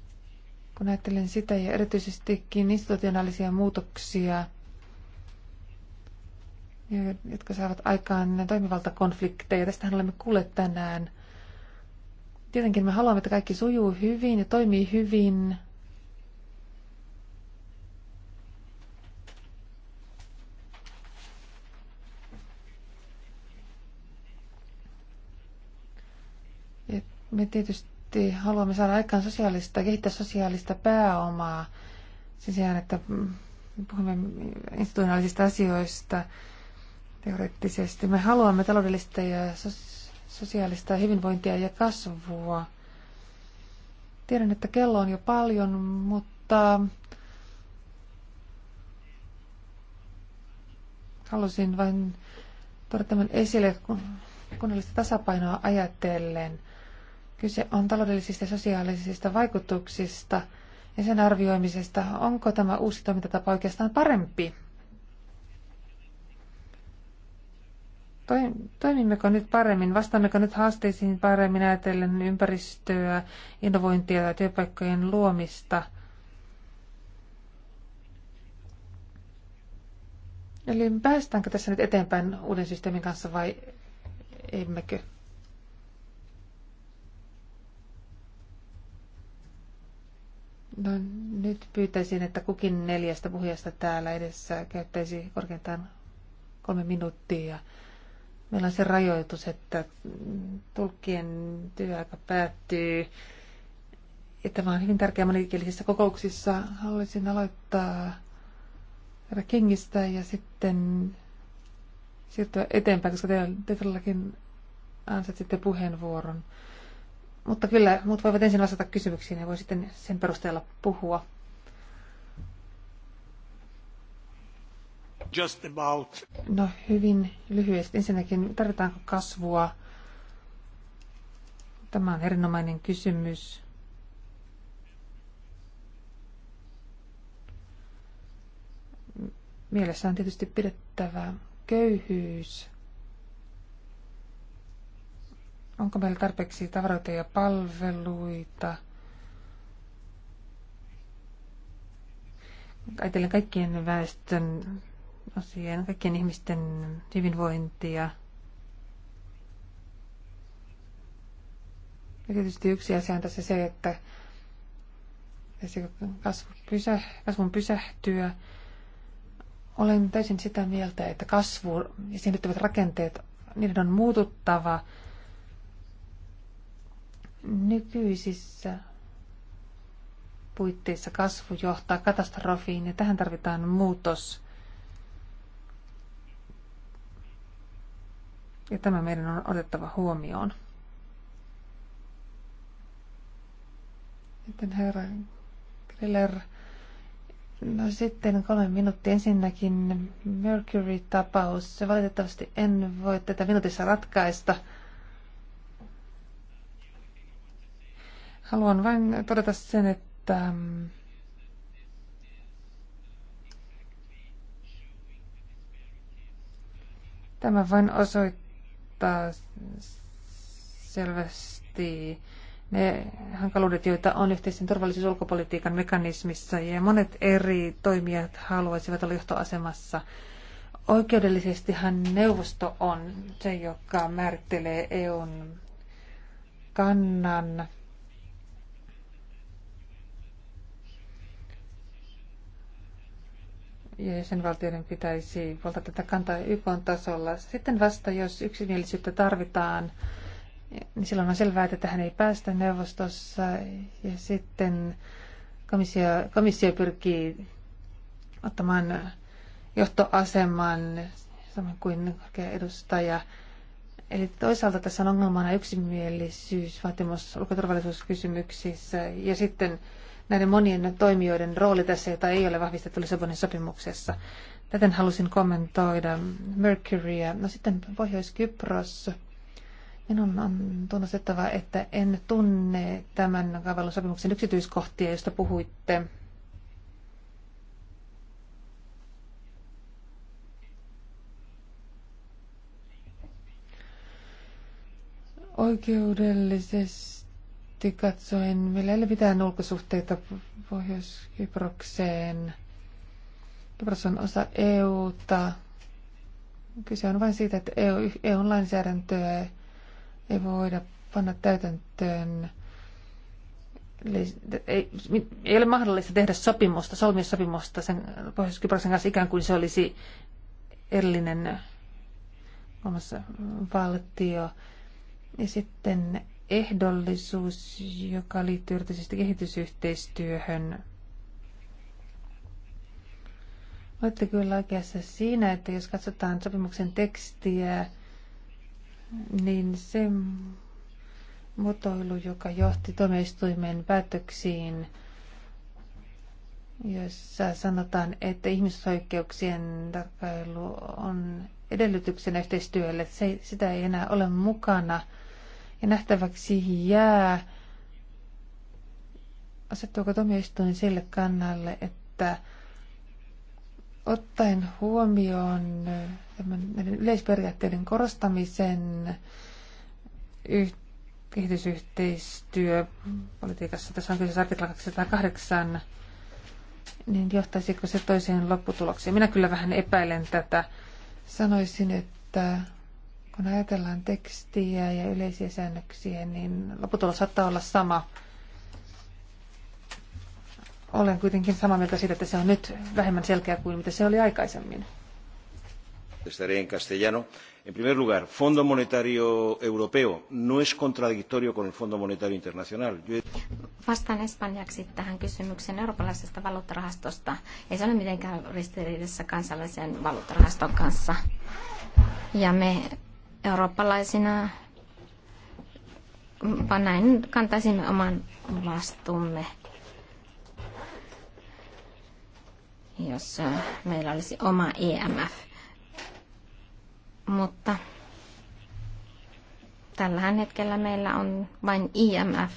Speaker 4: – kun ajattelen sitä ja erityisestikin institutionaalisia muutoksia, jotka saavat aikaan toimivaltakonflikteja. Tästähän olemme kuulleet tänään. Tietenkin me haluamme, että kaikki sujuu hyvin ja toimii hyvin. me tietysti haluamme saada aikaan sosiaalista, kehittää sosiaalista pääomaa sen sijaan, että puhumme institutionaalisista asioista – teoreettisesti. Me haluamme taloudellista ja sosiaalista hyvinvointia ja kasvua. Tiedän, että kello on jo paljon, mutta halusin vain tuoda tämän esille kunnallista tasapainoa ajatellen. Kyse on taloudellisista ja sosiaalisista vaikutuksista ja sen arvioimisesta, onko tämä uusi toimintatapa oikeastaan parempi toimimmeko nyt paremmin, vastaammeko nyt haasteisiin paremmin ajatellen ympäristöä, innovointia ja työpaikkojen luomista. Eli päästäänkö tässä nyt eteenpäin uuden systeemin kanssa vai emmekö? No, nyt pyytäisin, että kukin neljästä puhujasta täällä edessä käyttäisi korkeintaan kolme minuuttia. Meillä on se rajoitus, että tulkkien työaika päättyy. Ja tämä on hyvin tärkeä monikielisissä kokouksissa. Haluaisin aloittaa herra Kingistä ja sitten siirtyä eteenpäin, koska te, todellakin ansaitsitte puheenvuoron. Mutta kyllä, muut voivat ensin vastata kysymyksiin ja voi sitten sen perusteella puhua.
Speaker 2: just about...
Speaker 4: No hyvin lyhyesti. Ensinnäkin, tarvitaanko kasvua? Tämä on erinomainen kysymys. Mielessä on tietysti pidettävä köyhyys. Onko meillä tarpeeksi tavaroita ja palveluita? Ajatellen kaikkien väestön asiaan, kaikkien ihmisten hyvinvointia. Ja tietysti yksi asia on tässä se, että kasvu pysä, kasvun pysähtyä. Olen täysin sitä mieltä, että kasvu ja siihen liittyvät rakenteet, niiden on muututtava nykyisissä puitteissa kasvu johtaa katastrofiin ja tähän tarvitaan muutos. Ja tämä meidän on otettava huomioon. Sitten herra Griller. No sitten kolme minuuttia. Ensinnäkin Mercury-tapaus. valitettavasti en voi tätä minuutissa ratkaista. Haluan vain todeta sen, että mm, tämä vain osoittaa, selvästi ne hankaluudet, joita on yhteisen turvallisuus- ulkopolitiikan mekanismissa, ja monet eri toimijat haluaisivat olla johtoasemassa. Oikeudellisestihan neuvosto on se, joka määrittelee EUn kannan sen jäsenvaltioiden pitäisi valta tätä kantaa YK tasolla. Sitten vasta, jos yksimielisyyttä tarvitaan, niin silloin on selvää, että tähän ei päästä neuvostossa. Ja sitten komissio, komissio pyrkii ottamaan johtoaseman samoin kuin korkea edustaja. Eli toisaalta tässä on ongelmana yksimielisyys, vaatimus ulkoturvallisuuskysymyksissä ja sitten näiden monien toimijoiden rooli tässä, jota ei ole vahvistettu Lissabonin sopimuksessa. Täten halusin kommentoida Mercurya. No sitten Pohjois-Kypros. Minun on tunnustettava, että en tunne tämän kaavallon sopimuksen yksityiskohtia, josta puhuitte. Oikeudellisesti Poliittisesti katsoen meillä ei ole mitään ulkosuhteita Pohjois-Kyprokseen. Kypros on osa EUta. Kyse on vain siitä, että EU, EUn lainsäädäntöä ei voida panna täytäntöön. Eli ei, ei ole mahdollista tehdä sopimusta, solmia sopimusta sen Pohjois-Kyproksen kanssa ikään kuin se olisi erillinen omassa valtio. Ja sitten ehdollisuus, joka liittyy erityisesti kehitysyhteistyöhön. Olette kyllä oikeassa siinä, että jos katsotaan sopimuksen tekstiä, niin se muotoilu, joka johti tuomioistuimen päätöksiin, jossa sanotaan, että ihmisoikeuksien tarkkailu on edellytyksenä yhteistyölle, se, sitä ei enää ole mukana – ja nähtäväksi jää, asettuuko tuomioistuin sille kannalle, että ottaen huomioon näiden yleisperiaatteiden korostamisen yhteydessä, kehitysyhteistyöpolitiikassa, tässä on kyseessä artikla 208, niin johtaisiko se toiseen lopputulokseen? Minä kyllä vähän epäilen tätä. Sanoisin, että kun ajatellaan tekstiä ja yleisiä säännöksiä, niin lopputulos saattaa olla sama. Olen kuitenkin samaa mieltä siitä, että se on nyt vähemmän selkeä kuin mitä se oli aikaisemmin.
Speaker 2: Estaré en castellano. En primer lugar, Fondo Monetario Europeo no es contradictorio con el Fondo Monetario Internacional. Yo...
Speaker 1: Vastaan espanjaksi tähän kysymykseen eurooppalaisesta valuuttarahastosta. Ei se ole mitenkään ristiriidassa kansallisen valuuttarahaston kanssa. Ja me eurooppalaisina, vaan näin kantaisimme oman vastuumme. jos äh, meillä olisi oma EMF. Mutta tällä hetkellä meillä on vain IMF,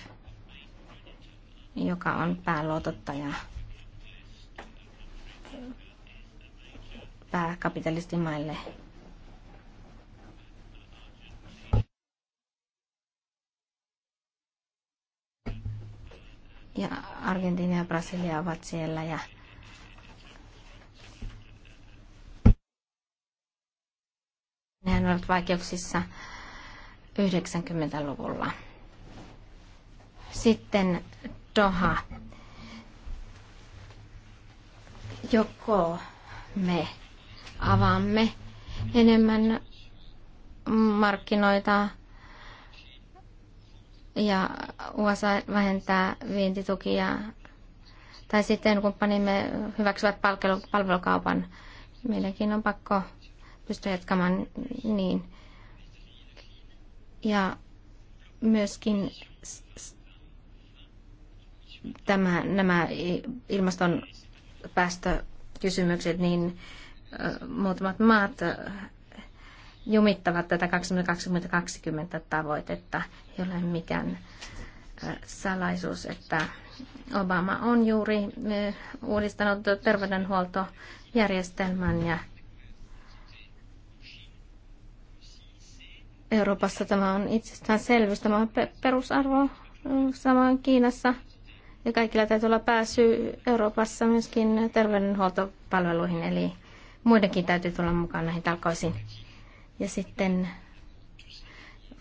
Speaker 1: e joka on pääluotottaja pääkapitalistimaille. ja Argentiina ja Brasilia ovat siellä ja nehän olivat vaikeuksissa 90-luvulla. Sitten Doha. Joko me avaamme enemmän markkinoita ja USA vähentää vientitukia. Tai sitten kumppanimme hyväksyvät palvelukaupan. Meidänkin on pakko pystyä jatkamaan niin. Ja myöskin tämä, nämä ilmaston päästökysymykset, niin muutamat maat jumittavat tätä 2020-2020 tavoitetta. Ei ole mikään salaisuus, että Obama on juuri uudistanut terveydenhuoltojärjestelmän ja Euroopassa tämä on itsestäänselvyys, tämä on perusarvo samoin Kiinassa. Ja kaikilla täytyy olla pääsy Euroopassa myöskin terveydenhuoltopalveluihin, eli muidenkin täytyy tulla mukaan näihin talkoisiin. Ja sitten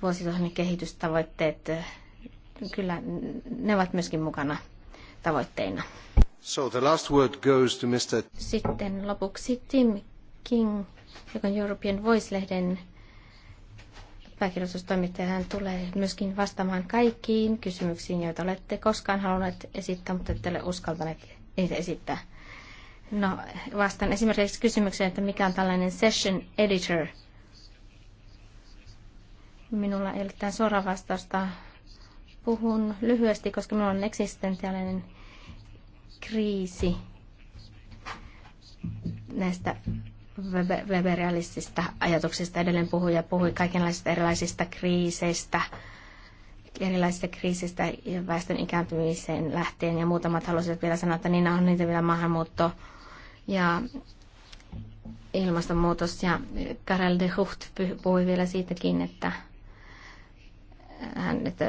Speaker 1: vuosituhannen kehitystavoitteet, kyllä ne ovat myöskin mukana tavoitteina. So the last
Speaker 2: word goes to Mr.
Speaker 1: Sitten lopuksi Tim King, joka on European Voice-lehden pääkirjoitustoimittaja. Hän tulee myöskin vastaamaan kaikkiin kysymyksiin, joita olette koskaan halunneet esittää, mutta ette ole uskaltaneet niitä esittää. No, vastaan esimerkiksi kysymykseen, että mikä on tällainen session editor – Minulla ei ole tähän vastausta. Puhun lyhyesti, koska minulla on eksistentiaalinen kriisi näistä weberialistisista ajatuksista. Edelleen puhuja puhui kaikenlaisista erilaisista kriiseistä, erilaisista kriisistä väestön ikääntymiseen lähteen ja muutamat halusivat vielä sanoa, että niinä on niitä vielä maahanmuutto ja ilmastonmuutos. Ja Karel de Hucht puhui vielä siitäkin, että hän, että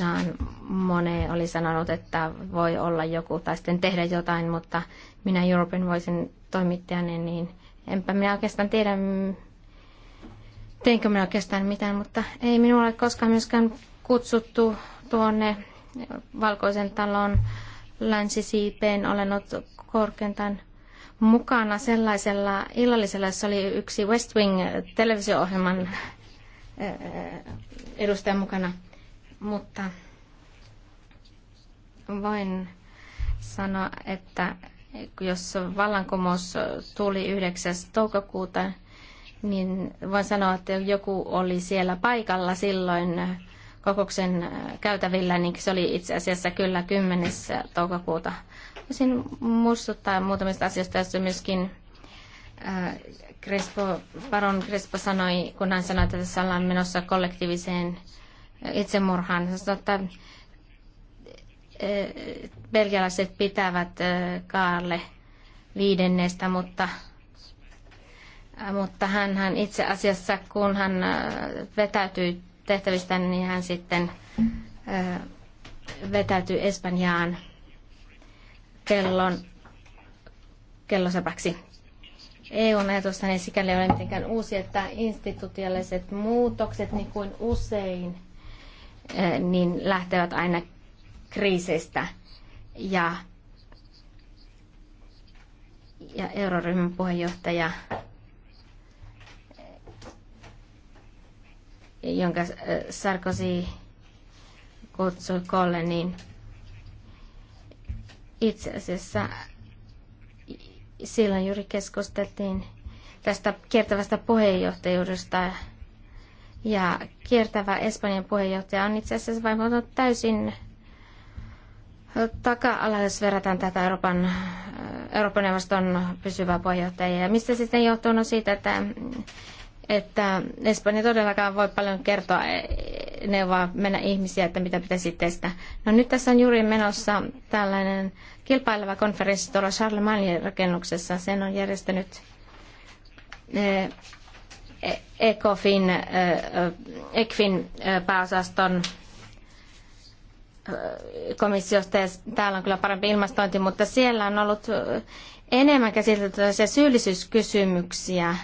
Speaker 1: Jean Monnet oli sanonut, että voi olla joku tai sitten tehdä jotain, mutta minä European voisin toimittajani, niin enpä minä oikeastaan tiedä, teinkö minä oikeastaan mitään, mutta ei minulla ole koskaan myöskään kutsuttu tuonne Valkoisen talon länsisiipeen. Olen ollut korkeintaan mukana sellaisella illallisella, jossa oli yksi West Wing televisio-ohjelman Äh, äh, edustajan mukana, mutta voin sanoa, että jos vallankumous tuli 9. toukokuuta, niin voin sanoa, että joku oli siellä paikalla silloin kokouksen käytävillä, niin se oli itse asiassa kyllä 10. toukokuuta. Voisin muistuttaa muutamista asioista, joissa myöskin Äh, Crespo, Baron Crespo sanoi, kun hän sanoi, että tässä ollaan menossa kollektiiviseen äh, itsemurhaan. että äh, belgialaiset pitävät Kaalle viidennestä, mutta, mutta hän, hän itse asiassa, kun hän vetäytyi tehtävistä, niin hän sitten vetäytyi Espanjaan kellon kellosepäksi. EU-ehdotusta niin ei sikäli ole mitenkään uusi, että institutiaaliset muutokset, niin kuin usein, eh, niin lähtevät aina kriisistä. Ja, ja euroryhmän puheenjohtaja, eh, jonka eh, Sarkozy kutsui kolle, niin itse asiassa Silloin juuri keskusteltiin tästä kiertävästä puheenjohtajuudesta. Ja kiertävä Espanjan puheenjohtaja on itse asiassa vaikuttanut täysin taka-alalle, jos verrataan tätä Euroopan, Euroopan neuvoston pysyvää puheenjohtajaa. Ja mistä sitten johtuu? No siitä, että että Espanja todellakaan voi paljon kertoa e, neuvoa mennä ihmisiä, että mitä pitäisi tehdä. No nyt tässä on juuri menossa tällainen kilpaileva konferenssi tuolla Charlemagne rakennuksessa. Sen on järjestänyt e, e, ECOFIN, ECFIN pääosaston komissiosta ja täällä on kyllä parempi ilmastointi, mutta siellä on ollut enemmän käsitelty syyllisyyskysymyksiä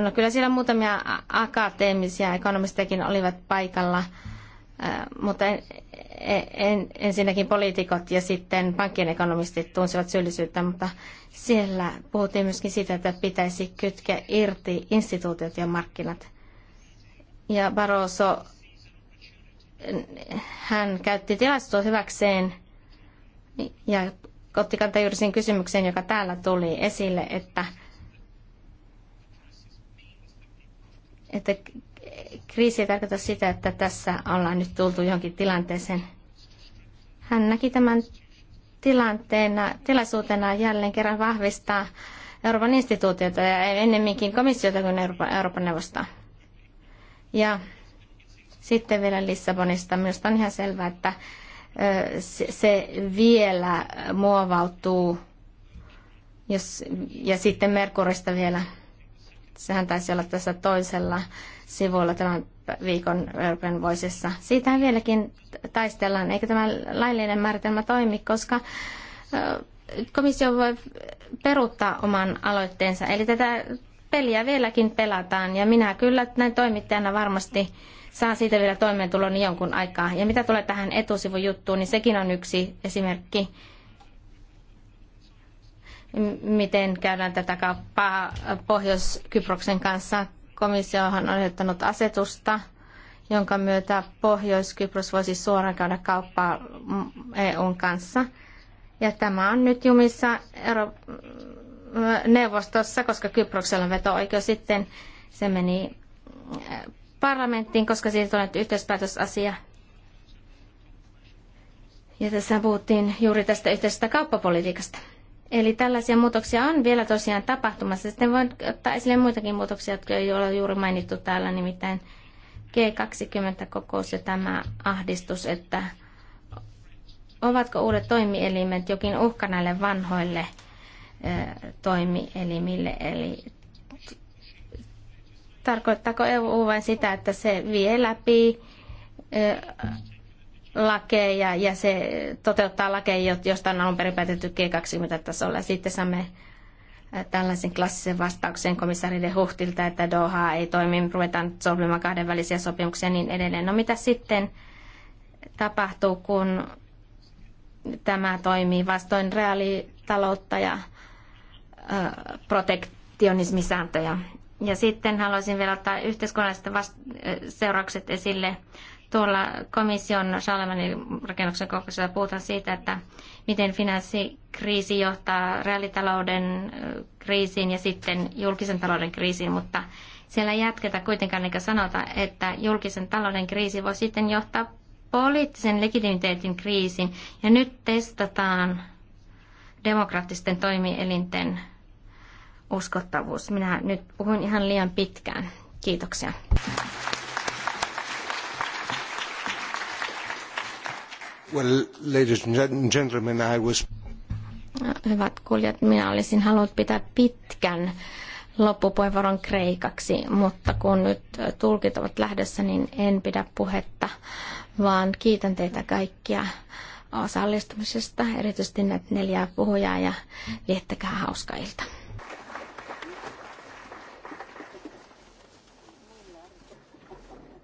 Speaker 1: No kyllä siellä muutamia akateemisia ekonomistakin olivat paikalla, mutta en, e- en, ensinnäkin poliitikot ja sitten pankkien ekonomistit tunsivat syyllisyyttä, mutta siellä puhuttiin myöskin siitä, että pitäisi kytkeä irti instituutiot ja markkinat. Ja Barroso, hän käytti tilastoa hyväkseen ja otti kantaa juuri siihen kysymykseen, joka täällä tuli esille, että – että kriisi ei tarkoita sitä, että tässä ollaan nyt tultu johonkin tilanteeseen. Hän näki tämän tilanteena, tilaisuutena jälleen kerran vahvistaa Euroopan instituutiota ja ennemminkin komissiota kuin Euroopan, Euroopan neuvostoa. Ja sitten vielä Lissabonista. Minusta on ihan selvää, että se vielä muovautuu jos, ja sitten Merkurista vielä Sehän taisi olla tässä toisella sivulla tämän viikon Urban Voicessa. Siitähän vieläkin taistellaan, eikö tämä laillinen määritelmä toimi, koska komissio voi peruuttaa oman aloitteensa. Eli tätä peliä vieläkin pelataan ja minä kyllä näin toimittajana varmasti saan siitä vielä toimeentulon jonkun aikaa. Ja mitä tulee tähän etusivujuttuun, niin sekin on yksi esimerkki miten käydään tätä kauppaa Pohjois-Kyproksen kanssa. Komissiohan on ehdottanut asetusta, jonka myötä Pohjois-Kypros voisi suoraan käydä kauppaa EUn kanssa. Ja tämä on nyt jumissa Euro- neuvostossa, koska Kyproksella on veto-oikeus sitten. Se meni parlamenttiin, koska siitä on yhteispäätösasia. Ja tässä puhuttiin juuri tästä yhteisestä kauppapolitiikasta. Eli tällaisia muutoksia on vielä tosiaan tapahtumassa. Sitten voin ottaa esille muitakin muutoksia, jotka ei ole juuri mainittu täällä, nimittäin G20-kokous ja tämä ahdistus, että ovatko uudet toimielimet jokin uhka näille vanhoille toimielimille, eli tarkoittaako EU vain sitä, että se vie läpi lakeja ja se toteuttaa lakeja, josta on alun perin päätetty G20-tasolla. Sitten saamme tällaisen klassisen vastauksen komissaari de Huhtilta, että Doha ei toimi, ruvetaan sopimaan kahdenvälisiä sopimuksia ja niin edelleen. No mitä sitten tapahtuu, kun tämä toimii vastoin reaalitaloutta ja ö, protektionismisääntöjä? Ja sitten haluaisin vielä ottaa yhteiskunnalliset vast- seuraukset esille Tuolla komission Salmanin rakennuksen kohdassa puhutaan siitä, että miten finanssikriisi johtaa reaalitalouden kriisiin ja sitten julkisen talouden kriisiin, mutta siellä jatketa kuitenkaan eikä sanota, että julkisen talouden kriisi voi sitten johtaa poliittisen legitimiteetin kriisin. Ja nyt testataan demokraattisten toimielinten uskottavuus. Minä nyt puhun ihan liian pitkään. Kiitoksia. Hyvät kuulijat, minä olisin halunnut pitää pitkän loppupuheenvuoron kreikaksi, mutta kun nyt tulkit ovat lähdössä, niin en pidä puhetta, vaan kiitän teitä kaikkia osallistumisesta, erityisesti näitä neljää puhujaa ja viettäkää hauska ilta.